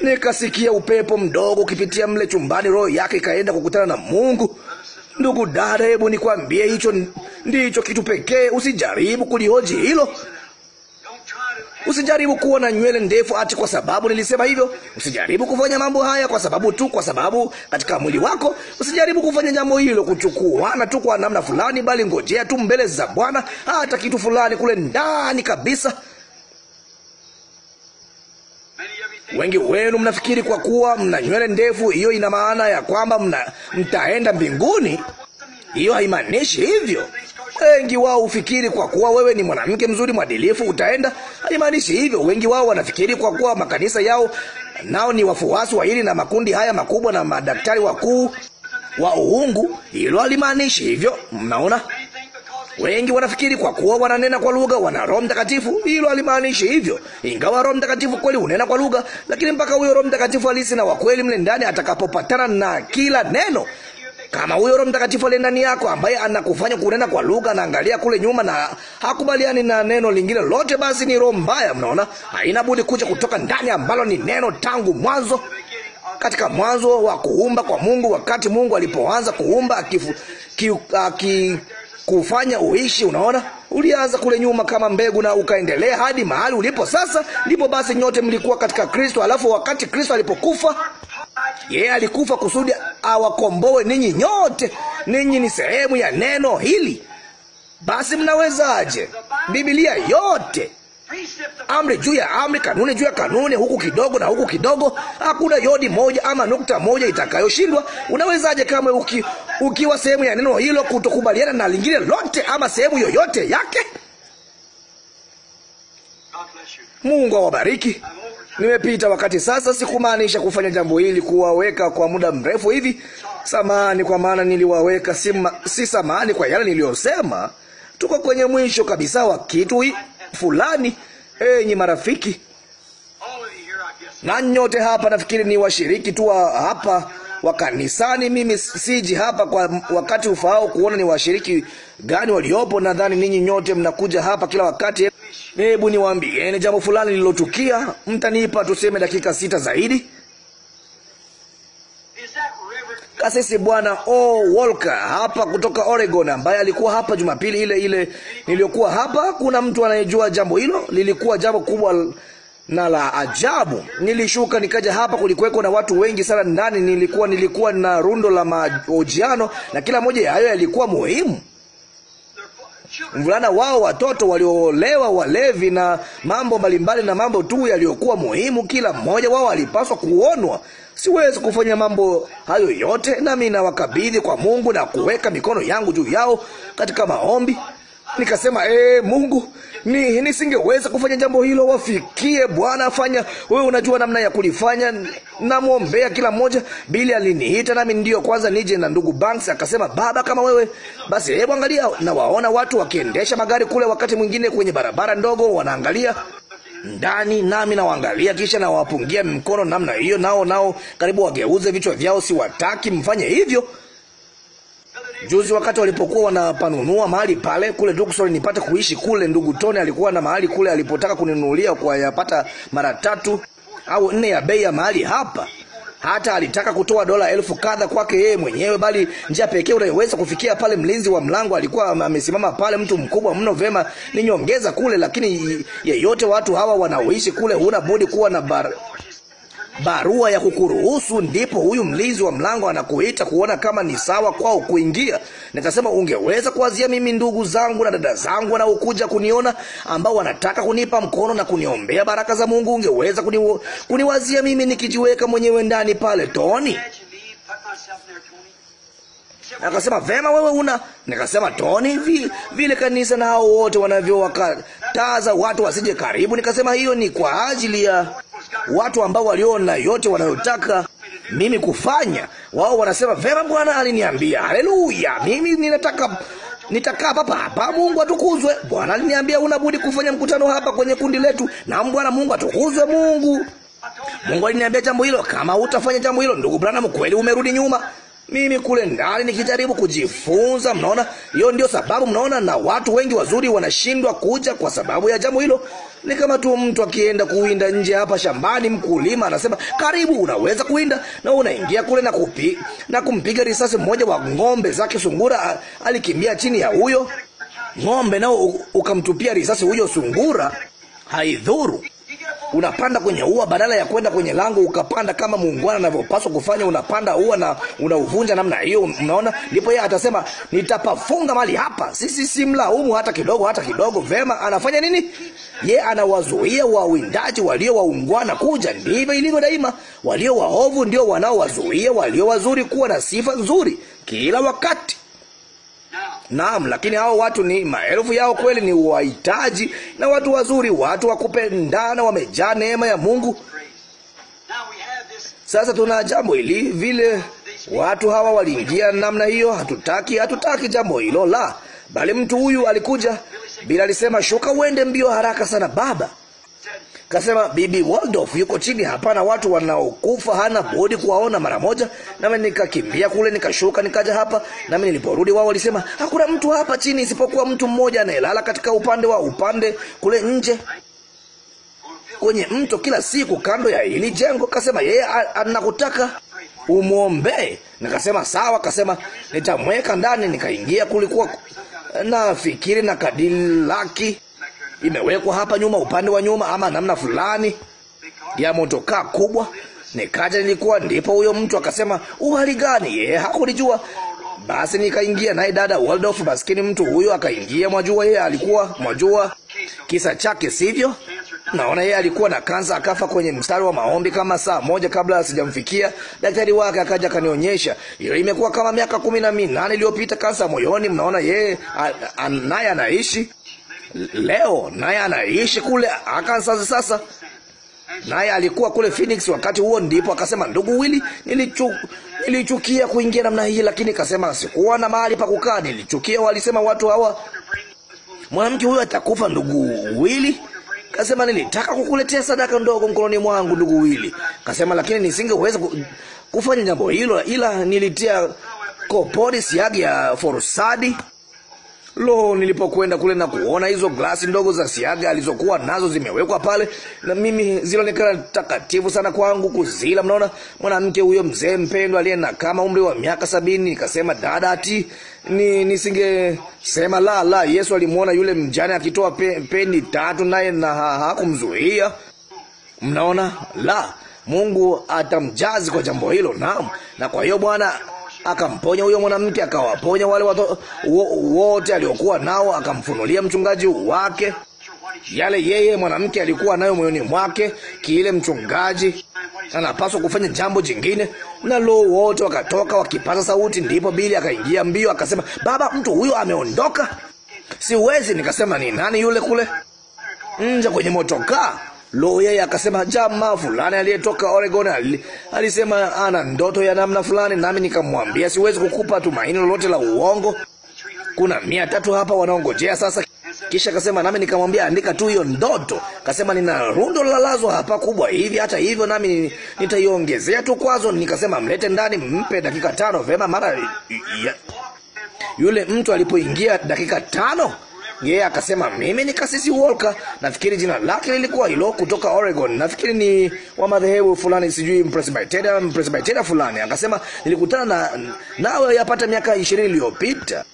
Nikasikia upepo mdogo ukipitia mle chumbani, roho yake ikaenda kukutana na Mungu. Ndugu dada, hebu nikwambie, hicho ndicho kitu pekee. Usijaribu kulihoji hilo. Usijaribu kuwa na nywele ndefu ati kwa sababu nilisema hivyo. Usijaribu kufanya mambo haya kwa sababu tu, kwa sababu katika mwili wako, usijaribu kufanya jambo hilo kuchukuana tu kwa namna fulani, bali ngojea tu mbele za Bwana, hata kitu fulani kule ndani kabisa. Wengi wenu mnafikiri kwa kuwa mna nywele ndefu, hiyo ina maana ya kwamba mna, mtaenda mbinguni. Hiyo haimaanishi hivyo. Wengi wao hufikiri kwa kuwa wewe ni mwanamke mzuri mwadilifu, utaenda. Haimaanishi hivyo. Wengi wao wanafikiri kwa kuwa makanisa yao nao ni wafuasi wa hili na makundi haya makubwa na madaktari wakuu wa uhungu, hilo halimaanishi hivyo. Mnaona, wengi wanafikiri kwa kuwa wananena kwa lugha, wana Roho Mtakatifu. Hilo halimaanishi hivyo, ingawa Roho Mtakatifu kweli unena kwa lugha, lakini mpaka huyo Roho Mtakatifu halisi na wa kweli mle ndani atakapopatana na kila neno kama huyo Roho Mtakatifu aliye ndani yako, ambaye anakufanya kunena kwa lugha, anaangalia kule nyuma na hakubaliani na neno lingine lote, basi ni roho mbaya. Mnaona, haina budi kuja kutoka ndani, ambalo ni neno tangu mwanzo katika mwanzo wa kuumba kwa Mungu, wakati Mungu alipoanza kuumba ki, aki, uishi. Unaona, ulianza kule nyuma kama mbegu na ukaendelea hadi mahali ulipo sasa. Ndipo basi nyote mlikuwa katika Kristo, alafu wakati Kristo alipokufa yeye alikufa kusudi awakomboe ninyi nyote. Ninyi ni sehemu ya neno hili. Basi mnawezaje? Biblia yote, amri juu ya amri, kanuni juu ya kanuni, huku kidogo na huku kidogo, hakuna yodi moja ama nukta moja itakayoshindwa. Unawezaje kama uki, ukiwa sehemu ya neno hilo kutokubaliana na lingine lote ama sehemu yoyote yake? Mungu awabariki nimepita wakati. Sasa sikumaanisha kufanya jambo hili kuwaweka kwa muda mrefu hivi. Samahani kwa maana niliwaweka, si, si samahani kwa yale niliyosema. Tuko kwenye mwisho kabisa wa kitu fulani. Enyi marafiki, na nyote hapa, nafikiri ni washiriki tu hapa wa kanisani. Mimi siji hapa kwa wakati ufaao kuona ni washiriki gani waliopo. Nadhani ninyi nyote mnakuja hapa kila wakati hebu niwaambieni jambo fulani lililotukia. Mtanipa tuseme dakika sita zaidi. Kasisi Bwana O Walker hapa kutoka Oregon, ambaye alikuwa hapa Jumapili ile ile niliyokuwa hapa. Kuna mtu anayejua jambo hilo? Lilikuwa jambo kubwa na la ajabu. Nilishuka nikaja hapa, kulikuweko na watu wengi sana ndani. Nilikuwa nilikuwa na rundo la mahojiano, na kila moja hayo yalikuwa muhimu mvulana wao, watoto walioolewa, walevi na mambo mbalimbali, na mambo tu yaliyokuwa muhimu. Kila mmoja wao alipaswa kuonwa. Siwezi kufanya mambo hayo yote, nami nawakabidhi kwa Mungu na kuweka mikono yangu juu yao katika maombi. Nikasema, ee Mungu, ni nisingeweza kufanya jambo hilo. Wafikie Bwana, afanya wewe unajua namna ya kulifanya. Namwombea kila mmoja. Bili aliniita nami ndiyo kwanza nije na ndugu Banks, akasema, baba, kama wewe basi, hebu angalia. Na waona watu wakiendesha magari kule, wakati mwingine kwenye barabara ndogo, wanaangalia ndani nami nawaangalia, kisha nawapungia mkono namna hiyo, nao nao karibu wageuze vichwa vyao. Siwataki mfanye hivyo. Juzi wakati walipokuwa wanapanunua mahali pale kule Tucson, nipate kuishi kule, ndugu Tony alikuwa na mahali kule alipotaka kuninunulia kwa yapata mara tatu au nne ya bei ya mahali hapa. Hata alitaka kutoa dola elfu kadha kwake yeye mwenyewe, bali njia pekee unayoweza kufikia pale, mlinzi wa mlango alikuwa amesimama pale, mtu mkubwa mno. Vema, ninyongeza kule, lakini yeyote, watu hawa wanaoishi kule, huna budi kuwa na bar barua ya kukuruhusu, ndipo huyu mlinzi wa mlango anakuita kuona kama ni sawa kwao kuingia. Nikasema, ungeweza kuwazia mimi ndugu zangu na dada zangu wanaokuja kuniona, ambao wanataka kunipa mkono na kuniombea baraka za Mungu, ungeweza kuni, kuniwazia mimi nikijiweka mwenyewe ndani pale, Tony? Akasema vema, wewe una. Nikasema Toni, vi, vile kanisa na hao wote wanavyowakataza watu wasije karibu. Nikasema hiyo ni kwa ajili ya watu ambao waliona yote wanayotaka mimi kufanya. Wao wanasema vema, Bwana aliniambia. Haleluya! Mimi ninataka nitakaa papa hapa. Mungu atukuzwe. Bwana aliniambia unabudi kufanya mkutano hapa kwenye kundi letu, na Bwana Mungu atukuzwe. Mungu Mungu aliniambia jambo hilo. Kama utafanya jambo hilo, ndugu Branham, kweli umerudi nyuma mimi kule ndani nikijaribu kujifunza. Mnaona, hiyo ndio sababu mnaona, na watu wengi wazuri wanashindwa kuja kwa sababu ya jambo hilo. Ni kama tu mtu akienda kuwinda nje hapa shambani, mkulima anasema karibu, unaweza kuwinda, na unaingia kule na kupi, na kumpiga risasi mmoja wa ng'ombe zake. Sungura alikimbia chini ya huyo ng'ombe, nao ukamtupia risasi huyo sungura, haidhuru. Unapanda kwenye ua badala ya kwenda kwenye lango ukapanda kama muungwana anavyopaswa kufanya. Unapanda ua na unauvunja namna hiyo. Unaona, ndipo yeye atasema nitapafunga mali hapa. Sisi si mlaumu hata kidogo, hata kidogo. Vema, anafanya nini? Ye anawazuia wawindaji walio waungwana kuja. Ndivyo ilivyo daima, walio waovu ndio wanaowazuia walio wazuri kuwa na sifa nzuri kila wakati. Naam, lakini hao watu ni maelfu yao, kweli ni wahitaji na watu wazuri, watu wakupendana, wamejaa neema ya Mungu. Sasa tuna jambo hili, vile watu hawa waliingia namna hiyo. Hatutaki, hatutaki jambo hilo la, bali mtu huyu alikuja. Bila alisema, shuka uende mbio haraka sana baba Kasema Bibi Waldorf yuko chini hapana watu wanaokufa hana bodi kuwaona mara moja. Nami nikakimbia kule, nikashuka, nikaja hapa. Nami niliporudi, wao walisema hakuna mtu hapa chini isipokuwa mtu mmoja anayelala katika upande wa upande kule nje kwenye mto kila siku kando ya hili jengo. Kasema yeye anakutaka umwombee. Nikasema sawa. Kasema nitamweka ndani. Nikaingia, kulikuwa na fikiri na kadilaki imewekwa hapa nyuma, upande wa nyuma, ama namna fulani ya motokaa kubwa. Nikaja nilikuwa ndipo huyo mtu akasema uhali gani? Yeye hakulijua. Basi nikaingia naye dada Waldorf, maskini mtu huyo akaingia. Mwajua yeye alikuwa mwajua kisa chake, sivyo? Naona yeye alikuwa na kansa, akafa kwenye mstari wa maombi kama saa moja kabla sijamfikia. Daktari wake akaja akanionyesha. Hiyo imekuwa kama miaka kumi na minane iliyopita, kansa moyoni. Mnaona yeye naye anaishi leo, naye anaishi kule Arkansas sasa naye alikuwa kule Phoenix wakati huo, ndipo akasema, ndugu Wili, nilichu, nilichukia kuingia namna hii, lakini kasema sikuwa na mahali pa kukaa. Nilichukia walisema watu hawa, mwanamke huyo atakufa. Ndugu Wili kasema, nilitaka kukuletea sadaka ndogo mkononi mwangu, ndugu Wili kasema, lakini nisingeweza kufanya jambo hilo, ila nilitia kopori siagi ya forusadi Lo, nilipokwenda kule na kuona hizo glasi ndogo za siaga alizokuwa nazo zimewekwa pale, na mimi zilionekana takatifu sana kwangu kuzila. Mnaona, mwanamke huyo mzee mpendwa aliye na kama umri wa miaka sabini. Nikasema, dada, ati ni nisingesema la la. Yesu alimwona yule mjane akitoa pe, peni tatu, naye na hakumzuia. Mnaona, la Mungu atamjazi kwa jambo hilo. Naam, na kwa hiyo Bwana akamponya huyo mwanamke, akawaponya wale watu wote aliokuwa nao, akamfunulia mchungaji wake yale yeye mwanamke alikuwa nayo moyoni mwake. Kile mchungaji anapaswa kufanya jambo jingine, na lo, wote wakatoka wakipaza sauti. Ndipo Bili akaingia mbio akasema, baba, mtu huyo ameondoka. Siwezi. Nikasema, ni nani yule kule nje kwenye motokaa? Lo, yeye akasema jamaa fulani aliyetoka Oregon alisema ana ndoto ya namna fulani, nami nikamwambia siwezi kukupa tumaini lolote la uongo. Kuna mia tatu hapa wanaongojea sasa. Kisha akasema nami nikamwambia andika tu hiyo ndoto. Akasema nina rundo la lazo hapa kubwa hivi, hata hivyo nami nitaiongezea tu kwazo. Nikasema mlete ndani, mpe dakika tano. Vema, mara yule mtu alipoingia dakika tano yeye yeah, akasema mimi ni kasisi Walker, nafikiri jina lake lilikuwa hilo, kutoka Oregon, nafikiri ni wa madhehebu fulani, sijui Mpresbiteria, Presbyterian fulani. Akasema nilikutana na nawe yapata miaka ishirini iliyopita,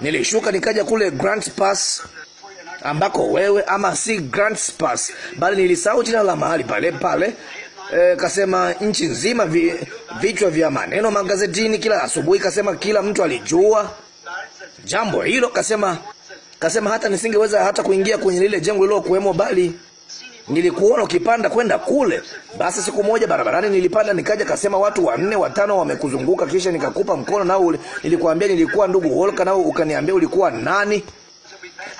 nilishuka nikaja kule Grants Pass ambako wewe ama si Grants Pass, bali nilisahau jina la mahali pale pale. E, kasema nchi nzima vi, vichwa vya maneno magazetini kila asubuhi, kasema kila mtu alijua jambo hilo, kasema Kasema hata nisingeweza hata kuingia kwenye lile jengo lilo lilokuwemo, bali nilikuona ukipanda kwenda kule. Basi siku moja barabarani nilipanda nikaja, kasema watu wanne watano wamekuzunguka, kisha nikakupa mkono, nao nilikwambia nilikuwa ndugu Holka, nao ukaniambia ulikuwa nani.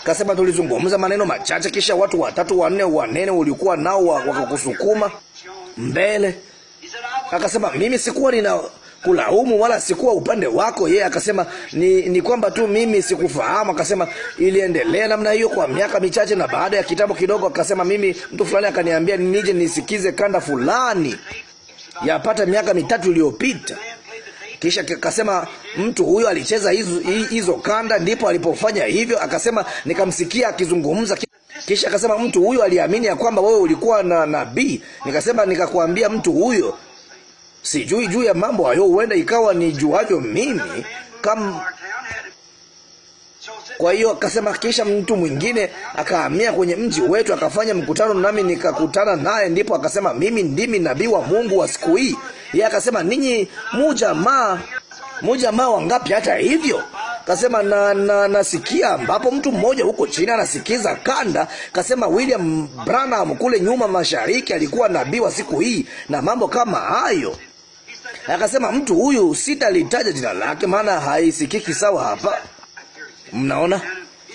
Kasema tulizungumza maneno machache, kisha watu watatu wanne wanene ulikuwa nao wakakusukuma mbele. Akasema mimi sikuwa nina kulaumu, wala sikuwa upande wako. Yeye akasema ni, ni kwamba tu mimi sikufahamu. Akasema iliendelea namna hiyo kwa miaka michache, na baada ya kitambo kidogo akasema mimi, mtu fulani akaniambia nije nisikize kanda fulani, yapata miaka mitatu iliyopita. Kisha akasema mtu huyo alicheza hizo, hizo kanda, ndipo alipofanya hivyo. Akasema nikamsikia akizungumza kisha akasema mtu huyo aliamini ya kwamba wewe ulikuwa na nabii. Nikasema nikakwambia mtu huyo Sijui juu ya mambo hayo, huenda ikawa ni juavyo mimi kam. Kwa hiyo akasema, kisha mtu mwingine akahamia kwenye mji wetu akafanya mkutano nami nikakutana naye, ndipo akasema, mimi ndimi nabii wa Mungu wa siku hii. Yeye akasema, ninyi mujamaa mujamaa wangapi? Hata hivyo kasema na, na nasikia ambapo mtu mmoja huko China anasikiza kanda. Kasema William Branham kule nyuma mashariki alikuwa nabii wa siku hii na mambo kama hayo. Akasema, mtu huyu sitalitaja jina lake, maana haisikiki sawa hapa. Mnaona?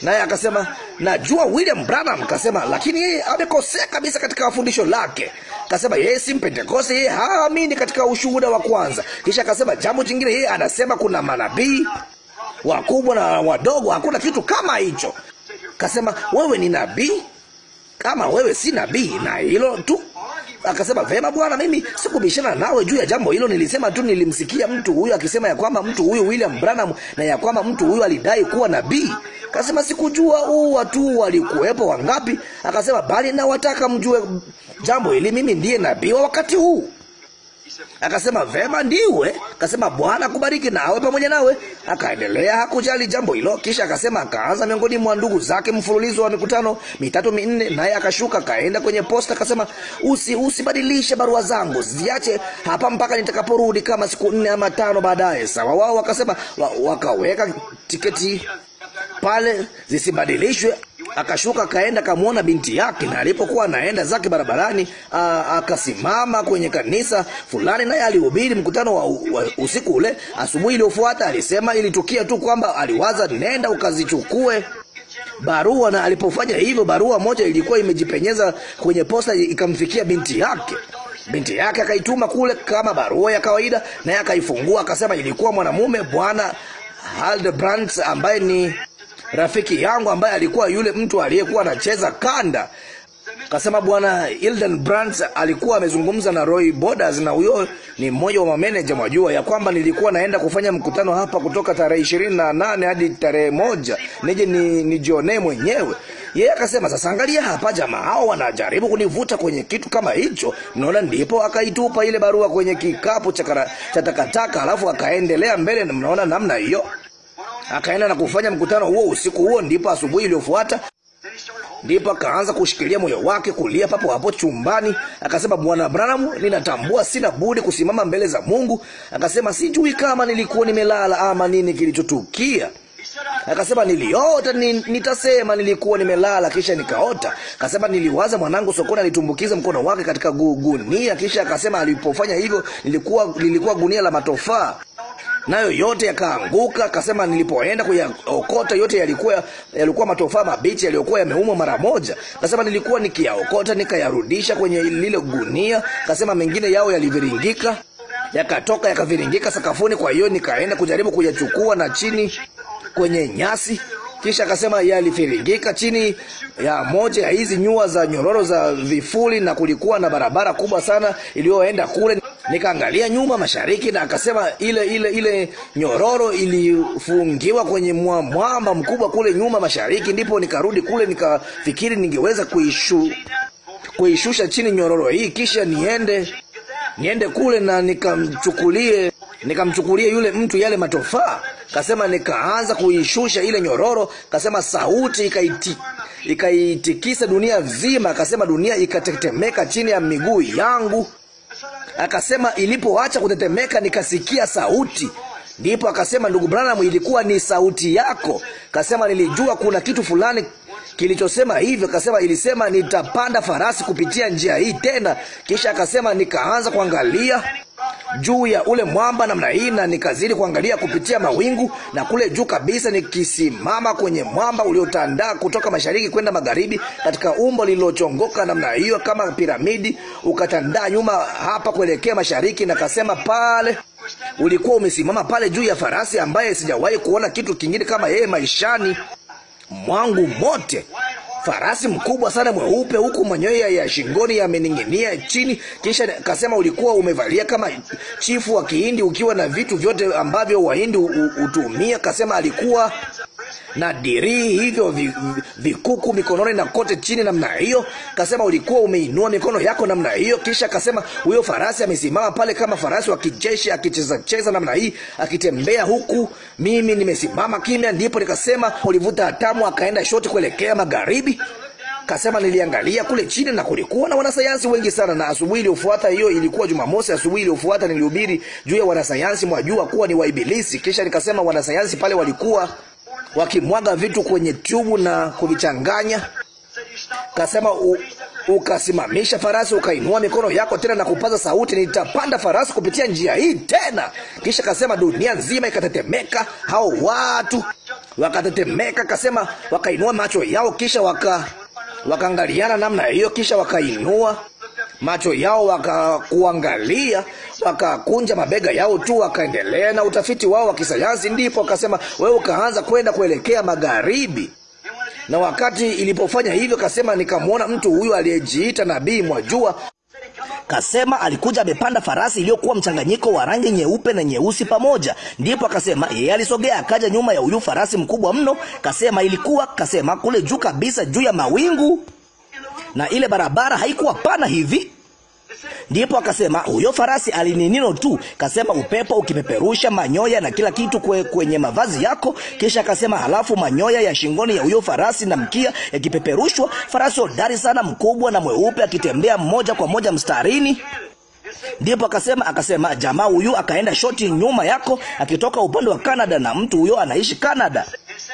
Naye akasema najua William Branham, kasema lakini yeye amekosea kabisa katika fundisho lake. Kasema yeye si Mpentekoste, yeye haamini katika ushuhuda wa kwanza. Kisha akasema jambo jingine, yeye anasema kuna manabii wakubwa na wadogo, hakuna kitu kama hicho. Kasema wewe ni nabii? Kama wewe si nabii, na hilo tu Akasema, vema bwana, mimi sikubishana nawe juu ya jambo hilo. Nilisema tu nilimsikia mtu huyu akisema ya kwamba mtu huyu William Branham na ya kwamba mtu huyu alidai kuwa nabii. Akasema sikujua huu watu walikuwepo wangapi. Akasema bali nawataka mjue jambo hili, mimi ndiye nabii wa wakati huu. Akasema vema, ndiwe. Akasema Bwana kubariki nawe pamoja nawe. Akaendelea, hakujali jambo hilo. Kisha akasema, akaanza miongoni mwa ndugu zake mfululizo wa mikutano mitatu minne, naye akashuka akaenda kwenye posta, akasema usi usibadilishe barua zangu, ziache hapa mpaka nitakaporudi, kama siku nne ama tano baadaye. Sawa. Wao wakasema wakaweka tiketi pale zisibadilishwe. Akashuka akaenda akamwona binti yake, na alipokuwa anaenda zake barabarani akasimama kwenye kanisa fulani, naye alihubiri mkutano wa, wa usiku ule. Asubuhi iliyofuata alisema ilitukia tu kwamba aliwaza, nenda ukazichukue barua na alipofanya hivyo, barua moja ilikuwa imejipenyeza kwenye posta ikamfikia binti yake. Binti yake akaituma kule kama barua ya kawaida, naye akaifungua akasema, ilikuwa mwanamume Bwana Hildebrandt ambaye ni rafiki yangu ambaye alikuwa yule mtu aliyekuwa anacheza kanda Kasema bwana Ilden Brandt alikuwa amezungumza na Roy Borders, na huyo ni mmoja wa mameneja. Mwajua ya kwamba nilikuwa naenda kufanya mkutano hapa kutoka tarehe ishirini na nane hadi tarehe moja nije ni nijionee mwenyewe. Yeye yeah, akasema sasa, angalia hapa, jamaa hao wanajaribu kunivuta kwenye kitu kama hicho, mnaona. Ndipo akaitupa ile barua kwenye kikapu cha takataka, alafu akaendelea mbele. Mnaona namna hiyo. Akaenda na kufanya mkutano huo usiku huo. Ndipo asubuhi iliyofuata, ndipo akaanza kushikilia moyo wake kulia papo hapo chumbani. Akasema, Bwana Branham, ninatambua sina budi kusimama mbele za Mungu. Akasema, sijui kama nilikuwa nimelala ama nini kilichotukia. Akasema niliota ni, nitasema nilikuwa nimelala kisha nikaota. Akasema niliwaza mwanangu sokoni alitumbukiza mkono wake katika gunia, kisha akasema alipofanya hivyo nilikuwa, nilikuwa gunia la matofaa nayo yote yakaanguka. Akasema nilipoenda kuyaokota yote yalikuwa yalikuwa matofaa mabichi yaliyokuwa yameumwa mara moja. Akasema nilikuwa nikiyaokota nikayarudisha kwenye lile gunia. Akasema mengine yao yaliviringika, yakatoka yakaviringika sakafuni. Kwa hiyo nikaenda kujaribu kuyachukua na chini kwenye nyasi kisha akasema yalifiringika chini ya moja ya hizi nyua za nyororo za vifuli, na kulikuwa na barabara kubwa sana iliyoenda kule. Nikaangalia nyuma mashariki, na akasema ile ile ile nyororo ilifungiwa kwenye mwamba mkubwa kule nyuma mashariki. Ndipo nikarudi kule, nikafikiri ningeweza kuishu kuishusha chini nyororo hii, kisha niende niende kule na nikamchukulie nikamchukulie yule mtu yale matofaa. Kasema nikaanza kuishusha ile nyororo, kasema sauti ikaiti ikaitikisa dunia nzima, akasema dunia ikatetemeka chini ya miguu yangu. Akasema, ilipoacha kutetemeka nikasikia sauti. Ndipo akasema, ndugu Branham, ilikuwa ni sauti yako. Kasema, nilijua kuna kitu fulani kilichosema hivyo, akasema ilisema, nitapanda farasi kupitia njia hii tena. Kisha akasema nikaanza kuangalia juu ya ule mwamba namna hii, na nikazidi kuangalia kupitia mawingu, na kule juu kabisa nikisimama kwenye mwamba uliotandaa kutoka mashariki kwenda magharibi, katika umbo lililochongoka namna hiyo kama piramidi, ukatandaa nyuma hapa kuelekea mashariki, na kasema pale ulikuwa umesimama pale juu ya farasi ambaye sijawahi kuona kitu kingine kama yeye maishani mwangu mote. Farasi mkubwa sana mweupe, huku manyoya ya shingoni yamening'inia chini. Kisha kasema, ulikuwa umevalia kama chifu wa Kihindi, ukiwa na vitu vyote ambavyo Wahindi hutumia. Kasema alikuwa na dirii hivyo vikuku vi, vi mikononi na kote chini namna hiyo. Kasema ulikuwa umeinua mikono yako namna hiyo. Kisha kasema huyo farasi amesimama pale kama farasi wa kijeshi akicheza cheza namna hii, akitembea huku mimi nimesimama kimya. Ndipo nikasema ulivuta hatamu, akaenda shoti kuelekea magharibi. Kasema niliangalia kule chini na kulikuwa na wanasayansi wengi sana. Na asubuhi iliyofuata, hiyo ilikuwa Jumamosi, asubuhi iliyofuata nilihubiri juu ya wanasayansi, mwajua kuwa ni waibilisi. Kisha nikasema wanasayansi pale walikuwa wakimwaga vitu kwenye tubu na kuvichanganya. Kasema ukasimamisha farasi, ukainua mikono yako tena na kupaza sauti, nitapanda farasi kupitia njia hii tena. Kisha kasema dunia nzima ikatetemeka, hao watu wakatetemeka. Kasema wakainua macho yao, kisha waka wakaangaliana namna hiyo, kisha wakainua macho yao wakakuangalia, wakakunja mabega yao tu, wakaendelea na utafiti wao wa kisayansi. Ndipo akasema wewe ukaanza kwenda kuelekea magharibi na wakati ilipofanya hivyo, kasema nikamwona mtu huyu aliyejiita nabii mwajua. Kasema alikuja amepanda farasi iliyokuwa mchanganyiko wa rangi nyeupe na nyeusi pamoja. Ndipo akasema yeye alisogea akaja nyuma ya huyu farasi mkubwa mno. Kasema ilikuwa, kasema kule juu kabisa, juu ya mawingu na ile barabara haikuwa pana hivi. Ndipo akasema huyo farasi alininino tu, kasema upepo ukipeperusha manyoya na kila kitu kwe, kwenye mavazi yako. Kisha akasema halafu manyoya ya shingoni ya huyo farasi na mkia yakipeperushwa, farasi hodari sana mkubwa na mweupe akitembea moja kwa moja mstarini Ndipo akasema akasema, jamaa huyu akaenda shoti nyuma yako akitoka upande wa Kanada, na mtu huyo anaishi Kanada.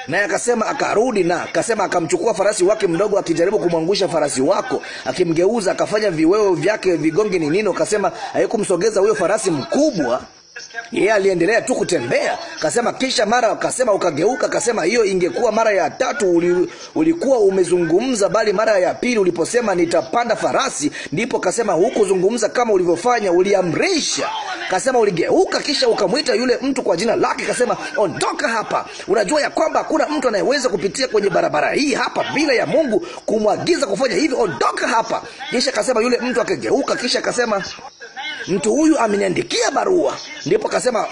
Naye akasema akarudi, na akasema akamchukua farasi wake mdogo, akijaribu kumwangusha farasi wako, akimgeuza, akafanya viweo vyake vigonge ni nino. Akasema haikumsogeza huyo farasi mkubwa yeye aliendelea tu kutembea. Kasema kisha mara kasema ukageuka, kasema hiyo ingekuwa mara ya tatu uli, ulikuwa umezungumza, bali mara ya pili uliposema nitapanda farasi, ndipo kasema hukuzungumza kama ulivyofanya, uliamrisha. Kasema uligeuka, kisha ukamwita yule mtu kwa jina lake, kasema ondoka hapa. Unajua ya kwamba hakuna mtu anayeweza kupitia kwenye barabara hii hapa bila ya Mungu kumwagiza kufanya hivyo. Ondoka hapa. Kisha kasema yule mtu akageuka, kisha kasema mtu huyu ameniandikia barua. Ndipo kasema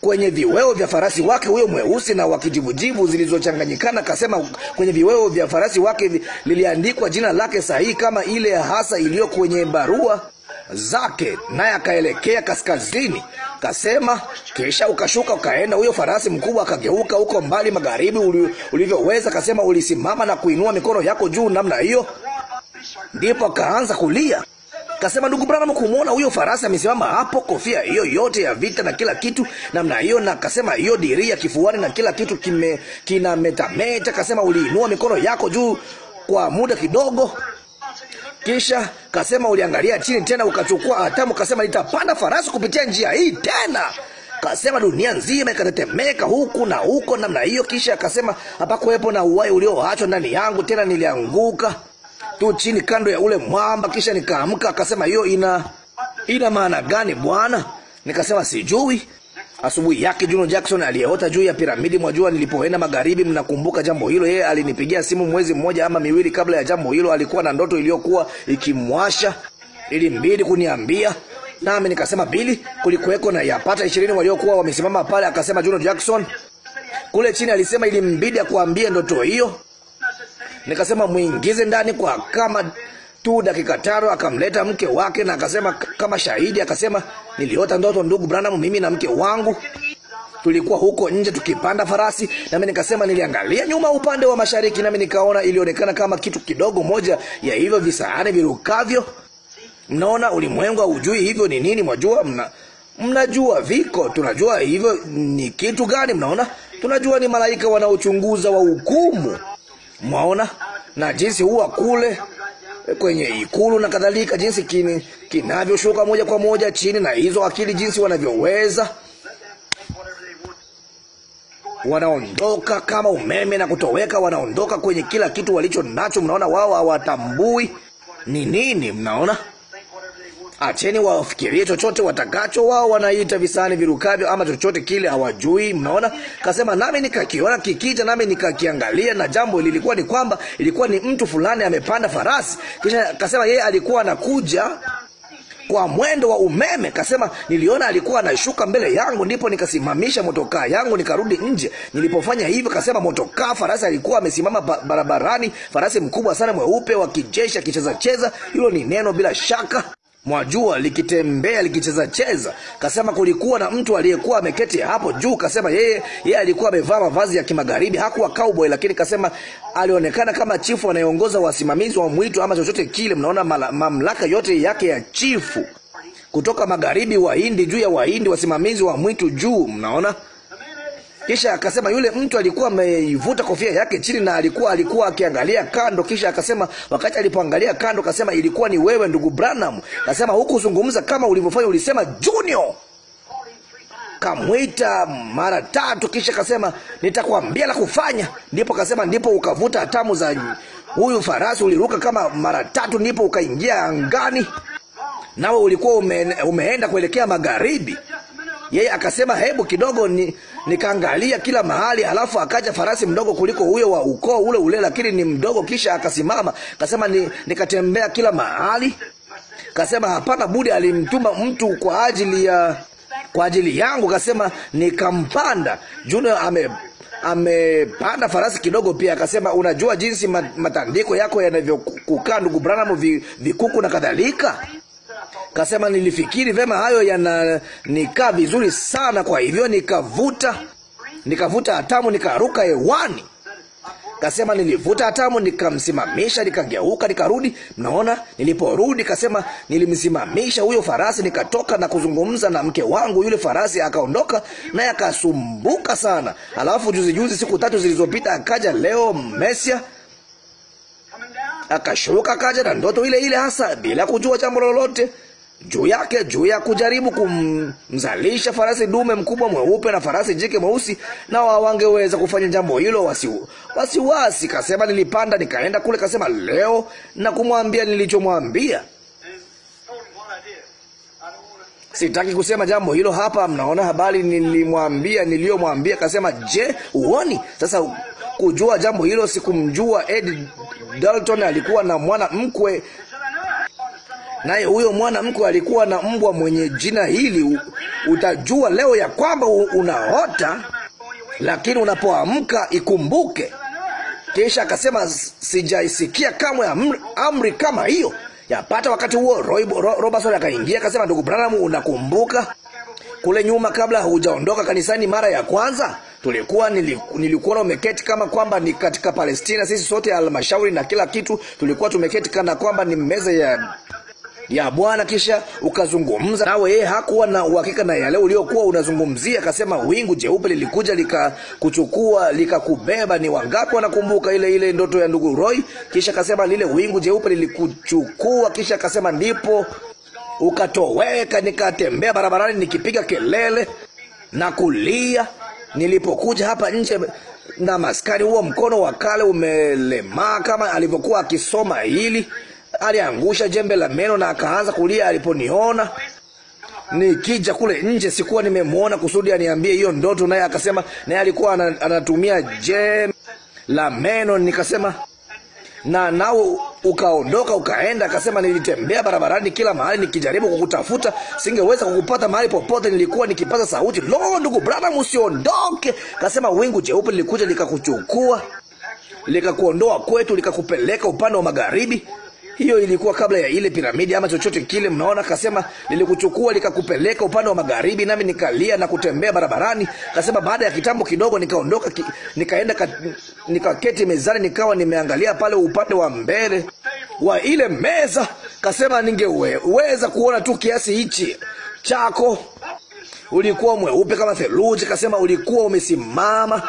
kwenye viweo vya farasi wake huyo mweusi na wa kijivujivu zilizochanganyikana, kasema kwenye viweo vya farasi wake liliandikwa jina lake sahihi kama ile hasa iliyo kwenye barua zake, naye akaelekea kaskazini. Kasema kisha ukashuka ukaenda. Huyo farasi mkubwa akageuka huko mbali magharibi ulivyoweza. Kasema ulisimama na kuinua mikono yako juu namna hiyo, ndipo akaanza kulia. Kasema, ndugu Branham, kumwona huyo farasi amesimama hapo, kofia hiyo yote ya vita na kila kitu namna hiyo, na kasema hiyo diria kifuani na kila kitu kime kina kinametameta. Kasema uliinua mikono yako juu kwa muda kidogo kisha kasema uliangalia chini tena ukachukua hatamu. Kasema nitapanda farasi kupitia njia hii tena. Kasema dunia nzima ikatetemeka huku na huko namna hiyo. Kisha akasema hapakuwepo na uwai ulioachwa ndani yangu tena, nilianguka tu chini kando ya ule mwamba, kisha nikaamka. Akasema, hiyo ina ina maana gani bwana? Nikasema sijui. Asubuhi yake Juno Jackson aliyeota juu ya piramidi mwa jua nilipoenda magharibi, mnakumbuka jambo hilo. Yeye alinipigia simu mwezi mmoja ama miwili kabla ya jambo hilo. Alikuwa na ndoto iliyokuwa ikimwasha, ilimbidi kuniambia nami nikasema bili, kulikuweko na yapata ishirini waliokuwa wamesimama pale. Akasema Juno Jackson kule chini alisema ilimbidi akuambie ndoto hiyo. Nikasema muingize ndani kwa kama tu dakika tano. Akamleta mke wake na akasema kama shahidi, akasema niliota ndoto, ndugu Branham, mimi na mke wangu tulikuwa huko nje tukipanda farasi, nami nikasema, niliangalia nyuma upande wa mashariki, nami nikaona, ilionekana kama kitu kidogo, moja ya hivyo visahani virukavyo. Mnaona, ulimwengu haujui hivyo ni nini. Mwajua, mna mnajua viko, tunajua hivyo ni kitu gani. Mnaona, tunajua ni malaika wanaochunguza wa hukumu Mwaona na jinsi huwa kule kwenye ikulu na kadhalika, jinsi kini kinavyoshuka moja kwa moja chini, na hizo akili jinsi wanavyoweza wanaondoka kama umeme na kutoweka, wanaondoka kwenye kila kitu walicho nacho. Mnaona, wao hawatambui ni nini. Mnaona Acheni wafikirie chochote watakacho. Wao wanaita visani virukavyo ama chochote kile, hawajui. Mnaona, kasema nami nikakiona kikija, nami nikakiangalia, na jambo lilikuwa ni kwamba ilikuwa ni mtu fulani amepanda farasi, kisha kasema yeye alikuwa anakuja kwa mwendo wa umeme. Kasema niliona alikuwa anashuka mbele yangu, ndipo nikasimamisha motokaa yangu nikarudi nje. Nilipofanya hivyo, kasema motokaa, farasi alikuwa amesimama barabarani, farasi mkubwa sana mweupe wa kijeshi akicheza cheza. Hilo ni neno bila shaka mwa jua likitembea likicheza cheza. Kasema kulikuwa na mtu aliyekuwa ameketi hapo juu. Kasema yeye yeye alikuwa amevaa mavazi ya kimagharibi, hakuwa cowboy, lakini kasema alionekana kama chifu anayeongoza wasimamizi wa mwitu ama chochote kile. Mnaona mamlaka yote yake ya chifu kutoka magharibi, Wahindi juu ya Wahindi, wasimamizi wa mwitu juu. Mnaona kisha akasema yule mtu alikuwa ameivuta kofia yake chini na alikuwa alikuwa akiangalia kando. Kisha akasema wakati alipoangalia kando, akasema ilikuwa ni wewe ndugu Branham. Akasema hukuzungumza kama ulivyofanya, ulisema Junior. Kamwita mara tatu, kisha akasema nitakwambia la kufanya. Ndipo akasema ndipo ukavuta hatamu za huyu farasi, uliruka kama mara tatu, ndipo ukaingia angani, nawe ulikuwa ume, umeenda kuelekea magharibi. Yeye akasema hebu kidogo ni, nikaangalia kila mahali. alafu akaja farasi mdogo kuliko huyo wa ukoo ule ule, lakini ni mdogo. Kisha akasimama akasema, ni, nikatembea kila mahali. Kasema hapana budi, alimtuma mtu kwa ajili ya kwa ajili yangu. Kasema nikampanda. Juno ame amepanda farasi kidogo pia. Akasema unajua jinsi matandiko yako yanavyokukaa ndugu Branham, vikuku na kadhalika. Kasema nilifikiri vema, hayo yananikaa vizuri sana. Kwa hivyo nikavuta, nikavuta hatamu, nikaruka hewani. Kasema nilivuta hatamu, nikamsimamisha, nikageuka, nikarudi. Mnaona, niliporudi kasema nilimsimamisha huyo farasi, nikatoka na kuzungumza na mke wangu. Yule farasi akaondoka naye akasumbuka sana. Alafu juzi juzi, siku tatu zilizopita, akaja leo Mesia akashuka, akaja na ndoto ile ile hasa, bila kujua jambo lolote juu yake juu ya kujaribu kumzalisha farasi dume mkubwa mweupe na farasi jike mweusi, na wangeweza kufanya jambo hilo wasiwasi wasi, wasi. Kasema nilipanda nikaenda kule, kasema leo na kumwambia nilichomwambia. Sitaki kusema jambo hilo hapa. Mnaona habari nilimwambia, niliyomwambia. Kasema je, uoni sasa kujua jambo hilo. Sikumjua Ed Dalton, alikuwa na mwana mkwe Naye huyo mwanamke alikuwa na mbwa mwenye jina hili. Utajua leo ya kwamba unaota, lakini unapoamka ikumbuke. Kisha akasema, sijaisikia kamwe amri kama hiyo. Yapata wakati huo Robertson ro, akaingia akasema, ndugu Branham, unakumbuka kule nyuma, kabla hujaondoka kanisani mara ya kwanza, tulikuwa nilikuwa umeketi kama kwamba ni katika Palestina, sisi sote halmashauri na kila kitu, tulikuwa tumeketi kana kwamba ni meza ya ya Bwana, kisha ukazungumza nawe. Yeye hakuwa na uhakika na yale uliokuwa unazungumzia. Akasema wingu jeupe lilikuja likakuchukua likakubeba. Ni wangapi wanakumbuka ile ile ndoto ya ndugu Roy? Kisha akasema lile wingu jeupe lilikuchukua, kisha akasema ndipo ukatoweka. Nikatembea barabarani nikipiga kelele na kulia. Nilipokuja hapa nje na maskari, huo mkono wa kale umelemaa kama alivyokuwa akisoma hili aliangusha jembe la meno na akaanza kulia aliponiona nikija kule nje. Sikuwa nimemwona kusudi aniambie hiyo ndoto, naye akasema, naye alikuwa anatumia jembe la meno. Nikasema na nao ukaondoka ukaenda. Akasema nilitembea barabarani kila mahali nikijaribu kukutafuta, singeweza kukupata mahali popote. Nilikuwa nikipata sauti, lo, ndugu Branham, usiondoke. Akasema wingu jeupe lilikuja likakuchukua likakuondoa kwetu likakupeleka upande wa magharibi. Hiyo ilikuwa kabla ya ile piramidi ama chochote kile. Mnaona, kasema nilikuchukua likakupeleka upande wa magharibi, nami nikalia na kutembea barabarani. Kasema baada ya kitambo kidogo nikaondoka ki, nikaenda ka, nikaketi mezani, nikawa nimeangalia pale upande wa mbele wa ile meza. Kasema ningeweza kuona tu kiasi hichi chako, ulikuwa mweupe kama theluji. Kasema ulikuwa umesimama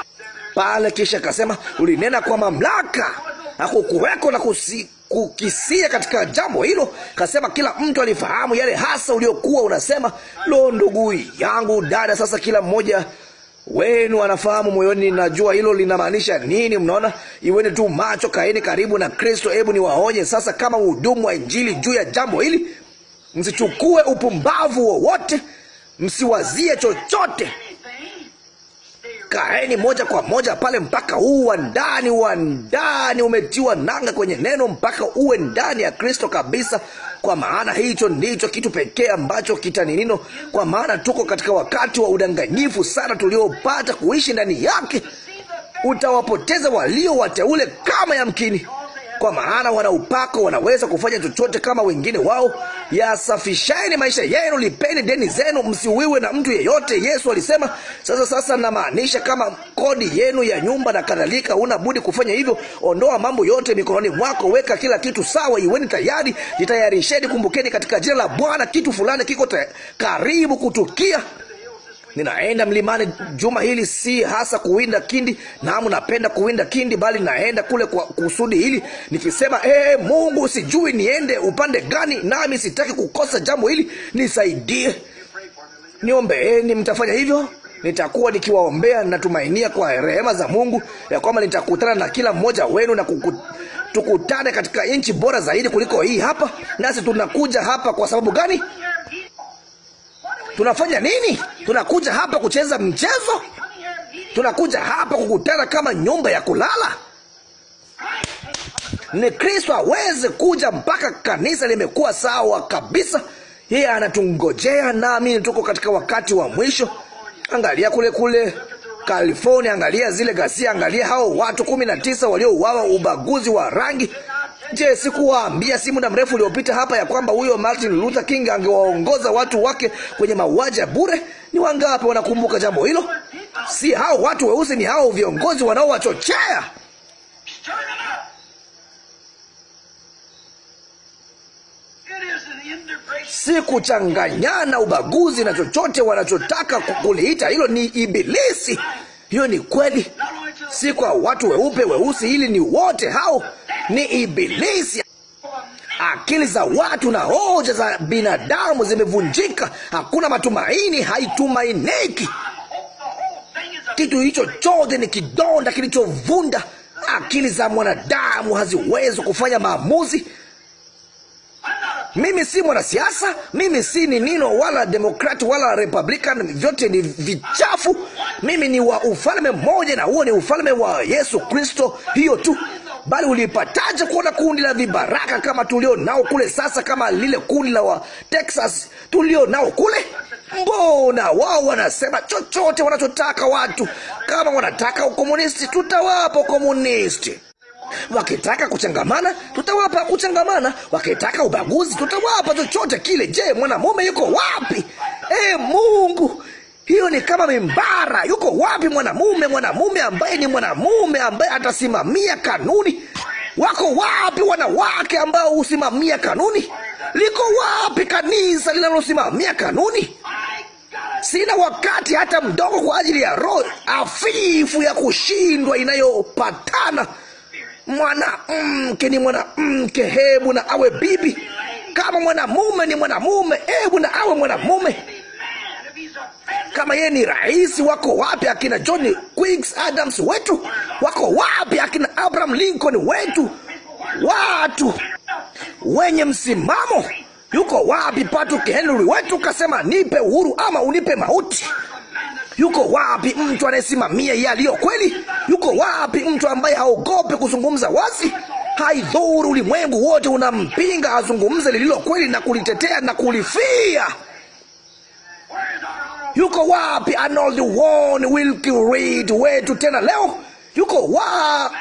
pale, kisha kasema ulinena kwa mamlaka, hakukuweko na kusi kukisia katika jambo hilo. Kasema kila mtu alifahamu yale hasa uliokuwa unasema. Lo, ndugu yangu dada, sasa kila mmoja wenu anafahamu moyoni, najua hilo linamaanisha nini. Mnaona, iweni tu macho, kaeni karibu na Kristo. Hebu niwaonye sasa, kama uhudumu wa Injili juu ya jambo hili, msichukue upumbavu wowote, msiwazie chochote kaeni moja kwa moja pale mpaka huu wa ndani wa ndani umetiwa nanga kwenye neno mpaka uwe ndani ya Kristo kabisa, kwa maana hicho ndicho kitu pekee ambacho kitaninino, kwa maana tuko katika wakati wa udanganyifu sana tuliopata kuishi ndani yake. Utawapoteza walio wateule kama yamkini kwa maana wana upako, wanaweza kufanya chochote kama wengine wao. Yasafisheni maisha yenu, lipeni deni zenu, msiuiwe na mtu yeyote. Yesu alisema. Sasa sasa namaanisha kama kodi yenu ya nyumba na kadhalika, una budi kufanya hivyo. Ondoa mambo yote mikononi mwako, weka kila kitu sawa, iweni tayari, jitayarisheni. Kumbukeni katika jina la Bwana kitu fulani kiko karibu kutukia ninaenda mlimani juma hili, si hasa kuwinda kindi, naamu napenda kuwinda kindi, bali naenda kule kwa kusudi hili, nikisema ee, Mungu, sijui niende upande gani, nami sitaki kukosa jambo hili, nisaidie. Niombeeni, eh, mtafanya hivyo nitakuwa nikiwaombea. Natumainia kwa rehema za Mungu ya kwamba nitakutana na kila mmoja wenu na kuku, tukutane katika nchi bora zaidi kuliko hii hapa. Nasi tunakuja hapa kwa sababu gani? Tunafanya nini? Tunakuja hapa kucheza mchezo? Tunakuja hapa kukutana kama nyumba ya kulala? Ni Kristo aweze kuja mpaka kanisa limekuwa sawa kabisa. Yeye anatungojea, nami tuko katika wakati wa mwisho. Angalia kule kule California, angalia zile ghasia, angalia hao watu kumi na tisa waliouawa, ubaguzi wa rangi. Je, sikuwaambia si muda mrefu uliopita hapa ya kwamba huyo Martin Luther King angewaongoza watu wake kwenye mauaji ya bure? Ni wangapi wanakumbuka jambo hilo? Si hao watu weusi, ni hao viongozi wanaowachochea. si kuchanganyana, ubaguzi na chochote wanachotaka kuliita hilo, ni ibilisi. Hiyo ni kweli, si kwa watu weupe weusi, ili ni wote hao ni Ibilisi. Akili za watu na hoja za binadamu zimevunjika, hakuna matumaini, haitumainiki kitu hicho chote ni kidonda kilichovunda. Akili za mwanadamu haziwezi kufanya maamuzi. Mimi si mwanasiasa, mimi si ni nino wala demokrati wala republican, vyote ni vichafu. Mimi ni wa ufalme mmoja, na huo ni ufalme wa Yesu Kristo, hiyo tu. Bali ulipataje kuona kundi la vibaraka kama tulio nao kule sasa, kama lile kundi la wa Texas tulio nao kule? Mbona wao wanasema chochote wanachotaka watu. Kama wanataka ukomunisti, tutawapa ukomunisti. Wakitaka kuchangamana, tutawapa kuchangamana. Wakitaka ubaguzi, tutawapa chochote kile. Je, mwanamume yuko wapi? E Mungu, hiyo ni kama mimbara. Yuko wapi mwanamume, mwanamume ambaye ni mwanamume ambaye atasimamia kanuni? Wako wapi wanawake ambao husimamia kanuni? Liko wapi kanisa linalosimamia kanuni? Sina wakati hata mdogo kwa ajili ya roho afifu ya kushindwa inayopatana. Mwanamke ni mwanamke, hebu na awe bibi. Kama mwanamume ni mwanamume, hebu na awe mwanamume. Kama yeye ni rais, wako wapi akina John Quincy Adams wetu? Wako wapi akina Abraham Lincoln wetu? Watu wenye msimamo. Yuko wapi Patrick Henry wetu? Kasema nipe uhuru ama unipe mauti. Yuko wapi mtu anayesimamia yaliyo kweli? Yuko wapi mtu ambaye haogopi kuzungumza wazi? Haidhuru ulimwengu wote unampinga, azungumze lililo kweli na kulitetea na kulifia yuko wapi Arnold Won Wilkie Reed wetu tena leo? Yuko wa,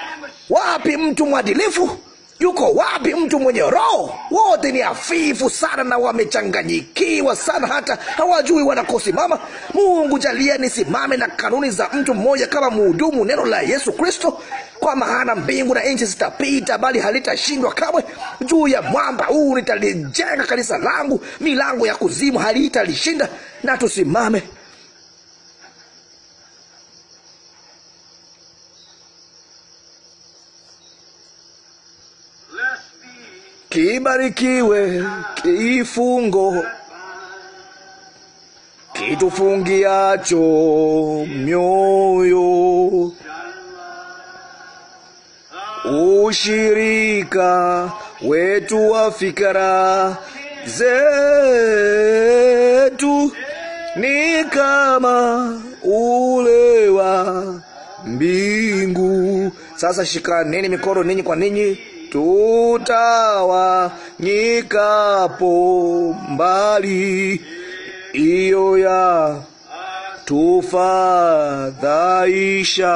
wapi mtu mwadilifu? Yuko wapi mtu mwenye roho? Wote ni hafifu sana na wamechanganyikiwa sana, hata hawajui wanakosimama. Mungu, jalia nisimame na kanuni za mtu mmoja kama mhudumu neno la Yesu Kristo, kwa maana mbingu na nchi zitapita, bali halitashindwa kamwe. Juu ya mwamba huu nitalijenga kanisa langu, milango ya kuzimu halitalishinda. Na tusimame. kibarikiwe kifungo kitufungiacho mioyo ushirika wetu wa fikara zetu ni kama ule wa mbingu. Sasa shikaneni mikono ninyi kwa ninyi tutawanyikapo mbali, iyo ya tufadhaisha,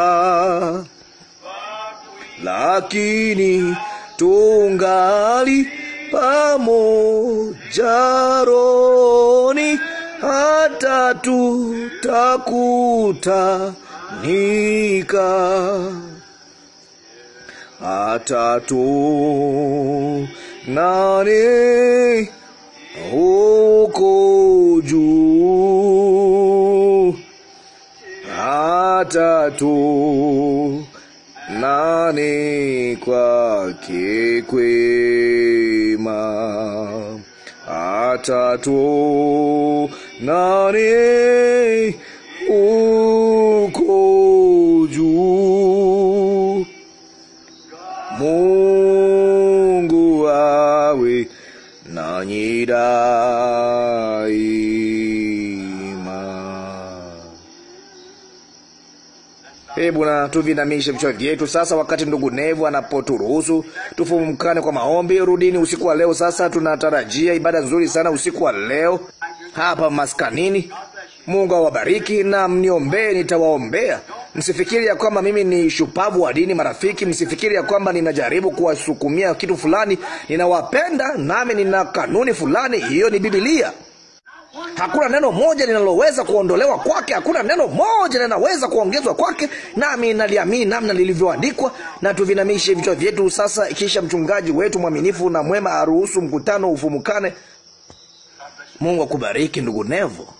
lakini tungali pamoja roni hata tutakutanika hata tu nani huko juu hata tu nani kwake kwema hata tu nani uko juu Mungu awe nanyi daima. Hebu na tuvinamishe vichwa vyetu sasa, wakati ndugu Nevu anapoturuhusu tufumkane kwa maombi. Rudini usiku wa leo. Sasa tunatarajia ibada nzuri sana usiku wa leo hapa maskanini. Mungu awabariki na mniombee, nitawaombea. Msifikiri ya kwamba mimi ni shupavu wa dini, marafiki. Msifikiri ya kwamba ninajaribu kuwasukumia kitu fulani. Ninawapenda nami nina kanuni fulani, hiyo ni Biblia. Hakuna neno moja linaloweza kuondolewa kwake, hakuna neno moja linaweza kuongezwa kwake, nami naliamini namna lilivyoandikwa. Na tuvinamishe vichwa vyetu sasa, kisha mchungaji wetu mwaminifu na mwema aruhusu mkutano ufumukane. Mungu akubariki ndugu Nevo.